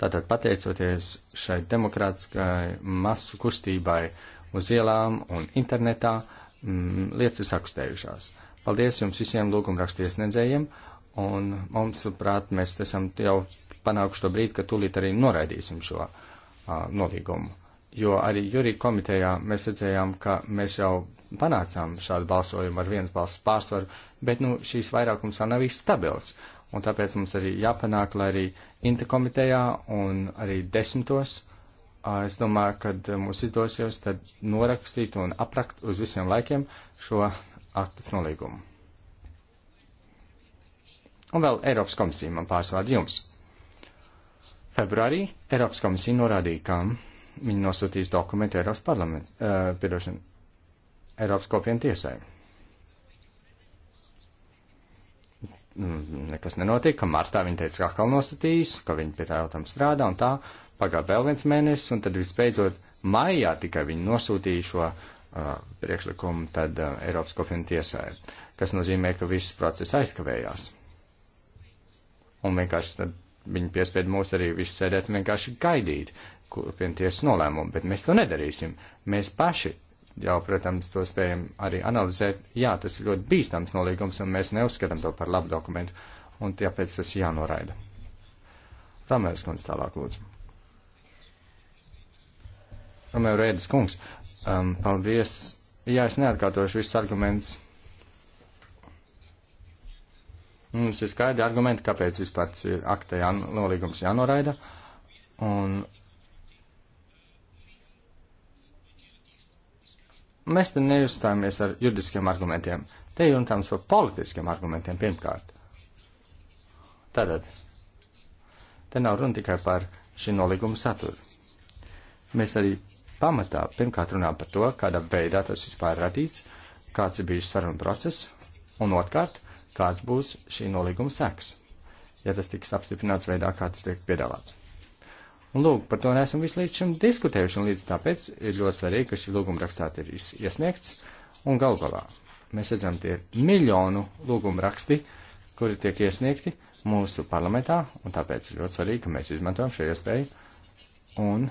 Tātad pateicoties šai demokrātiskai masu kustībai uz ielām un internetā, mm, lietas ir sakustējušās. Paldies jums visiem lūgumrakstiesniedzējiem, un mums, prāt, mēs esam jau panākuši to brīdi, ka tūlīt arī noraidīsim šo a, nolīgumu. Jo arī Jurija komitejā mēs redzējām, ka mēs jau panācām šādu balsojumu ar vienas balss pārsvaru, bet nu, šīs vairākums vēl nav īsti stabils un tāpēc mums arī jāpanāk, lai arī interkomitejā un arī desmitos, es domāju, kad mums izdosies, tad norakstīt un aprakt uz visiem laikiem šo aktas nolīgumu. Un vēl Eiropas komisija man pārsvārda jums. Februārī Eiropas komisija norādīja, ka viņi nosūtīs dokumentu Eiropas parlamentu, uh, piedošanu, Eiropas kopienu tiesai. Mm, nekas nenotika. Martā viņa teica, ka atkal nosūtīs, ka viņa pie tā jautājuma strādā un tā. Pagāja vēl viens mēnesis, un tad visbeidzot maijā tikai viņi nosūtīja šo uh, priekšlikumu tad uh, Eiropas kopienu tiesai, kas nozīmē, ka viss process aizkavējās. Un vienkārši tad viņi piespied mūs arī visu sēdēt un vienkārši gaidīt kopienu tiesas nolēmumu, bet mēs to nedarīsim. Mēs paši jau, protams, to spējam arī analizēt. Jā, tas ir ļoti bīstams nolīgums, un mēs neuzskatām to par labu dokumentu, un tāpēc tas jānoraida. Ramērs kundze tālāk lūdzu. Romēr Rēdas kungs, um, paldies. Jā, es neatkārtošu visus argumentus. Mums ir skaidri argumenti, kāpēc vispār ir akta jā, nolīgums jānoraida. Un mēs te neuzstājāmies ar juridiskiem argumentiem. Te ir runāms par politiskiem argumentiem pirmkārt. Tātad, te nav runa tikai par šī nolīguma saturu. Mēs arī pamatā pirmkārt runājam par to, kādā veidā tas vispār ir radīts, kāds ir bijis saruna process, un otrkārt, kāds būs šī nolīguma seks, ja tas tiks apstiprināts veidā, kā tas tiek piedāvāts. Un lūk, par to neesam visu līdz šim diskutējuši, un līdz tāpēc ir ļoti svarīgi, ka šī lūguma rakstāta ir iesniegts, un gal galā mēs redzam, tie ir miljonu lūguma raksti, kuri tiek iesniegti mūsu parlamentā, un tāpēc ir ļoti svarīgi, ka mēs izmantojam šo iespēju, un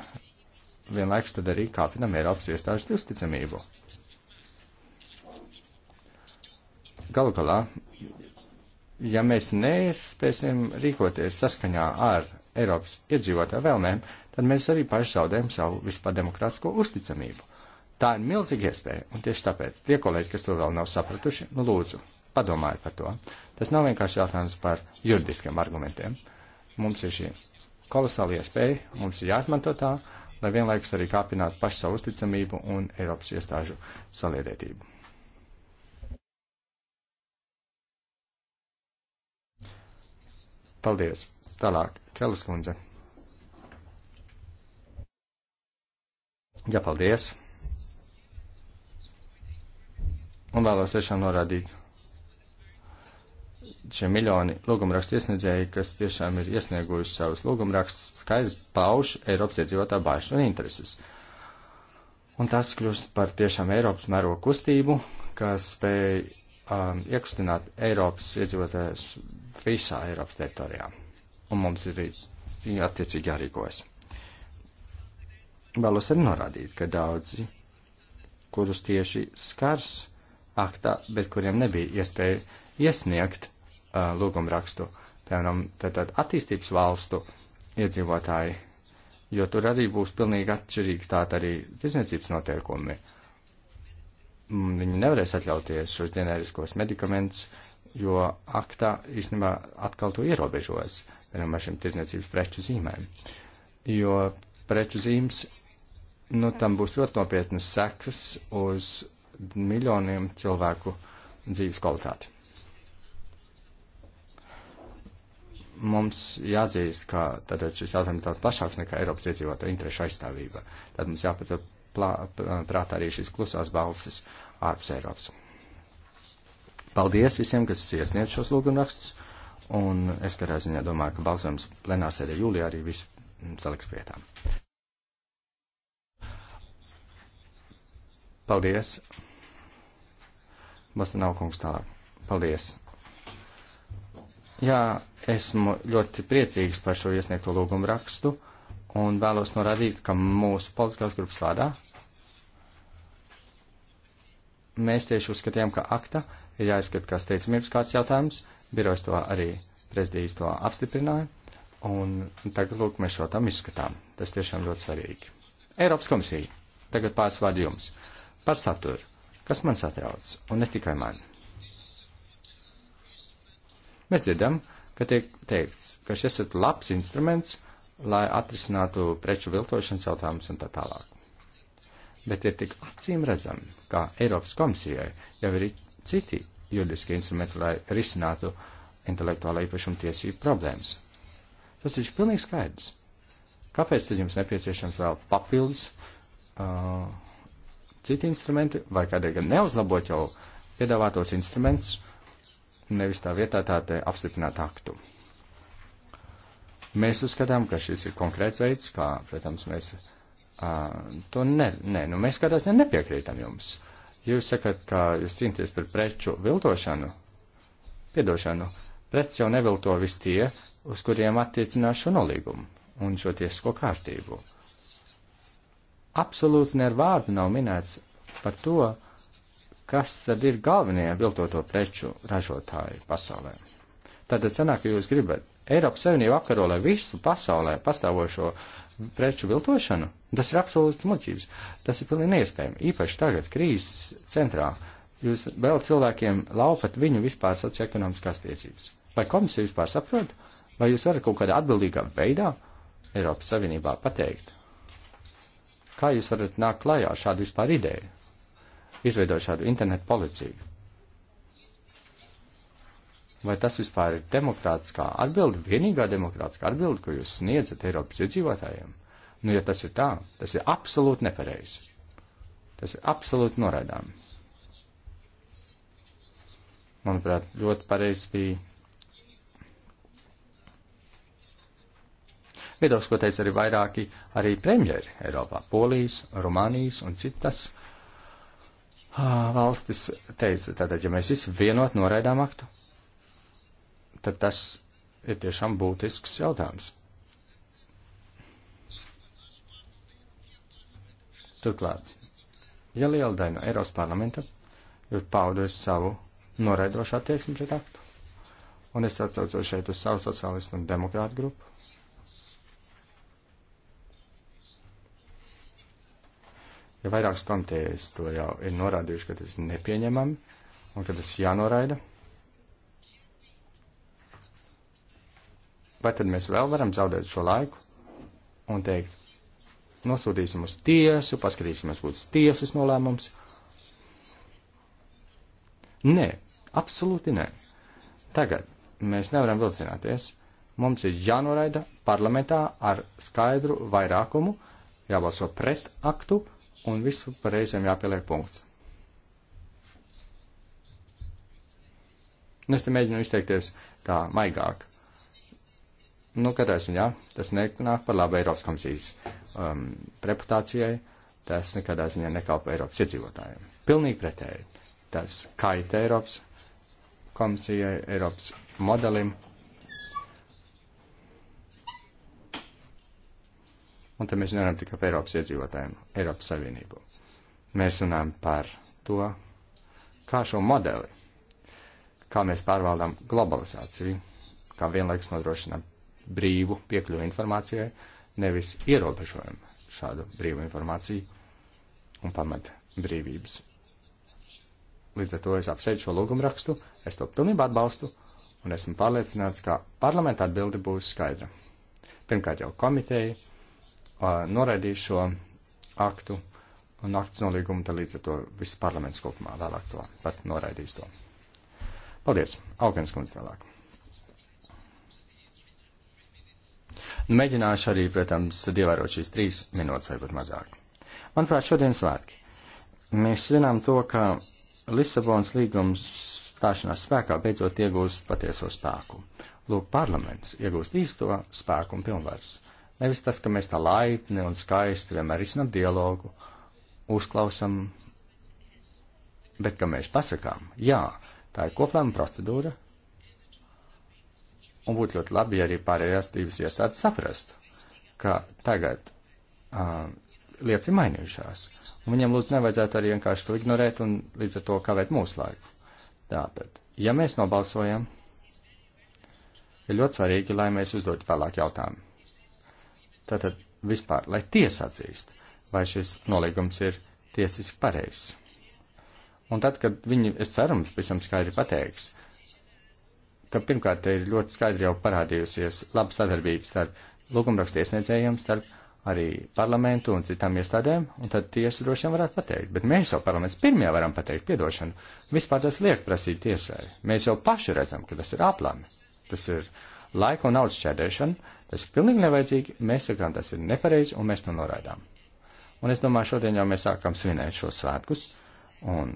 vienlaiks tad arī kāpinam Eiropas iestāžu uzticamību. Galu galā, ja mēs nespēsim rīkoties saskaņā ar Eiropas iedzīvotāju vēlmēm, tad mēs arī paši zaudējam savu vispār demokrātisko uzticamību. Tā ir milzīga iespēja, un tieši tāpēc tie kolēģi, kas to vēl nav sapratuši, nu lūdzu, padomājiet par to. Tas nav vienkārši jautājums par juridiskiem argumentiem. Mums ir šī kolosāla iespēja, mums ir jāizmanto tā, lai vienlaikus arī kāpinātu pašu savu uzticamību un Eiropas iestāžu saliedētību. Paldies! Tālāk, Kelas kundze. Jā, paldies. Un vēlos tiešām norādīt šie miljoni lūgumrakstu iesniedzēji, kas tiešām ir iesnieguši savus lūgumrakstus, skaidri pauž Eiropas iedzīvotā bāžas un intereses. Un tas kļūst par tiešām Eiropas mēro kustību, kas spēj um, iekustināt Eiropas iedzīvotājus visā Eiropas teritorijā un mums ir attiecīgi jārīkojas. Vēlos arī norādīt, ka daudzi, kurus tieši skars aktā, bet kuriem nebija iespēja iesniegt uh, lūgumrakstu, piemēram, tātad attīstības valstu iedzīvotāji, jo tur arī būs pilnīgi atšķirīgi tātad arī tiesniecības noteikumi. Mm, viņi nevarēs atļauties šos ģeneriskos medikamentus, jo aktā īstenībā atkal to ierobežos. Uh, piemēram, ar šiem tirdzniecības preču zīmēm. Jo preču zīmes, nu, tam būs ļoti nopietnas sekas uz miljoniem cilvēku dzīves kvalitāti. Mums jāatzīst, ka tātad šis jautājums daudz plašāks nekā Eiropas iedzīvotāju interešu aizstāvība. Tad mums jāpatur prātā arī šīs klusās balsis ārpus Eiropas. Paldies visiem, kas iesniedz šos lūgumrakstus. Un es katrā ziņā domāju, ka balsojums plenārsēdē jūlijā arī viss saliks vietā. Paldies. Bastinau kungs tālāk. Paldies. Jā, esmu ļoti priecīgs par šo iesniegto lūgumu rakstu un vēlos norādīt, ka mūsu politiskās grupas vārdā mēs tieši uzskatījām, ka akta ir jāizskat kā steidzamības kāds jautājums Birojs to arī prezidijas to apstiprināja. Un tagad, lūk, mēs šo tam izskatām. Tas tiešām ļoti svarīgi. Eiropas komisija. Tagad pāris vārdi jums. Par saturu. Kas man satrauc? Un ne tikai man. Mēs dzirdam, ka tiek teikts, ka šis ir labs instruments, lai atrisinātu preču viltošanas jautājumus un tā tālāk. Bet ir tik acīm redzami, ka Eiropas komisijai jau ir citi juridiskie instrumenti, lai risinātu intelektuālā īpašuma tiesību problēmas. Tas taču ir pilnīgi skaidrs. Kāpēc tad jums nepieciešams vēl papildus uh, citi instrumenti, vai kādēļ gan neuzlabot jau piedāvātos instrumentus, nevis tā vietā tā te apstiprināt aktu? Mēs uzskatām, ka šis ir konkrēts veids, kā, protams, mēs uh, to ne, ne, nu mēs kādās ne nepiekrītam jums. Uh, Ja jūs sakat, ka jūs cīnties par preču viltošanu, piedošanu, preci jau nevilto vis tie, uz kuriem attiecinās šo nolīgumu un šo tiesisko kārtību. Absolūti ne ar vārdu nav minēts par to, kas tad ir galvenie viltoto preču ražotāji pasaulē. Tātad sanāk, ka jūs gribat Eiropas Savienību apkarolē visu pasaulē pastāvošo preču viltošanu? Tas ir absolūts muļķības. Tas ir pilnīgi neiespējami. Īpaši tagad, krīzes centrā, jūs vēl cilvēkiem laupat viņu vispār socioekonomiskās tiesības. Vai komisija vispār saprot? Vai jūs varat kaut kādā atbildīgā veidā Eiropas Savienībā pateikt? Kā jūs varat nākt klajā ar šādu vispār ideju? Izveidot šādu internetu policiju. Vai tas vispār ir demokrātiskā atbilde, vienīgā demokrātiskā atbilde, ko jūs sniedzat Eiropas iedzīvotājiem? Nu, ja tas ir tā, tas ir absolūti nepareizi. Tas ir absolūti noraidām. Manuprāt, ļoti pareizi bija Viedoklis, ko teica arī vairāki arī premjeri Eiropā - Polijas, Rumānijas un citas uh, valstis teica, tātad, ja mēs visi vienot noraidām aktu, tad tas ir tiešām būtisks jautājums. Turklāt, ja liela daļa no Eiropas parlamenta ir paudusi savu noraidošu attieksmi pret aktu, un es atsaucos šeit uz savu sociālistu un demokrātu grupu, ja vairākas komitejas to jau ir norādījuši, ka tas ir nepieņemami un ka tas jānoraida, vai tad mēs vēl varam zaudēt šo laiku un teikt, nosūtīsim uz tiesu, paskatīsimies, būs tiesas nolēmums. Nē, absolūti nē. Tagad mēs nevaram vilcināties. Mums ir jānoraida parlamentā ar skaidru vairākumu, jābalso pret aktu un visu pareiziem jāpieliek punkts. Nu, es te mēģinu izteikties tā maigāk. Nu, katrā ziņā tas nenāk par labu Eiropas komisijas um, reputācijai, tas nekādā ziņā nekalpa Eiropas iedzīvotājiem. Pilnīgi pretēji. Tas kaita Eiropas komisijai, Eiropas modelim. Un te mēs runājam tikai par Eiropas iedzīvotājiem, Eiropas Savienību. Mēs runājam par to, kā šo modeli, kā mēs pārvaldām globalizāciju, kā vienlaikus nodrošinām brīvu piekļuvu informācijai, nevis ierobežojam šādu brīvu informāciju un pamat brīvības. Līdz ar to es apsveicu šo lūgumu rakstu, es to pilnībā atbalstu un esmu pārliecināts, ka parlamenta atbilde būs skaidra. Pirmkārt jau komiteja uh, noraidīs šo aktu un akts nolīgumu, tad līdz ar to viss parlaments kopumā vēlāk to pat noraidīs to. Paldies, Augens kundze vēlāk. Mēģināšu arī, protams, ievērot šīs trīs minūtes, varbūt mazāk. Manuprāt, šodien svētki. Mēs zinām to, ka Lisabonas līgums stāšanās spēkā beidzot iegūst patieso spēku. Lūk, parlaments iegūst īsto spēku un pilnvaras. Nevis tas, ka mēs tā laipni un skaisti vienmēr izsnam dialogu, uzklausam, bet ka mēs pasakām, jā, tā ir koplēma procedūra, Un būtu ļoti labi, ja arī pārējās divas iestādes saprastu, ka tagad uh, lietas ir mainījušās. Un viņiem lūdzu nevajadzētu arī vienkārši to ignorēt un līdz ar to kavēt mūsu laiku. Tātad, ja mēs nobalsojam, ir ļoti svarīgi, lai mēs uzdod vēlāk jautājumu. Tātad vispār, lai tiesa atzīst, vai šis nolīgums ir tiesiski pareizs. Un tad, kad viņi, es ceru, mums visam skaidri pateiks, uh, ka pirmkārt ir ļoti skaidri jau parādījusies laba sadarbība starp lūgumrakstu iesniedzējiem, starp arī parlamentu un citām iestādēm, un tad tiesa droši vien varētu pateikt, bet mēs jau parlaments pirmie varam pateikt piedošanu. Vispār tas liek prasīt tiesai. Mēs jau paši redzam, ka tas ir aplami. Tas ir laika un naudas šķērdēšana, tas ir pilnīgi nevajadzīgi, mēs sakām, tas ir nepareizi, un mēs to noraidām. Un es domāju, šodien jau mēs sākam svinēt šos svētkus, un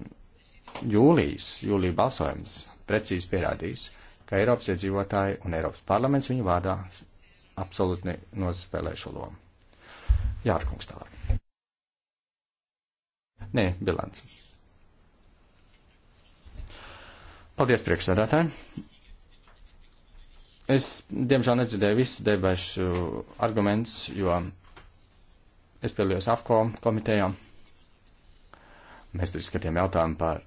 jūlijas, jūlija balsojums precīzi pierādīs, ka Eiropas iedzīvotāji un Eiropas parlaments viņu vārdā absolūti nospēlē šo lomu. Jārkungs tālāk. Nē, bilants. Paldies, priekšsēdētāji. Es, diemžēl, nedzirdēju visu debašu argumentus, jo es piedalījos AFCO komitejā. Mēs tur skatījām jautājumu par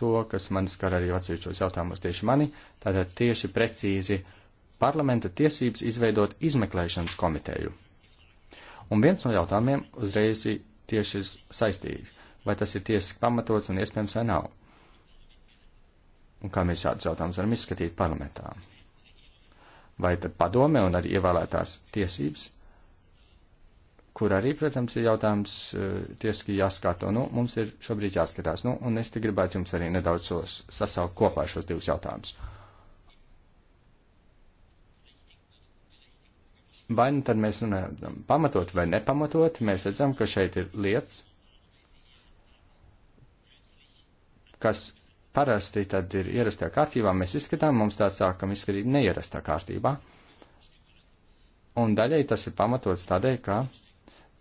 to, kas man skar arī atsevišķos jautājumos tieši mani, tātad tieši precīzi parlamenta tiesības izveidot izmeklēšanas komiteju. Un viens no jautājumiem uzreiz tieši ir saistīts, vai tas ir tiesiski pamatots un iespējams vai nav. Un kā mēs šādus jautājumus varam izskatīt parlamentā? Vai tad padome un arī ievēlētās tiesības kur arī, protams, ir jautājums eh, tiesiski jāskato. Nu, mums ir šobrīd jāskatās, nu, un es te gribētu jums arī nedaudz sasaukt kopā šos divus jautājumus. Vai nu tad mēs runājam pamatot vai nepamatot, mēs redzam, ka šeit ir lietas, kas parasti tad ir ierastā kārtībā, mēs izskatām, mums tāds sākam izskatīt neierastā kārtībā. Un daļai tas ir pamatots tādēļ, ka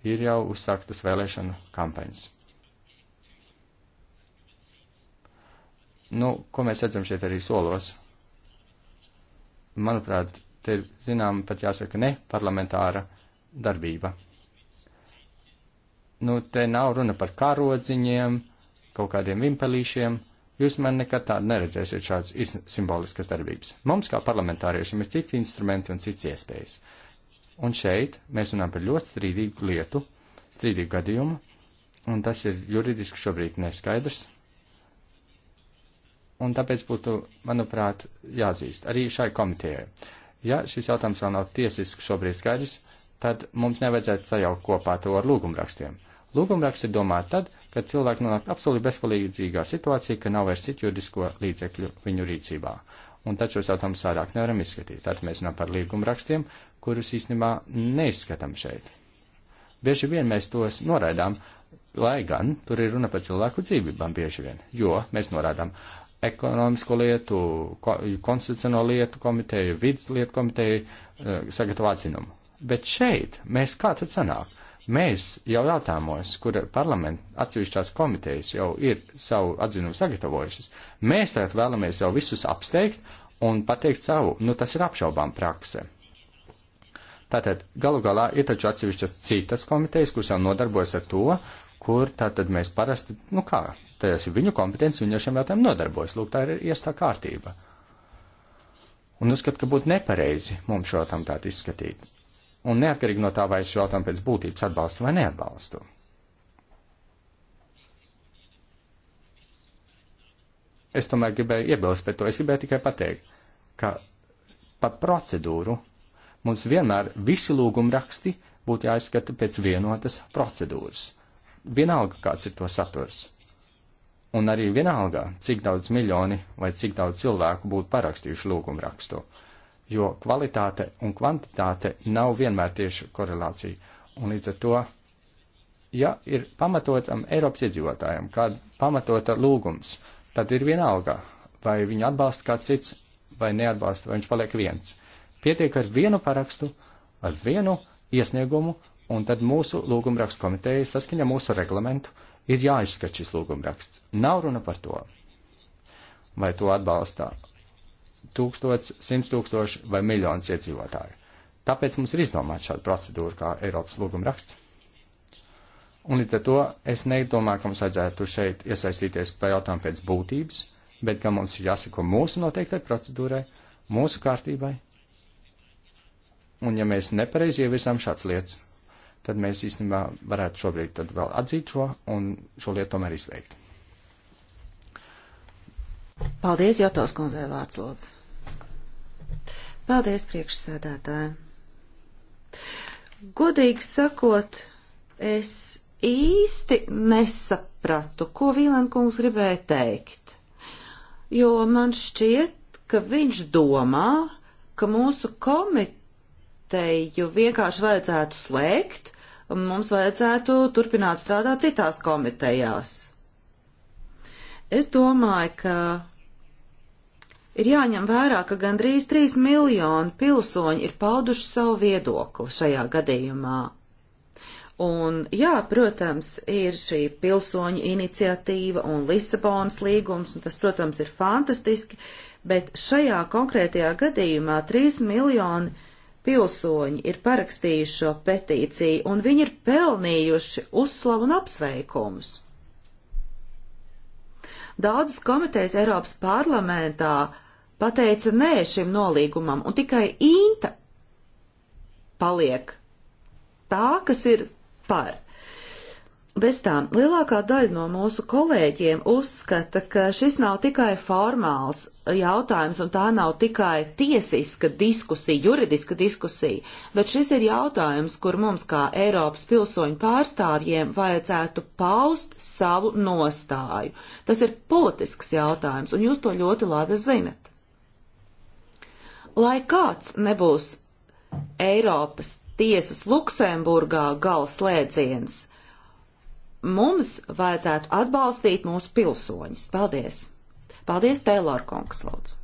ir jau uzsāktas vēlēšanu kampaņas. Nu, ko mēs redzam šeit arī solos? Manuprāt, te ir, zinām, pat jāsaka ne parlamentāra darbība. Nu, te nav runa par kārodziņiem, kaut kādiem vimpelīšiem. Jūs man nekad tādu neredzēsiet šādas simboliskas darbības. Mums, kā parlamentāriešiem, ir citi instrumenti un cits iespējas. Uh, Un šeit mēs runājam par ļoti strīdīgu lietu, strīdīgu gadījumu, un tas ir juridiski šobrīd neskaidrs. Un tāpēc būtu, manuprāt, jāzīst arī šai komitejai. Ja šis jautājums vēl nav tiesiski šobrīd skaidrs, tad mums nevajadzētu sajaukt kopā to ar lūgumrakstiem. Lūgumraksts ir domāts tad, kad cilvēki nonāk absolūti bezpalīdzīgā situācijā, ka nav vairs citu juridisko līdzekļu viņu rīcībā un tad šos jautājumus vairāk nevaram izskatīt. Tātad mēs runājam par līguma rakstiem, kurus īstenībā neizskatām šeit. Bieži vien mēs tos noraidām, lai gan tur ir runa par cilvēku dzīvībām bieži vien, jo mēs norādām ekonomisko lietu, ko, konstitucionālo lietu komiteju, vidas lietu komiteju, eh, sagatavot zinumu. Bet šeit mēs kā tad sanāk? Mēs jau jautājumos, kur parlamenta atsevišķās komitejas jau ir savu atzinumu sagatavojušas, mēs tagad vēlamies jau visus apsteigt un pateikt savu, nu tas ir apšaubām prakse. Tātad galu galā ir taču atsevišķas citas komitejas, kuras jau nodarbojas ar to, kur tātad mēs parasti, nu kā, tajās ir viņu kompetence, viņi ar šiem jautājumiem nodarbojas. Lūk, tā ir iestā kārtība. Un uzskatu, ka būtu nepareizi mums šo tam tādu izskatīt un neatkarīgi no tā, vai es šo jautājumu pēc būtības atbalstu vai neatbalstu. Es tomēr gribēju iebilst par to. Es gribēju tikai pateikt, ka par procedūru mums vienmēr visi lūguma raksti būtu jāizskata pēc vienotas procedūras. Vienalga, kāds ir to saturs. Un arī vienalga, cik daudz miljoni vai cik daudz cilvēku būtu parakstījuši lūguma rakstu. Uh, jo kvalitāte un kvantitāte nav vienmēr tieši korelācija. Un līdz ar to, ja ir pamatotam Eiropas iedzīvotājiem kāda pamatota lūgums, tad ir vienalga, vai viņu atbalsta kāds cits vai neatbalsta, vai viņš paliek viens. Pietiek ar vienu parakstu, ar vienu iesniegumu, un tad mūsu lūgumrakstu komiteja saskaņā mūsu reglamentu ir jāizskat šis lūgumraksts. Nav runa par to, vai to atbalsta tūkstots, simts tūkstoši vai miljonus iedzīvotāju. Tāpēc mums ir izdomāta šāda procedūra kā Eiropas lūguma raksts. Un līdz ar to es nedomāju, ka mums vajadzētu šeit iesaistīties par jautājumu pēc būtības, bet ka mums ir jāsako mūsu noteiktai procedūrai, mūsu kārtībai. Un ja mēs nepareizi ievirsām šāds lietas, tad mēs īstenībā varētu šobrīd tad vēl atzīt šo un šo lietu tomēr izveikt. Paldies, Jotos kundzei vārds lūdzu. Paldies, priekšsēdētāji. Godīgi sakot, es īsti nesapratu, ko Vīlenkungs gribēja teikt, jo man šķiet, ka viņš domā, ka mūsu komiteju vienkārši vajadzētu slēgt, un mums vajadzētu turpināt strādāt citās komitejās. Es domāju, ka ir jāņem vērā, ka gandrīz 3 miljoni pilsoņi ir pauduši savu viedokli šajā gadījumā. Un, jā, protams, ir šī pilsoņu iniciatīva un Lisabonas līgums, un tas, protams, ir fantastiski, bet šajā konkrētajā gadījumā 3 miljoni pilsoņi ir parakstījuši šo petīciju, un viņi ir pelnījuši uzslavu un apsveikumus. Daudzas komitejas Eiropas parlamentā pateica nē šim nolīgumam, un tikai īnta paliek tā, kas ir par. Bez tām lielākā daļa no mūsu kolēģiem uzskata, ka šis nav tikai formāls jautājums un tā nav tikai tiesiska diskusija, juridiska diskusija, bet šis ir jautājums, kur mums kā Eiropas pilsoņu pārstāvjiem vajadzētu paust savu nostāju. Tas ir politisks jautājums, un jūs to ļoti labi zinat lai kāds nebūs Eiropas tiesas Luksemburgā gala slēdziens, mums vajadzētu atbalstīt mūsu pilsoņus. Paldies! Paldies, Tēlor kungs, lūdzu!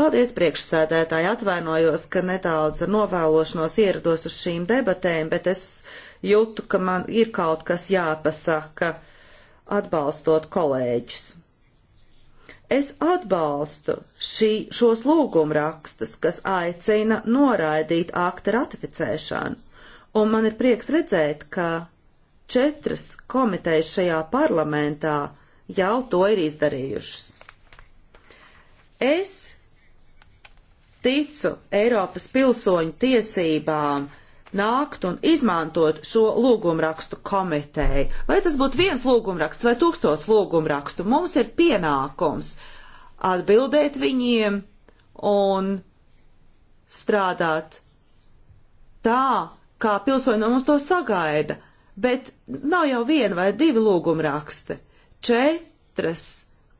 Paldies priekšsēdētāji, atvainojos, ka nedaudz ar novēlošanos ierados uz šīm debatēm, bet es jūtu, ka man ir kaut kas jāpasaka atbalstot kolēģus. Es atbalstu šī, šos lūgumrakstus, kas aicina noraidīt akta ratificēšanu, un man ir prieks redzēt, ka četras komitejas šajā parlamentā jau to ir izdarījušas. Es ticu Eiropas pilsoņu tiesībām nākt un izmantot šo lūgumrakstu komiteju. Vai tas būtu viens lūgumraksts vai tūkstots lūgumrakstu, mums ir pienākums atbildēt viņiem un strādāt tā, kā pilsoņi no mums to sagaida. Bet nav jau viena vai divi lūgumraksti. Četras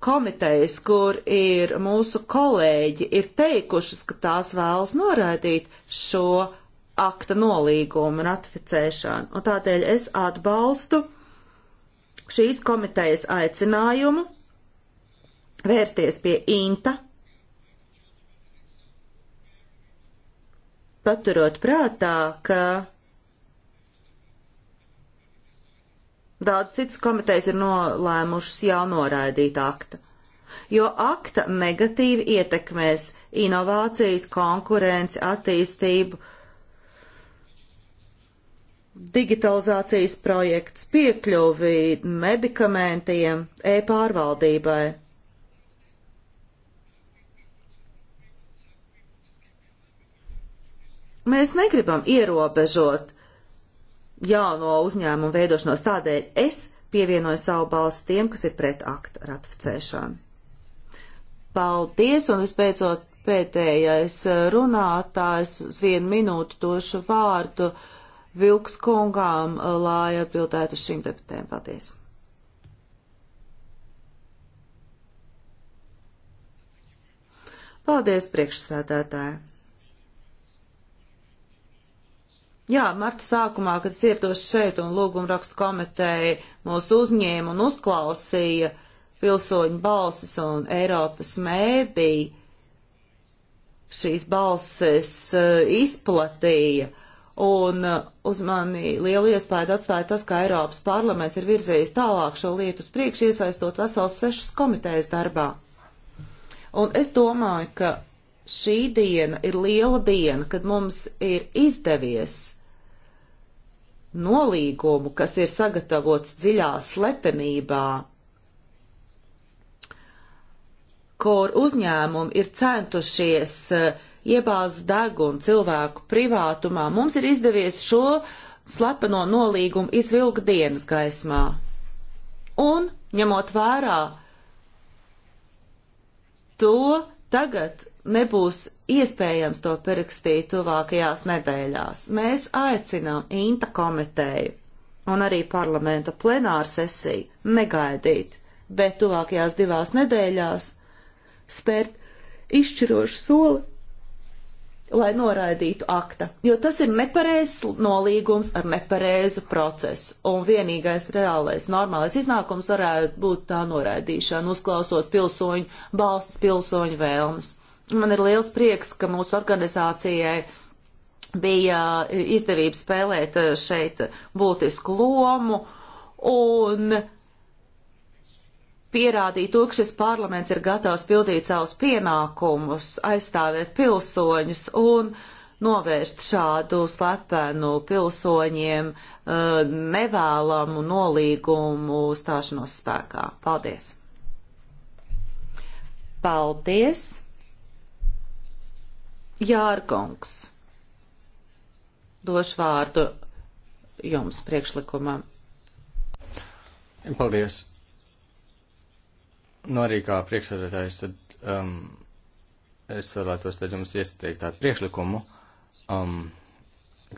komitejas, kur ir mūsu kolēģi, ir teikušas, ka tās vēlas noraidīt šo akta nolīgumu ratificēšanu. Un tādēļ es atbalstu šīs komitejas aicinājumu vērsties pie INTA, paturot prātā, ka daudz citas komitejas ir nolēmušas jau noraidīt aktu jo akta negatīvi ietekmēs inovācijas, konkurenci, attīstību digitalizācijas projekts, piekļuvi medikamentiem, e-pārvaldībai. Mēs negribam ierobežot jauno uzņēmumu veidošanos, tādēļ es pievienoju savu balstu tiem, kas ir pret aktu ratificēšanu. Paldies, un visbeidzot pēdējais runātājs uz vienu minūtu došu vārdu uh, Vilks kungām, eh, lai atbildētu uz šīm deputēm. Paldies! Paldies, priekšsēdētāji! Jā, marta sākumā, kad es ierados šeit un lūgumu rakstu komiteju mūs uzņēma un uzklausīja pilsoņu balsis un Eiropas mēdī, šīs balsis uh, izplatīja. Un uh, uz mani lielu iespēju atstāja tas, ka Eiropas parlaments ir virzījis tālāk šo lietu uz priekšu, iesaistot vesels sešas komitejas darbā. Un es domāju, ka šī diena ir liela diena, kad mums ir izdevies nolīgumu, kas ir sagatavots dziļā slepenībā, kur uzņēmumi ir centušies uh, iebāz degunu cilvēku privātumā, mums ir izdevies šo slepeno nolīgumu izvilkt dienas gaismā. Un, ņemot vērā to, tagad nebūs iespējams to parakstīt tuvākajās nedēļās. Mēs aicinām Inta komiteju un arī parlamenta plenāru sesiju negaidīt, bet tuvākajās divās nedēļās spērt izšķirošu soli lai noraidītu akta, jo tas ir nepareizs nolīgums ar nepareizu procesu, un vienīgais reālais, normālais iznākums varētu būt tā noraidīšana, uzklausot pilsoņu balsis, pilsoņu vēlmes. Man ir liels prieks, ka mūsu organizācijai bija eh, izdevība spēlēt eh, šeit būtisku lomu, un uh, pierādīt to, ka šis parlaments ir gatavs pildīt savus pienākumus, aizstāvēt pilsoņus un novērst šādu slepenu pilsoņiem eh, nevēlamu nolīgumu stāšanos spēkā. Paldies! Paldies! Jārkungs! Došu vārdu jums priekšlikumam. Paldies! Nu, arī kā priekšsēdētājs, tad um, es vēlētos tad jums ieteikt tādu priekšlikumu um,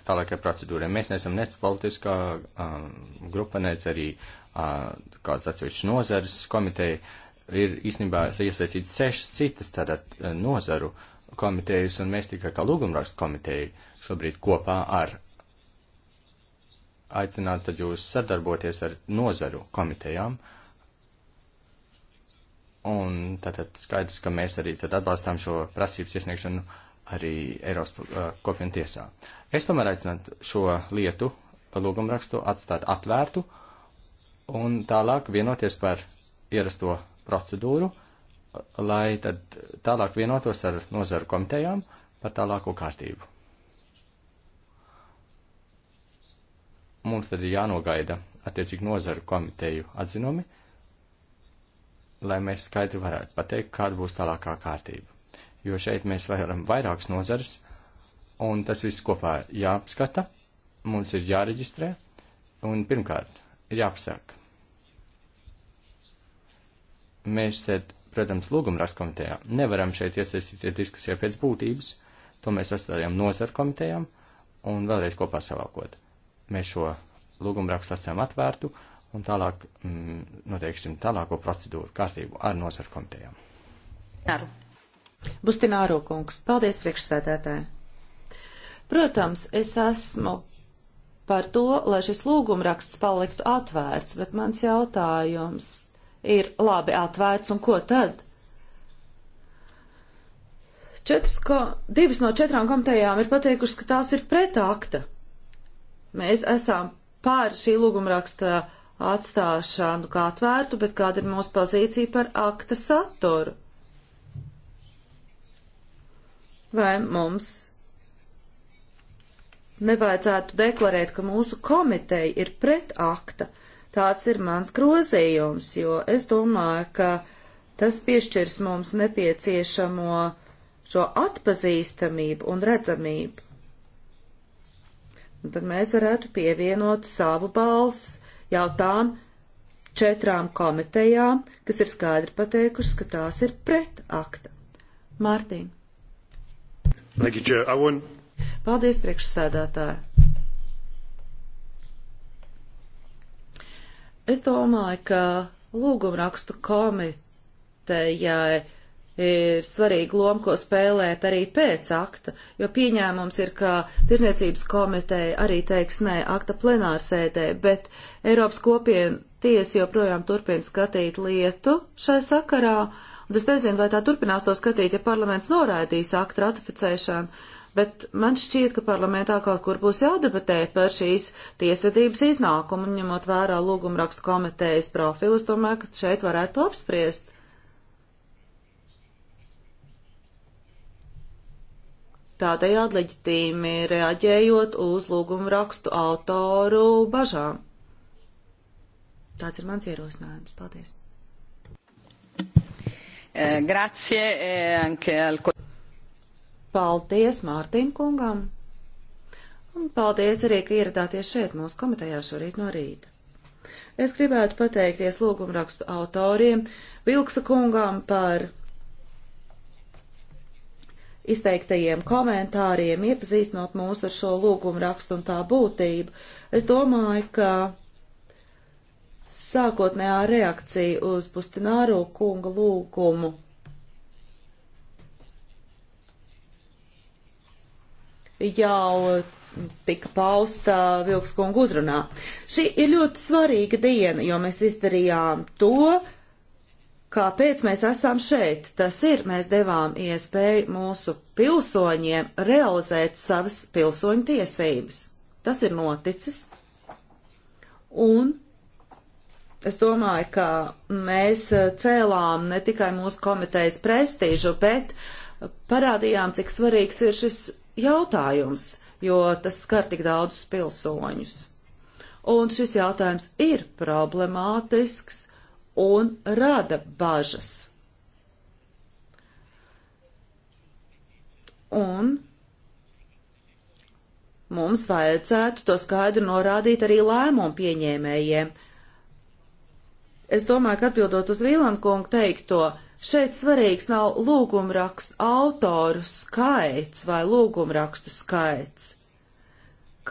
tālākai procedūrai. Mēs neesam nec politiskā um, grupa, nec arī uh, kāds atsevišķs nozares komiteja. Ir īstenībā iesaistīts sešas citas tātad uh, nozaru komitejas, un mēs tikai kā lūgumrakstu komiteja šobrīd kopā ar aicināt tad jūs sadarboties ar nozaru komitejām. Uh, Un tātad skaidrs, ka mēs arī tad atbalstām šo prasības iesniegšanu arī Eiropas uh, kopienu tiesā. Es tomēr aicinātu šo lietu lūgumrakstu atstāt atvērtu un tālāk vienoties par ierasto procedūru, lai tad tālāk vienotos ar nozaru komitejām par tālāko kārtību. Mums tad ir jānogaida attiecīgi nozaru komiteju atzinumi lai mēs skaidri varētu pateikt, kāda būs tālākā kārtība. Jo šeit mēs varam vairākas nozares, un tas viss kopā jāapskata, mums ir jāreģistrē, un pirmkārt, ir jāapsāk. Mēs te, protams, lūgumras komitejā nevaram šeit iesaistīties diskusijā pēc būtības, to mēs atstājam nozaru komitejām, un vēlreiz kopā savākot. Mēs šo lūgumrakstu atstājam atvērtu, un tālāk mm, noteiksim tālāko procedūru kārtību ar nozaru komitejām. Naru. Bustināro kungs, paldies priekšsēdētāji. Protams, es esmu par to, lai šis lūgumraksts paliktu atvērts, bet mans jautājums ir labi atvērts un ko tad? Četras, ko, divas no četrām komitejām ir pateikušas, ka tās ir pret akta. Mēs esam pār šī lūgumraksta uh, atstāšanu kā atvērtu, bet kāda ir mūsu pozīcija par akta saturu? Vai mums nevajadzētu deklarēt, ka mūsu komiteja ir pret akta? Tāds ir mans grozījums, jo es domāju, ka tas piešķirs mums nepieciešamo šo atpazīstamību un redzamību. Un tad mēs varētu pievienot savu balsi jau tām četrām komitejām, kas ir skaidri pateikušas, ka tās ir pret akta. Mārtiņ. Paldies, priekšsēdētāji. Es domāju, ka lūgumrakstu komitejai ir svarīga loma, ko spēlēt arī pēc akta, jo pieņēmums ir, ka Tirzniecības komiteja arī teiks nē akta plenārsēdē, bet Eiropas kopiena tiesa joprojām turpina skatīt lietu šai sakarā, un es nezinu, vai tā turpinās to skatīt, ja parlaments noraidīs akta ratificēšanu, bet man šķiet, ka parlamentā kaut kur būs jādebatē par šīs tiesvedības iznākumu, ņemot vērā lūgumrakstu komitejas profilus, domāju, ka šeit varētu apspriest. tādējādi leģitīmi reaģējot uz lūgumu rakstu autoru bažām. Tāds ir mans ierosinājums. Paldies! Eh, grazie, eh, anche al... Paldies Mārtiņ kungam! Un paldies arī, ka ieradāties šeit mūsu komitejā šorīt no rīta. Es gribētu pateikties lūgumrakstu autoriem Vilksa kungām par izteiktajiem komentāriem, iepazīstinot mūs ar šo lūgumu rakstu un tā būtību. Es domāju, ka sākotnējā reakcija uz Pustināro kunga lūgumu jau tika pausta Vilks kunga uzrunā. Šī ir ļoti svarīga diena, jo mēs izdarījām to, kāpēc mēs esam šeit. Tas ir, mēs devām iespēju mūsu pilsoņiem realizēt savas pilsoņu tiesības. Tas ir noticis. Un es domāju, ka mēs cēlām ne tikai mūsu komitejas prestīžu, bet parādījām, cik svarīgs ir šis jautājums, jo tas skar tik daudzus pilsoņus. Un šis jautājums ir problemātisks un rada bažas. Un mums vajadzētu to skaidri norādīt arī lēmumu pieņēmējiem. Es domāju, ka atbildot uz Vīlankungu teikto, šeit svarīgs nav lūgumrakstu autoru skaits vai lūgumrakstu skaits.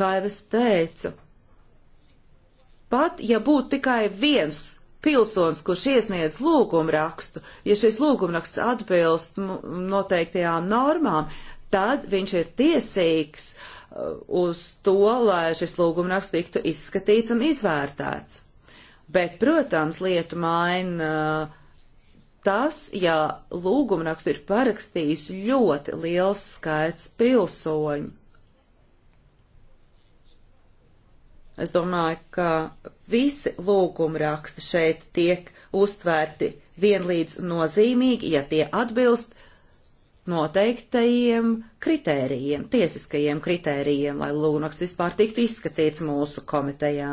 Kā jau es teicu, pat ja būtu tikai viens pilsonis, kurš iesniedz lūgumrakstu, ja šis lūgumraksts atbilst noteiktajām normām, tad viņš ir tiesīgs uh, uz to, lai šis lūgumraksts tiktu izskatīts un izvērtēts. Bet, protams, lietu maina uh, tas, ja lūgumrakstu ir parakstījis ļoti liels skaits pilsoņu. Es domāju, ka visi lūguma raksti šeit tiek uztvērti vienlīdz nozīmīgi, ja tie atbilst noteiktajiem kritērijiem, tiesiskajiem kritērijiem, lai lūgumraksts vispār tiktu izskatīts mūsu komitejā.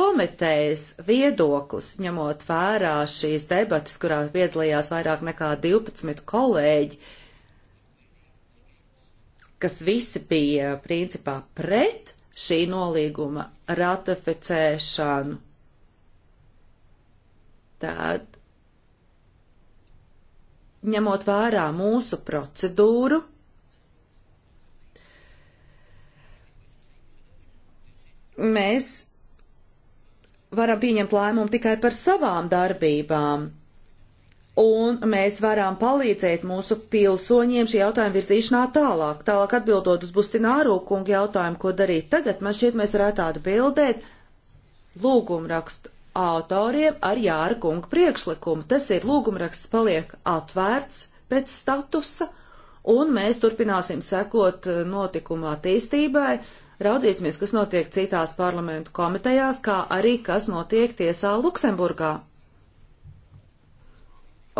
Komitejas viedoklis, ņemot vērā šīs debatas, kurā piedalījās vairāk nekā 12 kolēģi, kas visi bija principā pret šī nolīguma ratificēšanu, tad, ņemot vērā mūsu procedūru, mēs varam pieņemt lēmumu tikai par savām darbībām un mēs varam palīdzēt mūsu pilsoņiem šī jautājuma virzīšanā tālāk. Tālāk atbildot uz Bustināru kungu jautājumu, ko darīt tagad, man šķiet, mēs varētu atbildēt lūgumrakstu autoriem ar Jāra kunga priekšlikumu. Tas ir lūgumraksts paliek atvērts pēc statusa, un mēs turpināsim sekot eh, notikumu attīstībai, raudzīsimies, kas notiek citās parlamentu komitejās, kā arī kas notiek tiesā Luksemburgā.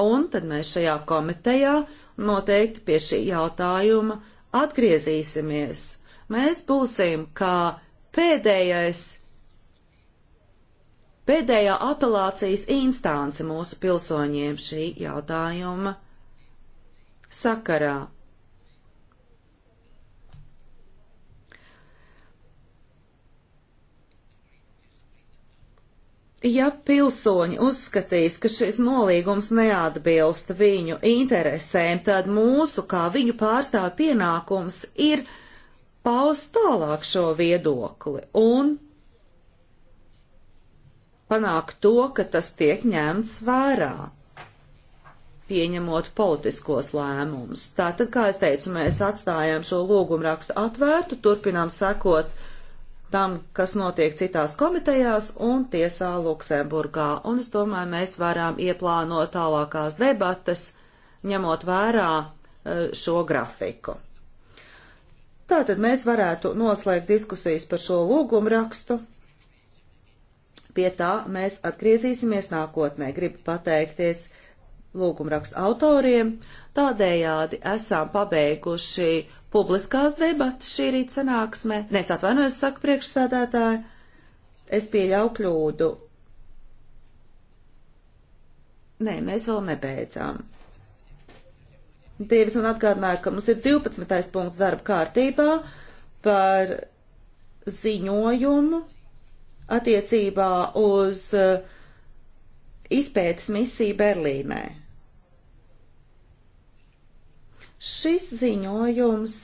Un tad mēs šajā komitejā noteikti pie šī jautājuma atgriezīsimies. Mēs būsim kā pēdējais, pēdējā apelācijas instance mūsu pilsoņiem šī jautājuma sakarā. Ja pilsoņi uzskatīs, ka šis nolīgums neatbilst viņu interesēm, tad mūsu kā viņu pārstāvju pienākums ir paust tālāk šo viedokli un panākt to, ka tas tiek ņemts vērā pieņemot politiskos lēmumus. Tātad, kā es teicu, mēs atstājām šo lūgumrakstu atvērtu, turpinām sekot uh, tam, kas notiek citās komitejās un tiesā Luksemburgā. Un es domāju, mēs varam ieplānot tālākās debatas, ņemot vērā e, šo grafiku. Tātad mēs varētu noslēgt diskusijas par šo lūgumu rakstu. Pie tā mēs atgriezīsimies nākotnē. Gribu pateikties lūgumrakstu autoriem. Tādējādi esam pabeiguši publiskās debatas šī rīta sanāksmē. Nē, es atvainojos, saku priekšstādātāju, es pieļauju kļūdu. Nē, mēs vēl nebeidzām. Dievis man atgādināja, ka mums ir 12. punkts darba kārtībā par ziņojumu attiecībā uz uh, izpētes misiju Berlīnē. Šis ziņojums,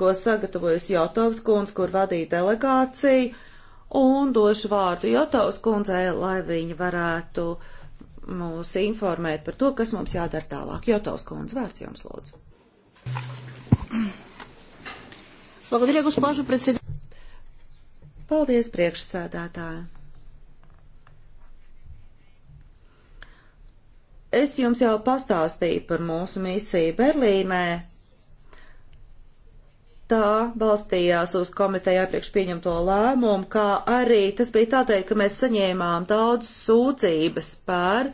ko sagatavojas Jotovs kundz, kur vadīja delegāciju, un došu vārdu Jotovs kundzei, lai viņa varētu mūs informēt par to, kas mums jādara tālāk. Jotovs kundz, vārds jums lūdzu. Paldies, priekšsēdētāji! Es jums jau pastāstīju par mūsu misiju Berlīnē. Tā balstījās uz komiteja iepriekš pieņemto lēmumu, kā arī tas bija tādēļ, ka mēs saņēmām daudz sūdzības par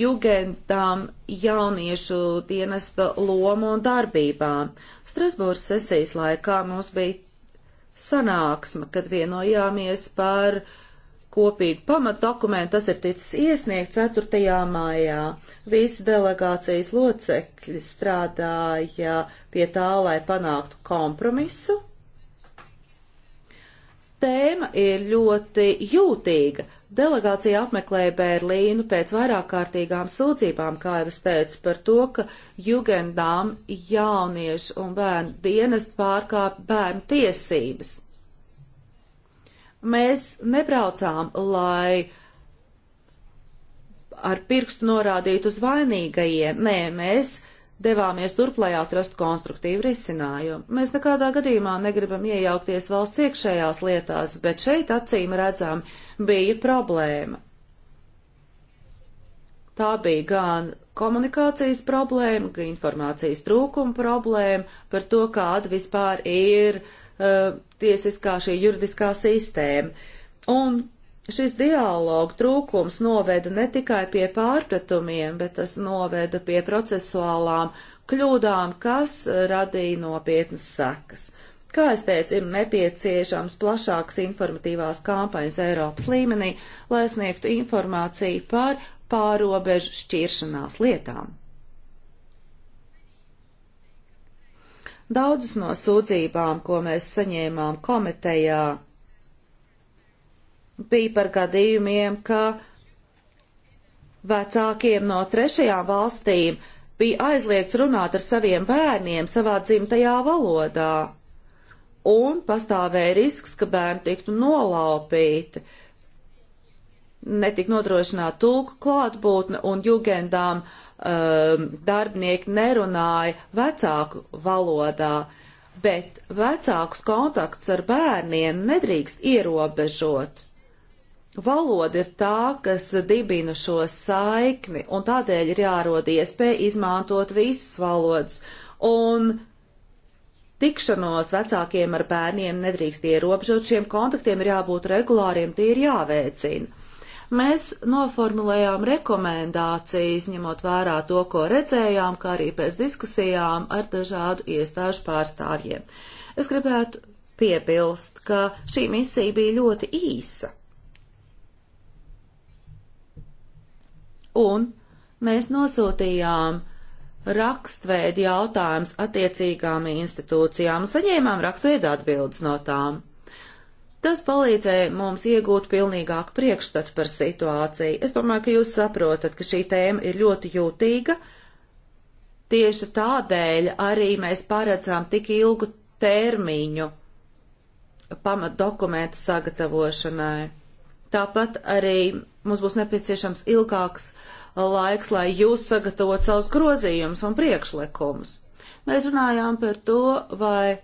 jugendām jauniešu dienesta lomu un darbībām. Strasbūras sesijas laikā mums bija sanāksme, kad vienojāmies par uh, kopīgu pamatdokumentu, tas ir ticis iesniegts 4. maijā. Visi delegācijas locekļi strādāja pie tā, lai panāktu kompromisu. Tēma ir ļoti jūtīga. Delegācija apmeklēja Berlīnu pēc vairāk kārtīgām sūdzībām, kā jau es teicu, par to, ka Jugendām jauniešu un bērnu dienestu pārkāp bērnu tiesības. Mēs nebraucām, lai ar pirkstu norādītu uz vainīgajiem. Nē, mēs devāmies turp, lai atrastu konstruktīvu risinājumu. Mēs nekādā gadījumā negribam iejaukties valsts iekšējās lietās, bet šeit acīm redzam bija problēma. Tā bija gan komunikācijas problēma, gan informācijas trūkuma problēma par to, kāda vispār ir uh, uh, tiesiskā šī juridiskā sistēma. Un šis dialogu trūkums noveda ne tikai pie pārpratumiem, bet tas noveda pie procesuālām kļūdām, kas uh, radīja nopietnas sekas. Kā es teicu, ir nepieciešams plašāks informatīvās kampaņas Eiropas līmenī, lai sniegtu informāciju par pārobežu šķiršanās lietām. Daudzas no sūdzībām, ko mēs saņēmām komitejā, bija par gadījumiem, ka vecākiem no trešajām valstīm bija aizliegts runāt ar saviem bērniem savā dzimtajā valodā, un pastāvēja risks, ka bērni tiktu nolaupīti, netika nodrošināta tulku klātbūtne un jugendām uh, um, darbinieki nerunāja vecāku valodā, bet vecākus kontaktus ar bērniem nedrīkst ierobežot. Valoda ir tā, kas dibina šo saikni, un tādēļ ir jārod iespēja izmantot visas valodas, un tikšanos vecākiem ar bērniem nedrīkst ierobežot, šiem kontaktiem ir jābūt regulāriem, tie ir jāveicina. Mēs noformulējām rekomendācijas, ņemot vērā to, ko redzējām, kā arī pēc diskusijām ar dažādu iestāžu pārstāvjiem. Es gribētu piebilst, ka šī misija bija ļoti īsa. Un mēs nosūtījām rakstveidi jautājums attiecīgām institūcijām un saņēmām rakstveida atbildes no tām. Tas palīdzēja mums iegūt pilnīgāku priekšstatu par situāciju. Es domāju, ka jūs saprotat, ka šī tēma ir ļoti jūtīga. Tieši tādēļ arī mēs paredzām tik ilgu termiņu pamat dokumentu sagatavošanai. Tāpat arī mums būs nepieciešams ilgāks laiks, lai jūs sagatavot savus grozījumus un priekšlikumus. Mēs runājām par to, vai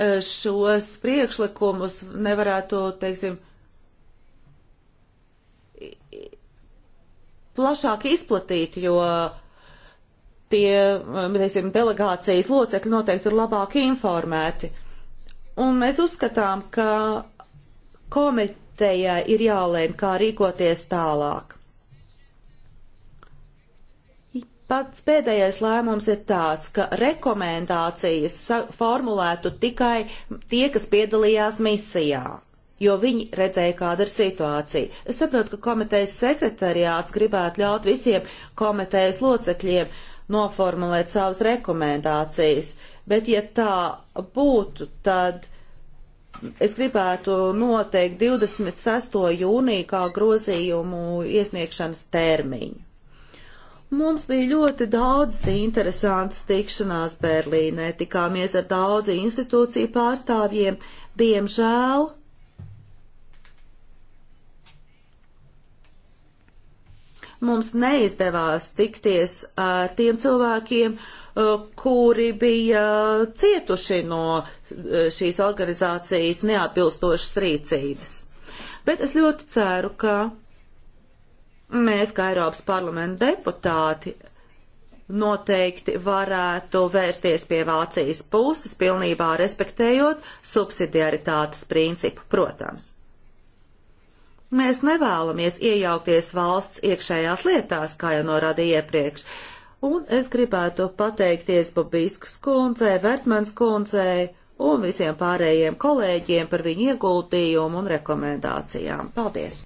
E, šos priekšlikumus nevarētu, teiksim, plašāk izplatīt, jo tie, e, teiksim, delegācijas locekļi noteikti ir labāk informēti. Un mēs uzskatām, ka komitejai ir jālēm, kā rīkoties tālāk. Pats pēdējais lēmums ir tāds, ka rekomendācijas formulētu tikai tie, kas piedalījās misijā jo viņi redzēja, kāda ir situācija. Es saprotu, ka komitejas sekretariāts gribētu ļaut visiem komitejas locekļiem noformulēt savas rekomendācijas, bet ja tā būtu, tad es gribētu noteikt 26. jūniju kā grozījumu iesniegšanas termiņu. Mums bija ļoti daudzas interesantas tikšanās Berlīnē, tikāmies ar daudzu institūciju pārstāvjiem. Diemžēl mums neizdevās tikties ar tiem cilvēkiem, uh, kuri bija cietuši no uh, šīs organizācijas neatbilstošas rīcības. Bet es ļoti ceru, ka mēs, kā Eiropas parlamenta deputāti, noteikti varētu vērsties pie Vācijas puses, pilnībā respektējot subsidiaritātes principu, protams. Mēs nevēlamies iejaukties valsts iekšējās lietās, kā jau norādīja iepriekš, un es gribētu pateikties Bobīskas kundzei, Vertmans kundzei un visiem pārējiem kolēģiem par viņu ieguldījumu un rekomendācijām. Paldies!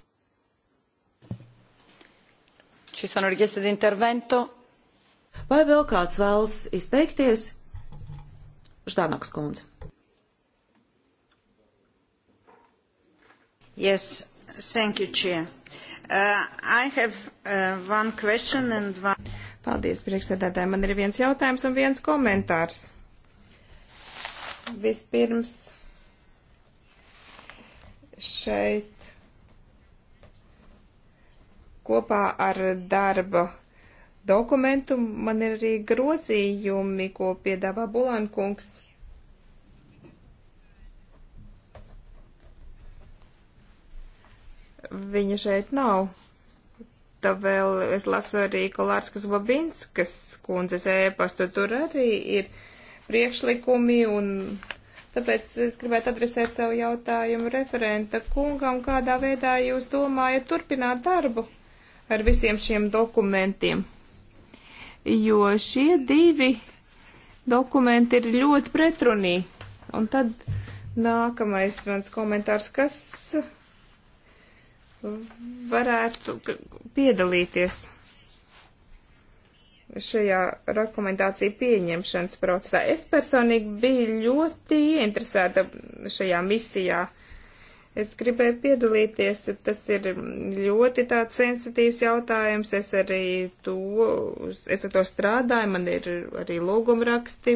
Ci sono richieste di intervento? Vai vēl kāds vēlas izteikties? Ždanoks kundze. Yes, thank you, Chair. Uh, I have uh, one question and one... Paldies, priekšsēdētāji. Man ir viens jautājums un viens komentārs. Vispirms šeit Kopā ar darba dokumentu man ir arī grozījumi, ko piedāvā Bulankungs. Viņa šeit nav. Tā vēl es lasu arī Kolārskas Babinskas kundzes ēpastu. Tur arī ir priekšlikumi un tāpēc es gribētu adresēt savu jautājumu referenta kungam, kādā veidā jūs domājat turpināt darbu ar visiem šiem dokumentiem. Jo šie divi dokumenti ir ļoti pretrunī. Un tad nākamais mans komentārs, kas varētu piedalīties šajā rekomendāciju pieņemšanas procesā. Es personīgi biju ļoti ieinteresēta šajā misijā Es gribēju piedalīties, tas ir ļoti tāds sensitīvs jautājums. Es arī to, es ar to strādāju, man ir arī lūgumraksti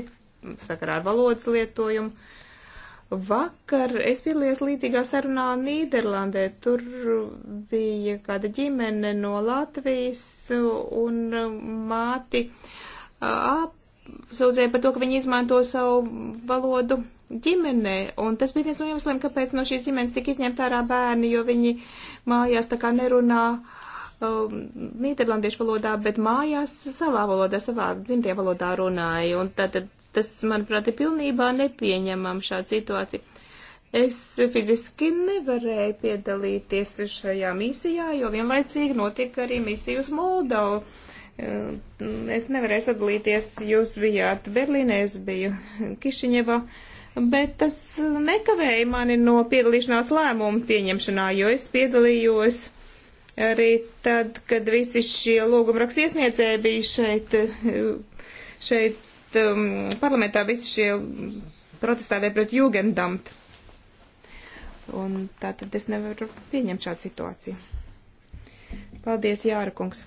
sakarā ar valodas lietojumu. Vakar es piedalījos līdzīgā sarunā Nīderlandē. Tur bija kāda ģimene no Latvijas un māti ap sūdzēja par to, ka viņi izmanto savu valodu ģimenē, un tas bija viens no iemesliem, kāpēc no šīs ģimenes tika izņemta ārā bērni, jo viņi mājās tā kā nerunā uh, nīderlandiešu valodā, bet mājās savā valodā, savā dzimtajā valodā runāja, un tātad tas, manuprāt, ir pilnībā nepieņemam šāda situācija. Es fiziski nevarēju piedalīties šajā misijā, jo vienlaicīgi notika arī misija uz Moldovu. Es nevarēju sadalīties, jūs bijāt Berlīnē, es biju Kišiņevā, bet tas nekavēja mani no piedalīšanās lēmumu pieņemšanā, jo es piedalījos arī tad, kad visi šie lūgumraksta iesniedzēji bija šeit, šeit um, parlamentā, visi šie protestēja pret Jugendamt. Un tā tad es nevaru pieņemt šādu situāciju. Paldies, Jāra kungs!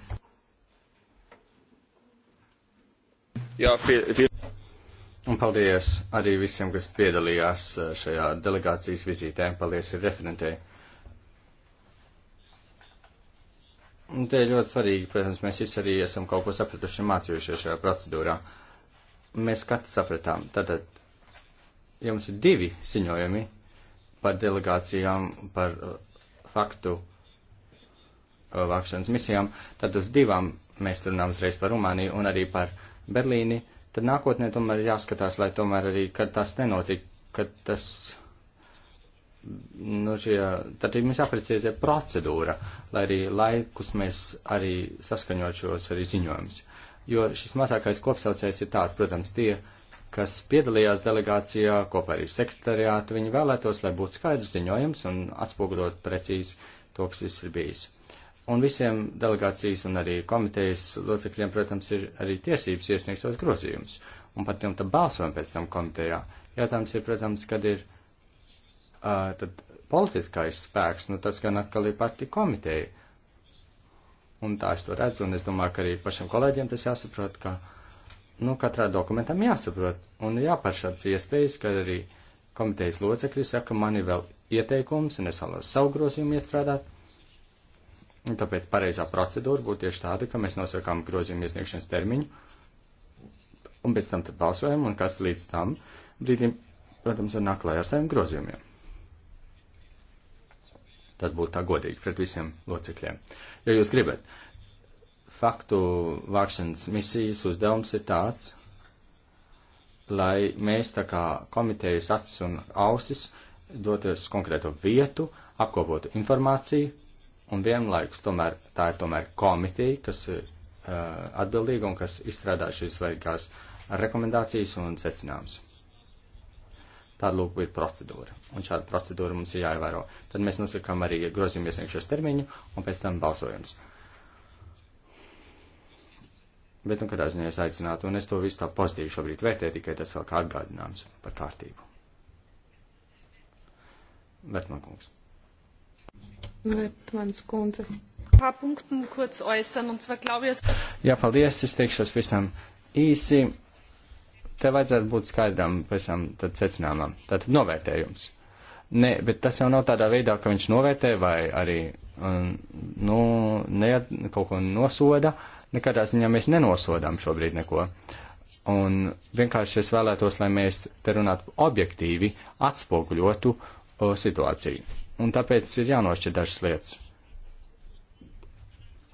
Jā, viel, viel. Un paldies arī visiem, kas piedalījās eh, šajā delegācijas vizītē. Paldies ir referentei. Un te ir ļoti svarīgi, protams, mēs visi arī esam kaut ko sapratuši un mācījušies šajā procedūrā. Mēs katrs sapratām. Tātad jums ir divi ziņojumi par delegācijām, par eh, faktu eh, vākšanas misijām. Tad uz divām mēs runājam uzreiz par Rumāniju un arī par Berlīni, tad nākotnē tomēr ir jāskatās, lai tomēr arī, kad tas nenotiek, kad tas, nu, šie, tad ir mums jāprecizē procedūra, lai arī laikus mēs arī saskaņot šos arī ziņojumus. Jo šis mazākais kopsaucējs ir tāds, protams, tie, kas piedalījās delegācijā kopā arī sekretariātu, viņi vēlētos, lai būtu skaidrs ziņojums un atspoguļot precīzi to, kas tas ir bijis. Un visiem delegācijas un arī komitejas locekļiem, protams, ir arī tiesības iesniegt savus grozījumus. Un par tiem tad balsojam pēc tam komitejā. Jautājums ir, protams, kad ir uh, tad politiskais spēks, nu tas gan atkal ir pati komiteja. Un tā es to redzu, un es domāju, ka arī pašiem kolēģiem tas jāsaprot, ka, nu, katrā dokumentam jāsaprot, un jāpar šāds iespējas, ka arī komitejas locekļi saka, man ir vēl ieteikums, un es vēlos savu grozījumu iestrādāt Un tāpēc pareizā procedūra būtu tieši tāda, ka mēs nosakām grozījumu iesniegšanas termiņu, un pēc tam tad balsojam, un kāds līdz tam brīdim, protams, ir naklē ar saviem grozījumiem. Tas būtu tā godīgi pret visiem locekļiem. Ja jūs gribat, faktu vākšanas misijas uzdevums ir tāds, lai mēs tā kā komitejas acis un ausis doties uz konkrēto vietu, apkopotu informāciju, un vienlaikus tomēr tā ir tomēr komitija, kas ir uh, atbildīga un kas izstrādā šīs svarīgās rekomendācijas un secinājums. Tāda lūk ir procedūra, un šāda procedūra mums ir jāievēro. Tad mēs nosakām arī grozījumu iesniegšanas termiņu un pēc tam balsojums. Bet, nu, kādā ziņā es aicinātu, un es to visu tā pozitīvi šobrīd vērtēju, tikai tas vēl kā atgādinājums par kārtību. Bet, man kungs, Vetmans kundze. Jā, paldies, es teikšos visam īsi. Te vajadzētu būt skaidram, pēc tam tad secinājumam. Tātad novērtējums. Ne, bet tas jau nav tādā veidā, ka viņš novērtē vai arī, un, nu, ne, kaut ko nosoda. Nekādā ziņā mēs nenosodām šobrīd neko. Un vienkārši es vēlētos, lai mēs te runātu objektīvi, atspoguļotu o, situāciju. Un tāpēc ir jānošķir dažas lietas.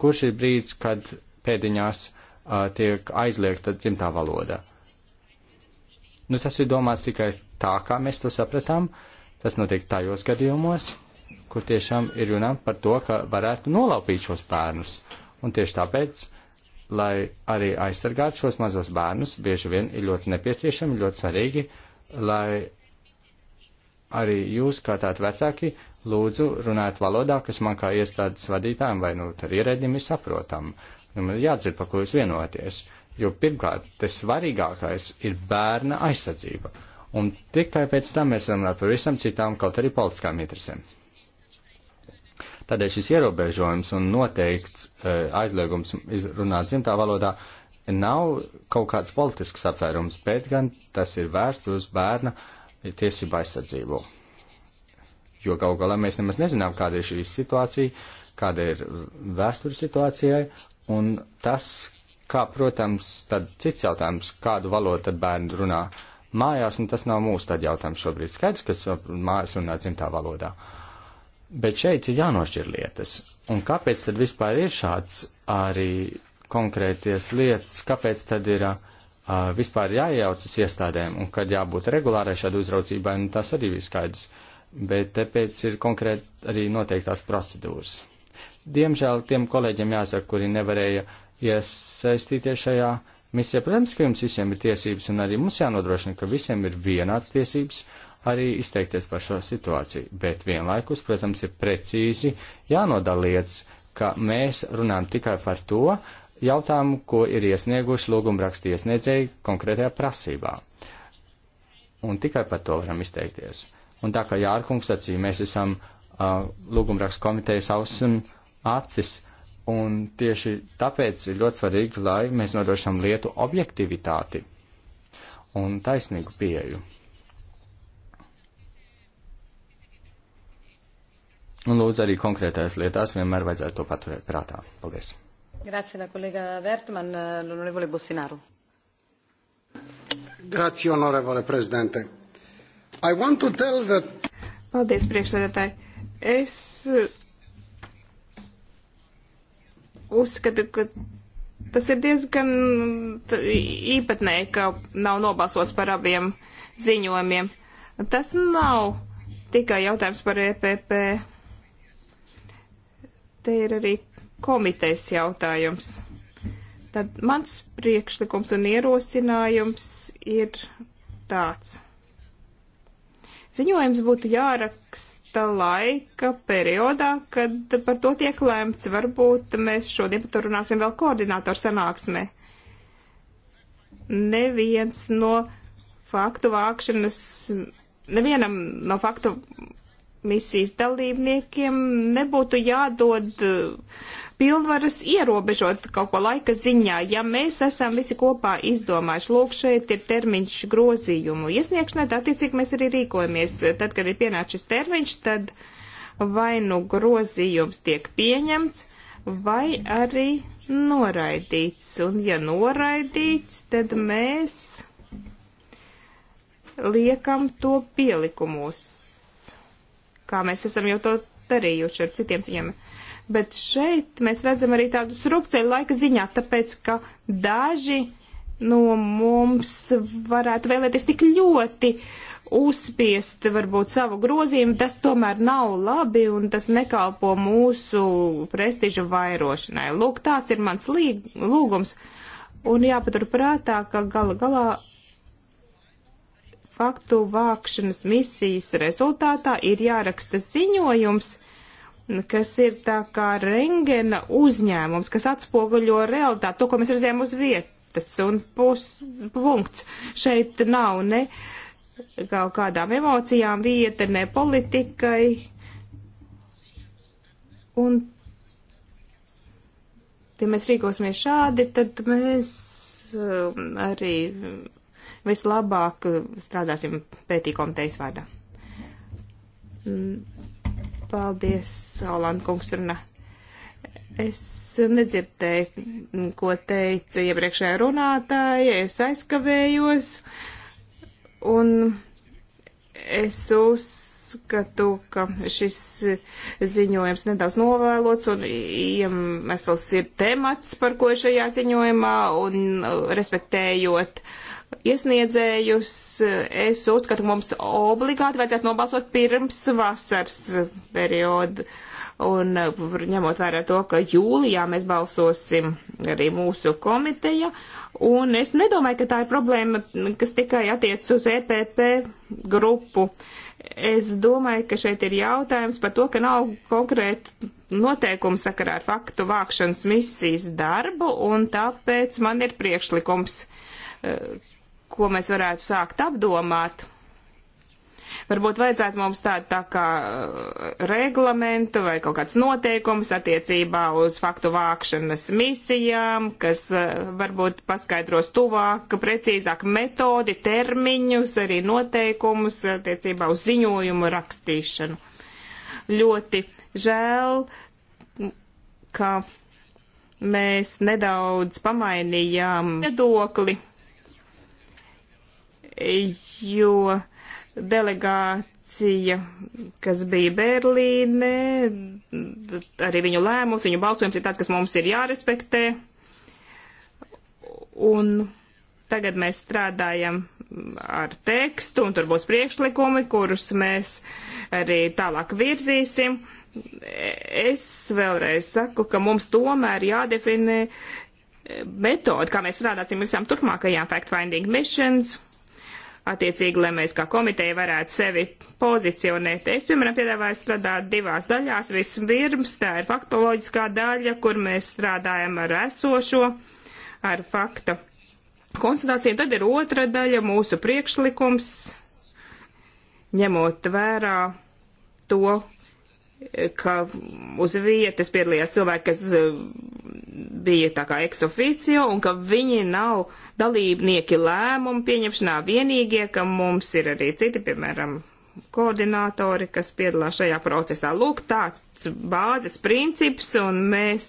Kurš ir brīdis, kad pēdiņās uh, tiek aizliegta dzimtā valoda? Nu, tas ir domāts tikai tā, kā mēs to sapratām. Tas notiek tajos gadījumos, kur tiešām ir runā par to, ka varētu nolaupīt šos bērnus. Un tieši tāpēc, lai arī aizsargātu šos mazos bērnus, bieži vien ir ļoti nepieciešami, ļoti svarīgi, lai arī jūs, kā tādi vecāki, lūdzu runājiet valodā, kas man kā iestādes vadītājiem vai nu ar ierēģiem ir saprotam. Nu, man jādzird, pa ko jūs vienoties. Jo pirmkārt, tas svarīgākais ir bērna aizsardzība. Un tikai pēc tam mēs varam runāt par visam citām, kaut arī politiskām interesēm. Tādēļ šis ierobežojums un noteikts e, aizliegums runāt dzimtā valodā nav kaut kāds politisks apvērums, bet gan tas ir vērsts uz bērna uh, tiesību aizsardzību. Jo gal galā mēs nemaz nezinām, kāda ir šī situācija, kāda ir vēsture situācijai, un tas, kā, protams, tad cits jautājums, kādu valodu tad bērni runā mājās, un tas nav mūsu tad jautājums šobrīd. Skaidrs, ka mājās runā dzimtā valodā. Bet šeit ir jānošķir lietas. Un kāpēc tad vispār ir šāds arī konkrēties lietas, kāpēc tad ir uh, vispār jāiejaucas iestādēm un kad jābūt regulārai šādu uzraucībai, nu, tas arī ir skaidrs. Bet tāpēc ir konkrēti arī noteiktās procedūras. Diemžēl tiem kolēģiem jāsaka, kuri nevarēja iesaistīties šajā misijā, protams, ka jums visiem ir tiesības un arī mums jānodrošina, ka visiem ir vienāds tiesības arī izteikties par šo situāciju. Bet vienlaikus, protams, ir precīzi jānodala lietas, ka mēs runājam tikai par to, uh, jautājumu, ko ir iesnieguši lūgumraksti iesniedzēji konkrētajā prasībā. Un tikai par to varam izteikties. Un tā kā Jārkungs sacīja, mēs esam uh, lūgumrakstu komitejas auss un acis, un tieši tāpēc ir ļoti svarīgi, lai mēs nodošam lietu objektivitāti un taisnīgu pieeju. Un lūdzu arī konkrētais lietās vienmēr vajadzētu to paturēt prātā. Paldies! Grazie la collega Vertman, l'onorevole Bostinaru. Grazie, onorevole prezidente. I want to tell that... Paldies, priekšsēdētāji. Es uh, uzskatu, ka tas ir diezgan īpatnēji, ka nav nobalsots par abiem ziņojumiem. Tas nav tikai jautājums par EPP. Te ir arī komitejas jautājums. Tad mans priekšlikums un ierosinājums ir tāds. Ziņojums būtu jāraksta laika periodā, kad par to tiek lēmts. Varbūt mēs šodien par to runāsim vēl koordinātoru sanāksmē. Neviens no faktu vākšanas, nevienam no faktu misijas dalībniekiem nebūtu jādod eh, pilnvaras ierobežot kaut ko laika ziņā, ja mēs esam visi kopā izdomājuši. Lūk, šeit ir termiņš grozījumu iesniegšanai, tad attiecīgi mēs arī rīkojamies. Tad, kad ir pienācis termiņš, tad vai nu grozījums tiek pieņemts, vai arī noraidīts. Un ja noraidīts, tad mēs liekam to pielikumos kā mēs esam jau to darījuši ar citiem ziņām. Bet šeit mēs redzam arī tādus rupceļu laika ziņā, tāpēc, ka daži no mums varētu vēlēties tik ļoti uzspiest varbūt savu grozījumu, tas tomēr nav labi un tas nekalpo mūsu prestižu vairošanai. Lūk, tāds ir mans līg, lūgums. Un jāpatur prātā, ka gala galā faktu vākšanas misijas rezultātā ir jāraksta ziņojums, kas ir tā kā rengena uzņēmums, kas atspoguļo realitāti, to, ko mēs redzējām uz vietas, un puspunkts. Šeit nav ne kaut kādām emocijām vieta, ne politikai. Un ja mēs rīkosimies šādi, tad mēs um, arī vislabāk eh, strādāsim pētī komitejas vārdā. Mm, paldies, Holanda kungs runā. Es nedzirdēju, mm, ko teica iepriekšējā runātāja, es aizkavējos, un es uzskatu, ka šis ziņojums nedaudz novēlots, un iemesls ir temats, par ko šajā ziņojumā, un eh, respektējot uh, iesniedzējus, es uzskatu, ka mums obligāti vajadzētu nobalsot pirms vasaras perioda. Un eh, ņemot vērā to, ka jūlijā mēs balsosim arī mūsu komiteja, un es nedomāju, ka tā ir problēma, kas tikai attiec uz EPP grupu. Es domāju, ka šeit ir jautājums par to, ka nav konkrēti noteikumi sakarā ar faktu vākšanas misijas darbu, un tāpēc man ir priekšlikums eh, ko mēs varētu sākt apdomāt. Varbūt vajadzētu mums tādu tā kā uh, reglamentu vai kaut kāds noteikums attiecībā uz faktu vākšanas misijām, kas uh, varbūt paskaidros tuvāk, precīzāk metodi, termiņus, arī noteikumus attiecībā uz ziņojumu rakstīšanu. Ļoti žēl, ka mēs nedaudz pamainījām viedokli jo delegācija, kas bija Berlīne, arī viņu lēmums, viņu balsojums ir tāds, kas mums ir jārespektē. Un tagad mēs strādājam ar tekstu, un tur būs priekšlikumi, kurus mēs arī tālāk virzīsim. Es vēlreiz saku, ka mums tomēr jādefinē metodi, kā mēs strādāsim visām turpmākajām fact-finding missions attiecīgi, lai mēs kā komiteja varētu sevi pozicionēt. Es, piemēram, piedāvāju strādāt divās daļās. Vispirms tā ir faktoloģiskā daļa, kur mēs strādājam ar esošo, ar faktu konstatāciju. Tad ir otra daļa, mūsu priekšlikums, ņemot vērā to, ka uz vietas piedalījās cilvēki, kas bija tā kā eksoficio un ka viņi nav dalībnieki lēmumu pieņemšanā vienīgie, ka mums ir arī citi, piemēram, koordinātori, kas piedalās šajā procesā. Lūk, tāds bāzes princips un mēs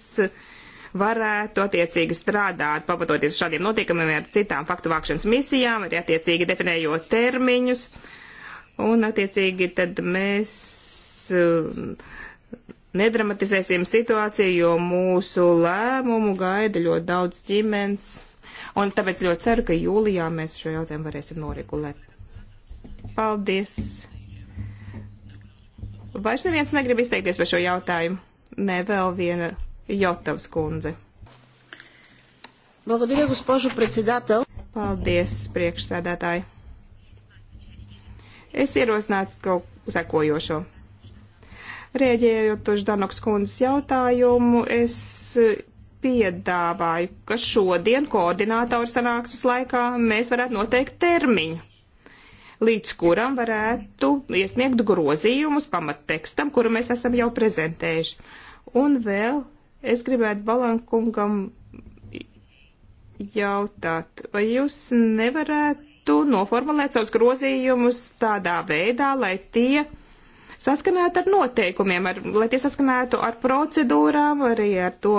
varētu attiecīgi strādāt, pamatoties uz šādiem notiekumiem ar citām faktu vākšanas misijām, arī attiecīgi definējot termiņus. Un attiecīgi tad mēs uh, nedramatizēsim situāciju, jo mūsu lēmumu gaida ļoti daudz ģimenes. Un tāpēc ļoti ceru, ka jūlijā mēs šo jautājumu varēsim noregulēt. Paldies! Vairs neviens negrib izteikties par šo jautājumu. Nē, vēl viena Jotavs kundze. Благодаря, госпожо председател. Paldies, priekšsēdētāji. Es ierosinātu kaut sekojošo Rēģējot uz Danoks kundzes jautājumu, es piedāvāju, ka šodien koordinātoru sanāksmes laikā mēs varētu noteikt termiņu, līdz kuram varētu iesniegt grozījumus pamattekstam, kuru mēs esam jau prezentējuši. Un vēl es gribētu Balankungam jautāt, vai jūs nevarētu noformulēt savus grozījumus tādā veidā, lai tie saskanētu ar noteikumiem, ar, lai tie saskanētu ar procedūrām, arī ar to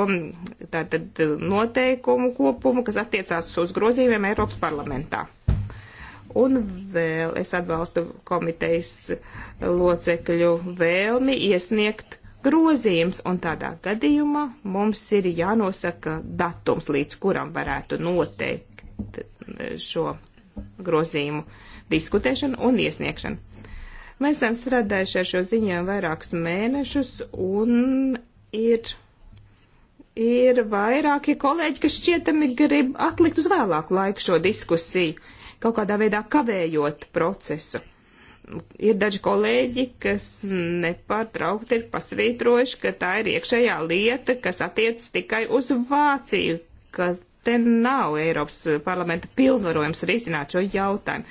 tātad, noteikumu kopumu, kas attiecās uz grozījumiem Eiropas parlamentā. Un vēl es atbalstu komitejas locekļu vēlmi iesniegt grozījums, un tādā gadījumā mums ir jānosaka datums, līdz kuram varētu noteikt šo grozījumu diskutēšanu un iesniegšanu. Mēs esam strādājuši ar šo ziņojumu vairākus mēnešus, un ir, ir vairāki kolēģi, kas šķietami grib atlikt uz vēlāku laiku šo diskusiju, kaut kādā veidā kavējot procesu. Ir daži kolēģi, kas nepārtraukti ir pasvītrojuši, ka tā ir iekšējā lieta, kas attiec tikai uz Vāciju, ka te nav Eiropas eh, parlamenta pilnvarojums risināt šo jautājumu,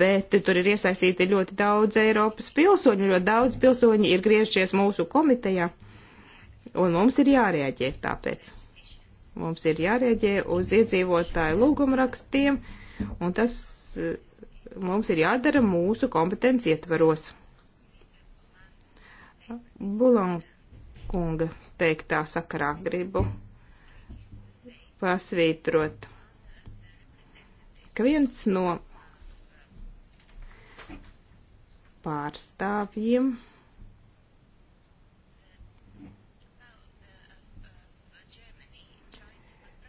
bet tur ir iesaistīti ļoti daudz Eiropas pilsoņu, ļoti daudz pilsoņi ir griežušies mūsu komitejā, un mums ir jārēģē tāpēc. Mums ir jārēģē uz iedzīvotāju lūgumrakstiem, un tas eh, mums ir jādara mūsu kompetenci ietvaros. Bulankunga teiktā sakarā gribu pasvītrot, ka viens no pārstāvjiem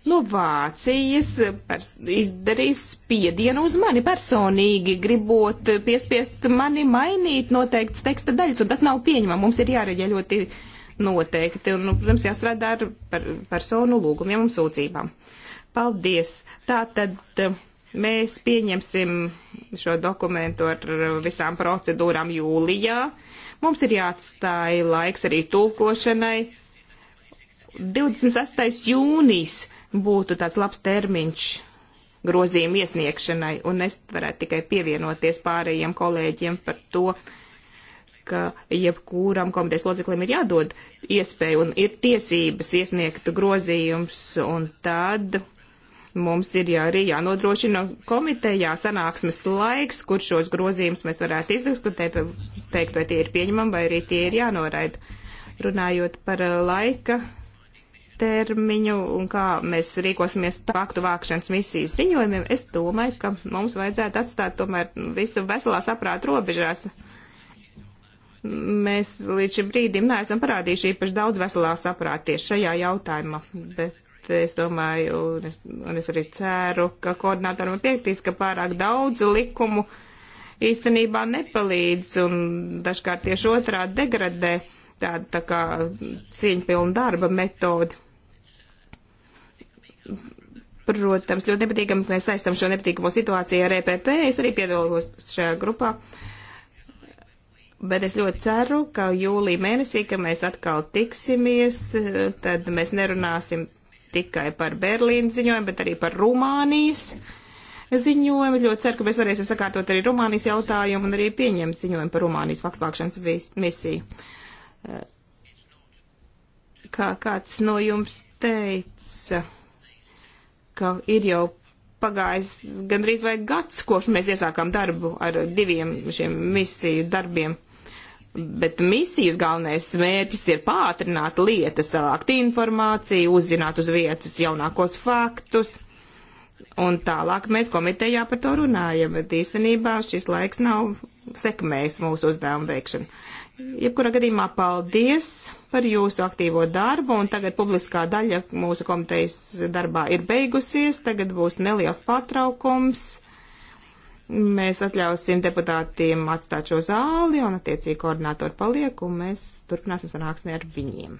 no Vācijas izdarīs spiedienu uz mani personīgi, gribot piespiest mani mainīt noteikts teksta daļas, un tas nav pieņemam. Mums ir jāreģē ļoti noteikti. Un, nu, protams, jāstrādā ar par, personu lūgumiem un sūdzībām. Paldies! Tātad eh, mēs pieņemsim šo dokumentu ar eh, visām procedūrām jūlijā. Mums ir jāatstāja laiks arī tulkošanai. 28. jūnijas būtu tāds labs termiņš grozījumu iesniegšanai, un es varētu tikai pievienoties pārējiem kolēģiem par to, uh, ka jebkuram komitejas loceklim ir jādod iespēja un ir tiesības iesniegt grozījums, un tad mums ir jā, arī jānodrošina komitejā sanāksmes laiks, kur šos grozījumus mēs varētu izdiskutēt, teikt, vai tie ir pieņemami, vai arī tie ir jānoraida. Runājot par laika termiņu un kā mēs rīkosimies faktu vākšanas misijas ziņojumiem, es domāju, ka mums vajadzētu atstāt tomēr visu veselā saprāta robežās. Uh, Mēs līdz šim brīdim neesam parādījuši īpaši daudz veselā saprāta tieši šajā jautājumā, bet es domāju, un es, un es arī ceru, ka koordinātori man piektīs, ka pārāk daudz likumu īstenībā nepalīdz un dažkārt tieši otrā degradē tāda tā kā cieņpilna darba metode. Protams, ļoti nepatīkami, ka mēs saistam šo nepatīkamo situāciju ar EPP. Es arī piedalos šajā grupā. Uh, Bet es ļoti ceru, ka jūlī mēnesī, ka mēs atkal tiksimies, tad mēs nerunāsim tikai par Berlīnas ziņojumu, bet arī par Rumānijas ziņojumu. Es ļoti ceru, ka mēs varēsim sakārtot arī Rumānijas jautājumu un arī pieņemt ziņojumu par Rumānijas faktu vākšanas misiju. Eh, kā kāds no jums teica, ka ir jau pagājis gandrīz vai gads, kopš mēs iesākām darbu ar diviem šiem misiju darbiem. Bet misijas galvenais mērķis ir pātrināt lietas, savākt informāciju, uzzināt uz vietas jaunākos faktus. Un tālāk mēs komitejā par to runājam, bet īstenībā šis laiks nav sekmējis mūsu uzdevumu veikšanu. Jebkurā gadījumā paldies par jūsu aktīvo darbu, un tagad publiskā daļa mūsu komitejas darbā ir beigusies, tagad būs neliels pārtraukums mēs atļausim deputātiem atstāt šo zāli un attiecīgi koordinātori paliek, un mēs turpināsim sanāksmi ar viņiem.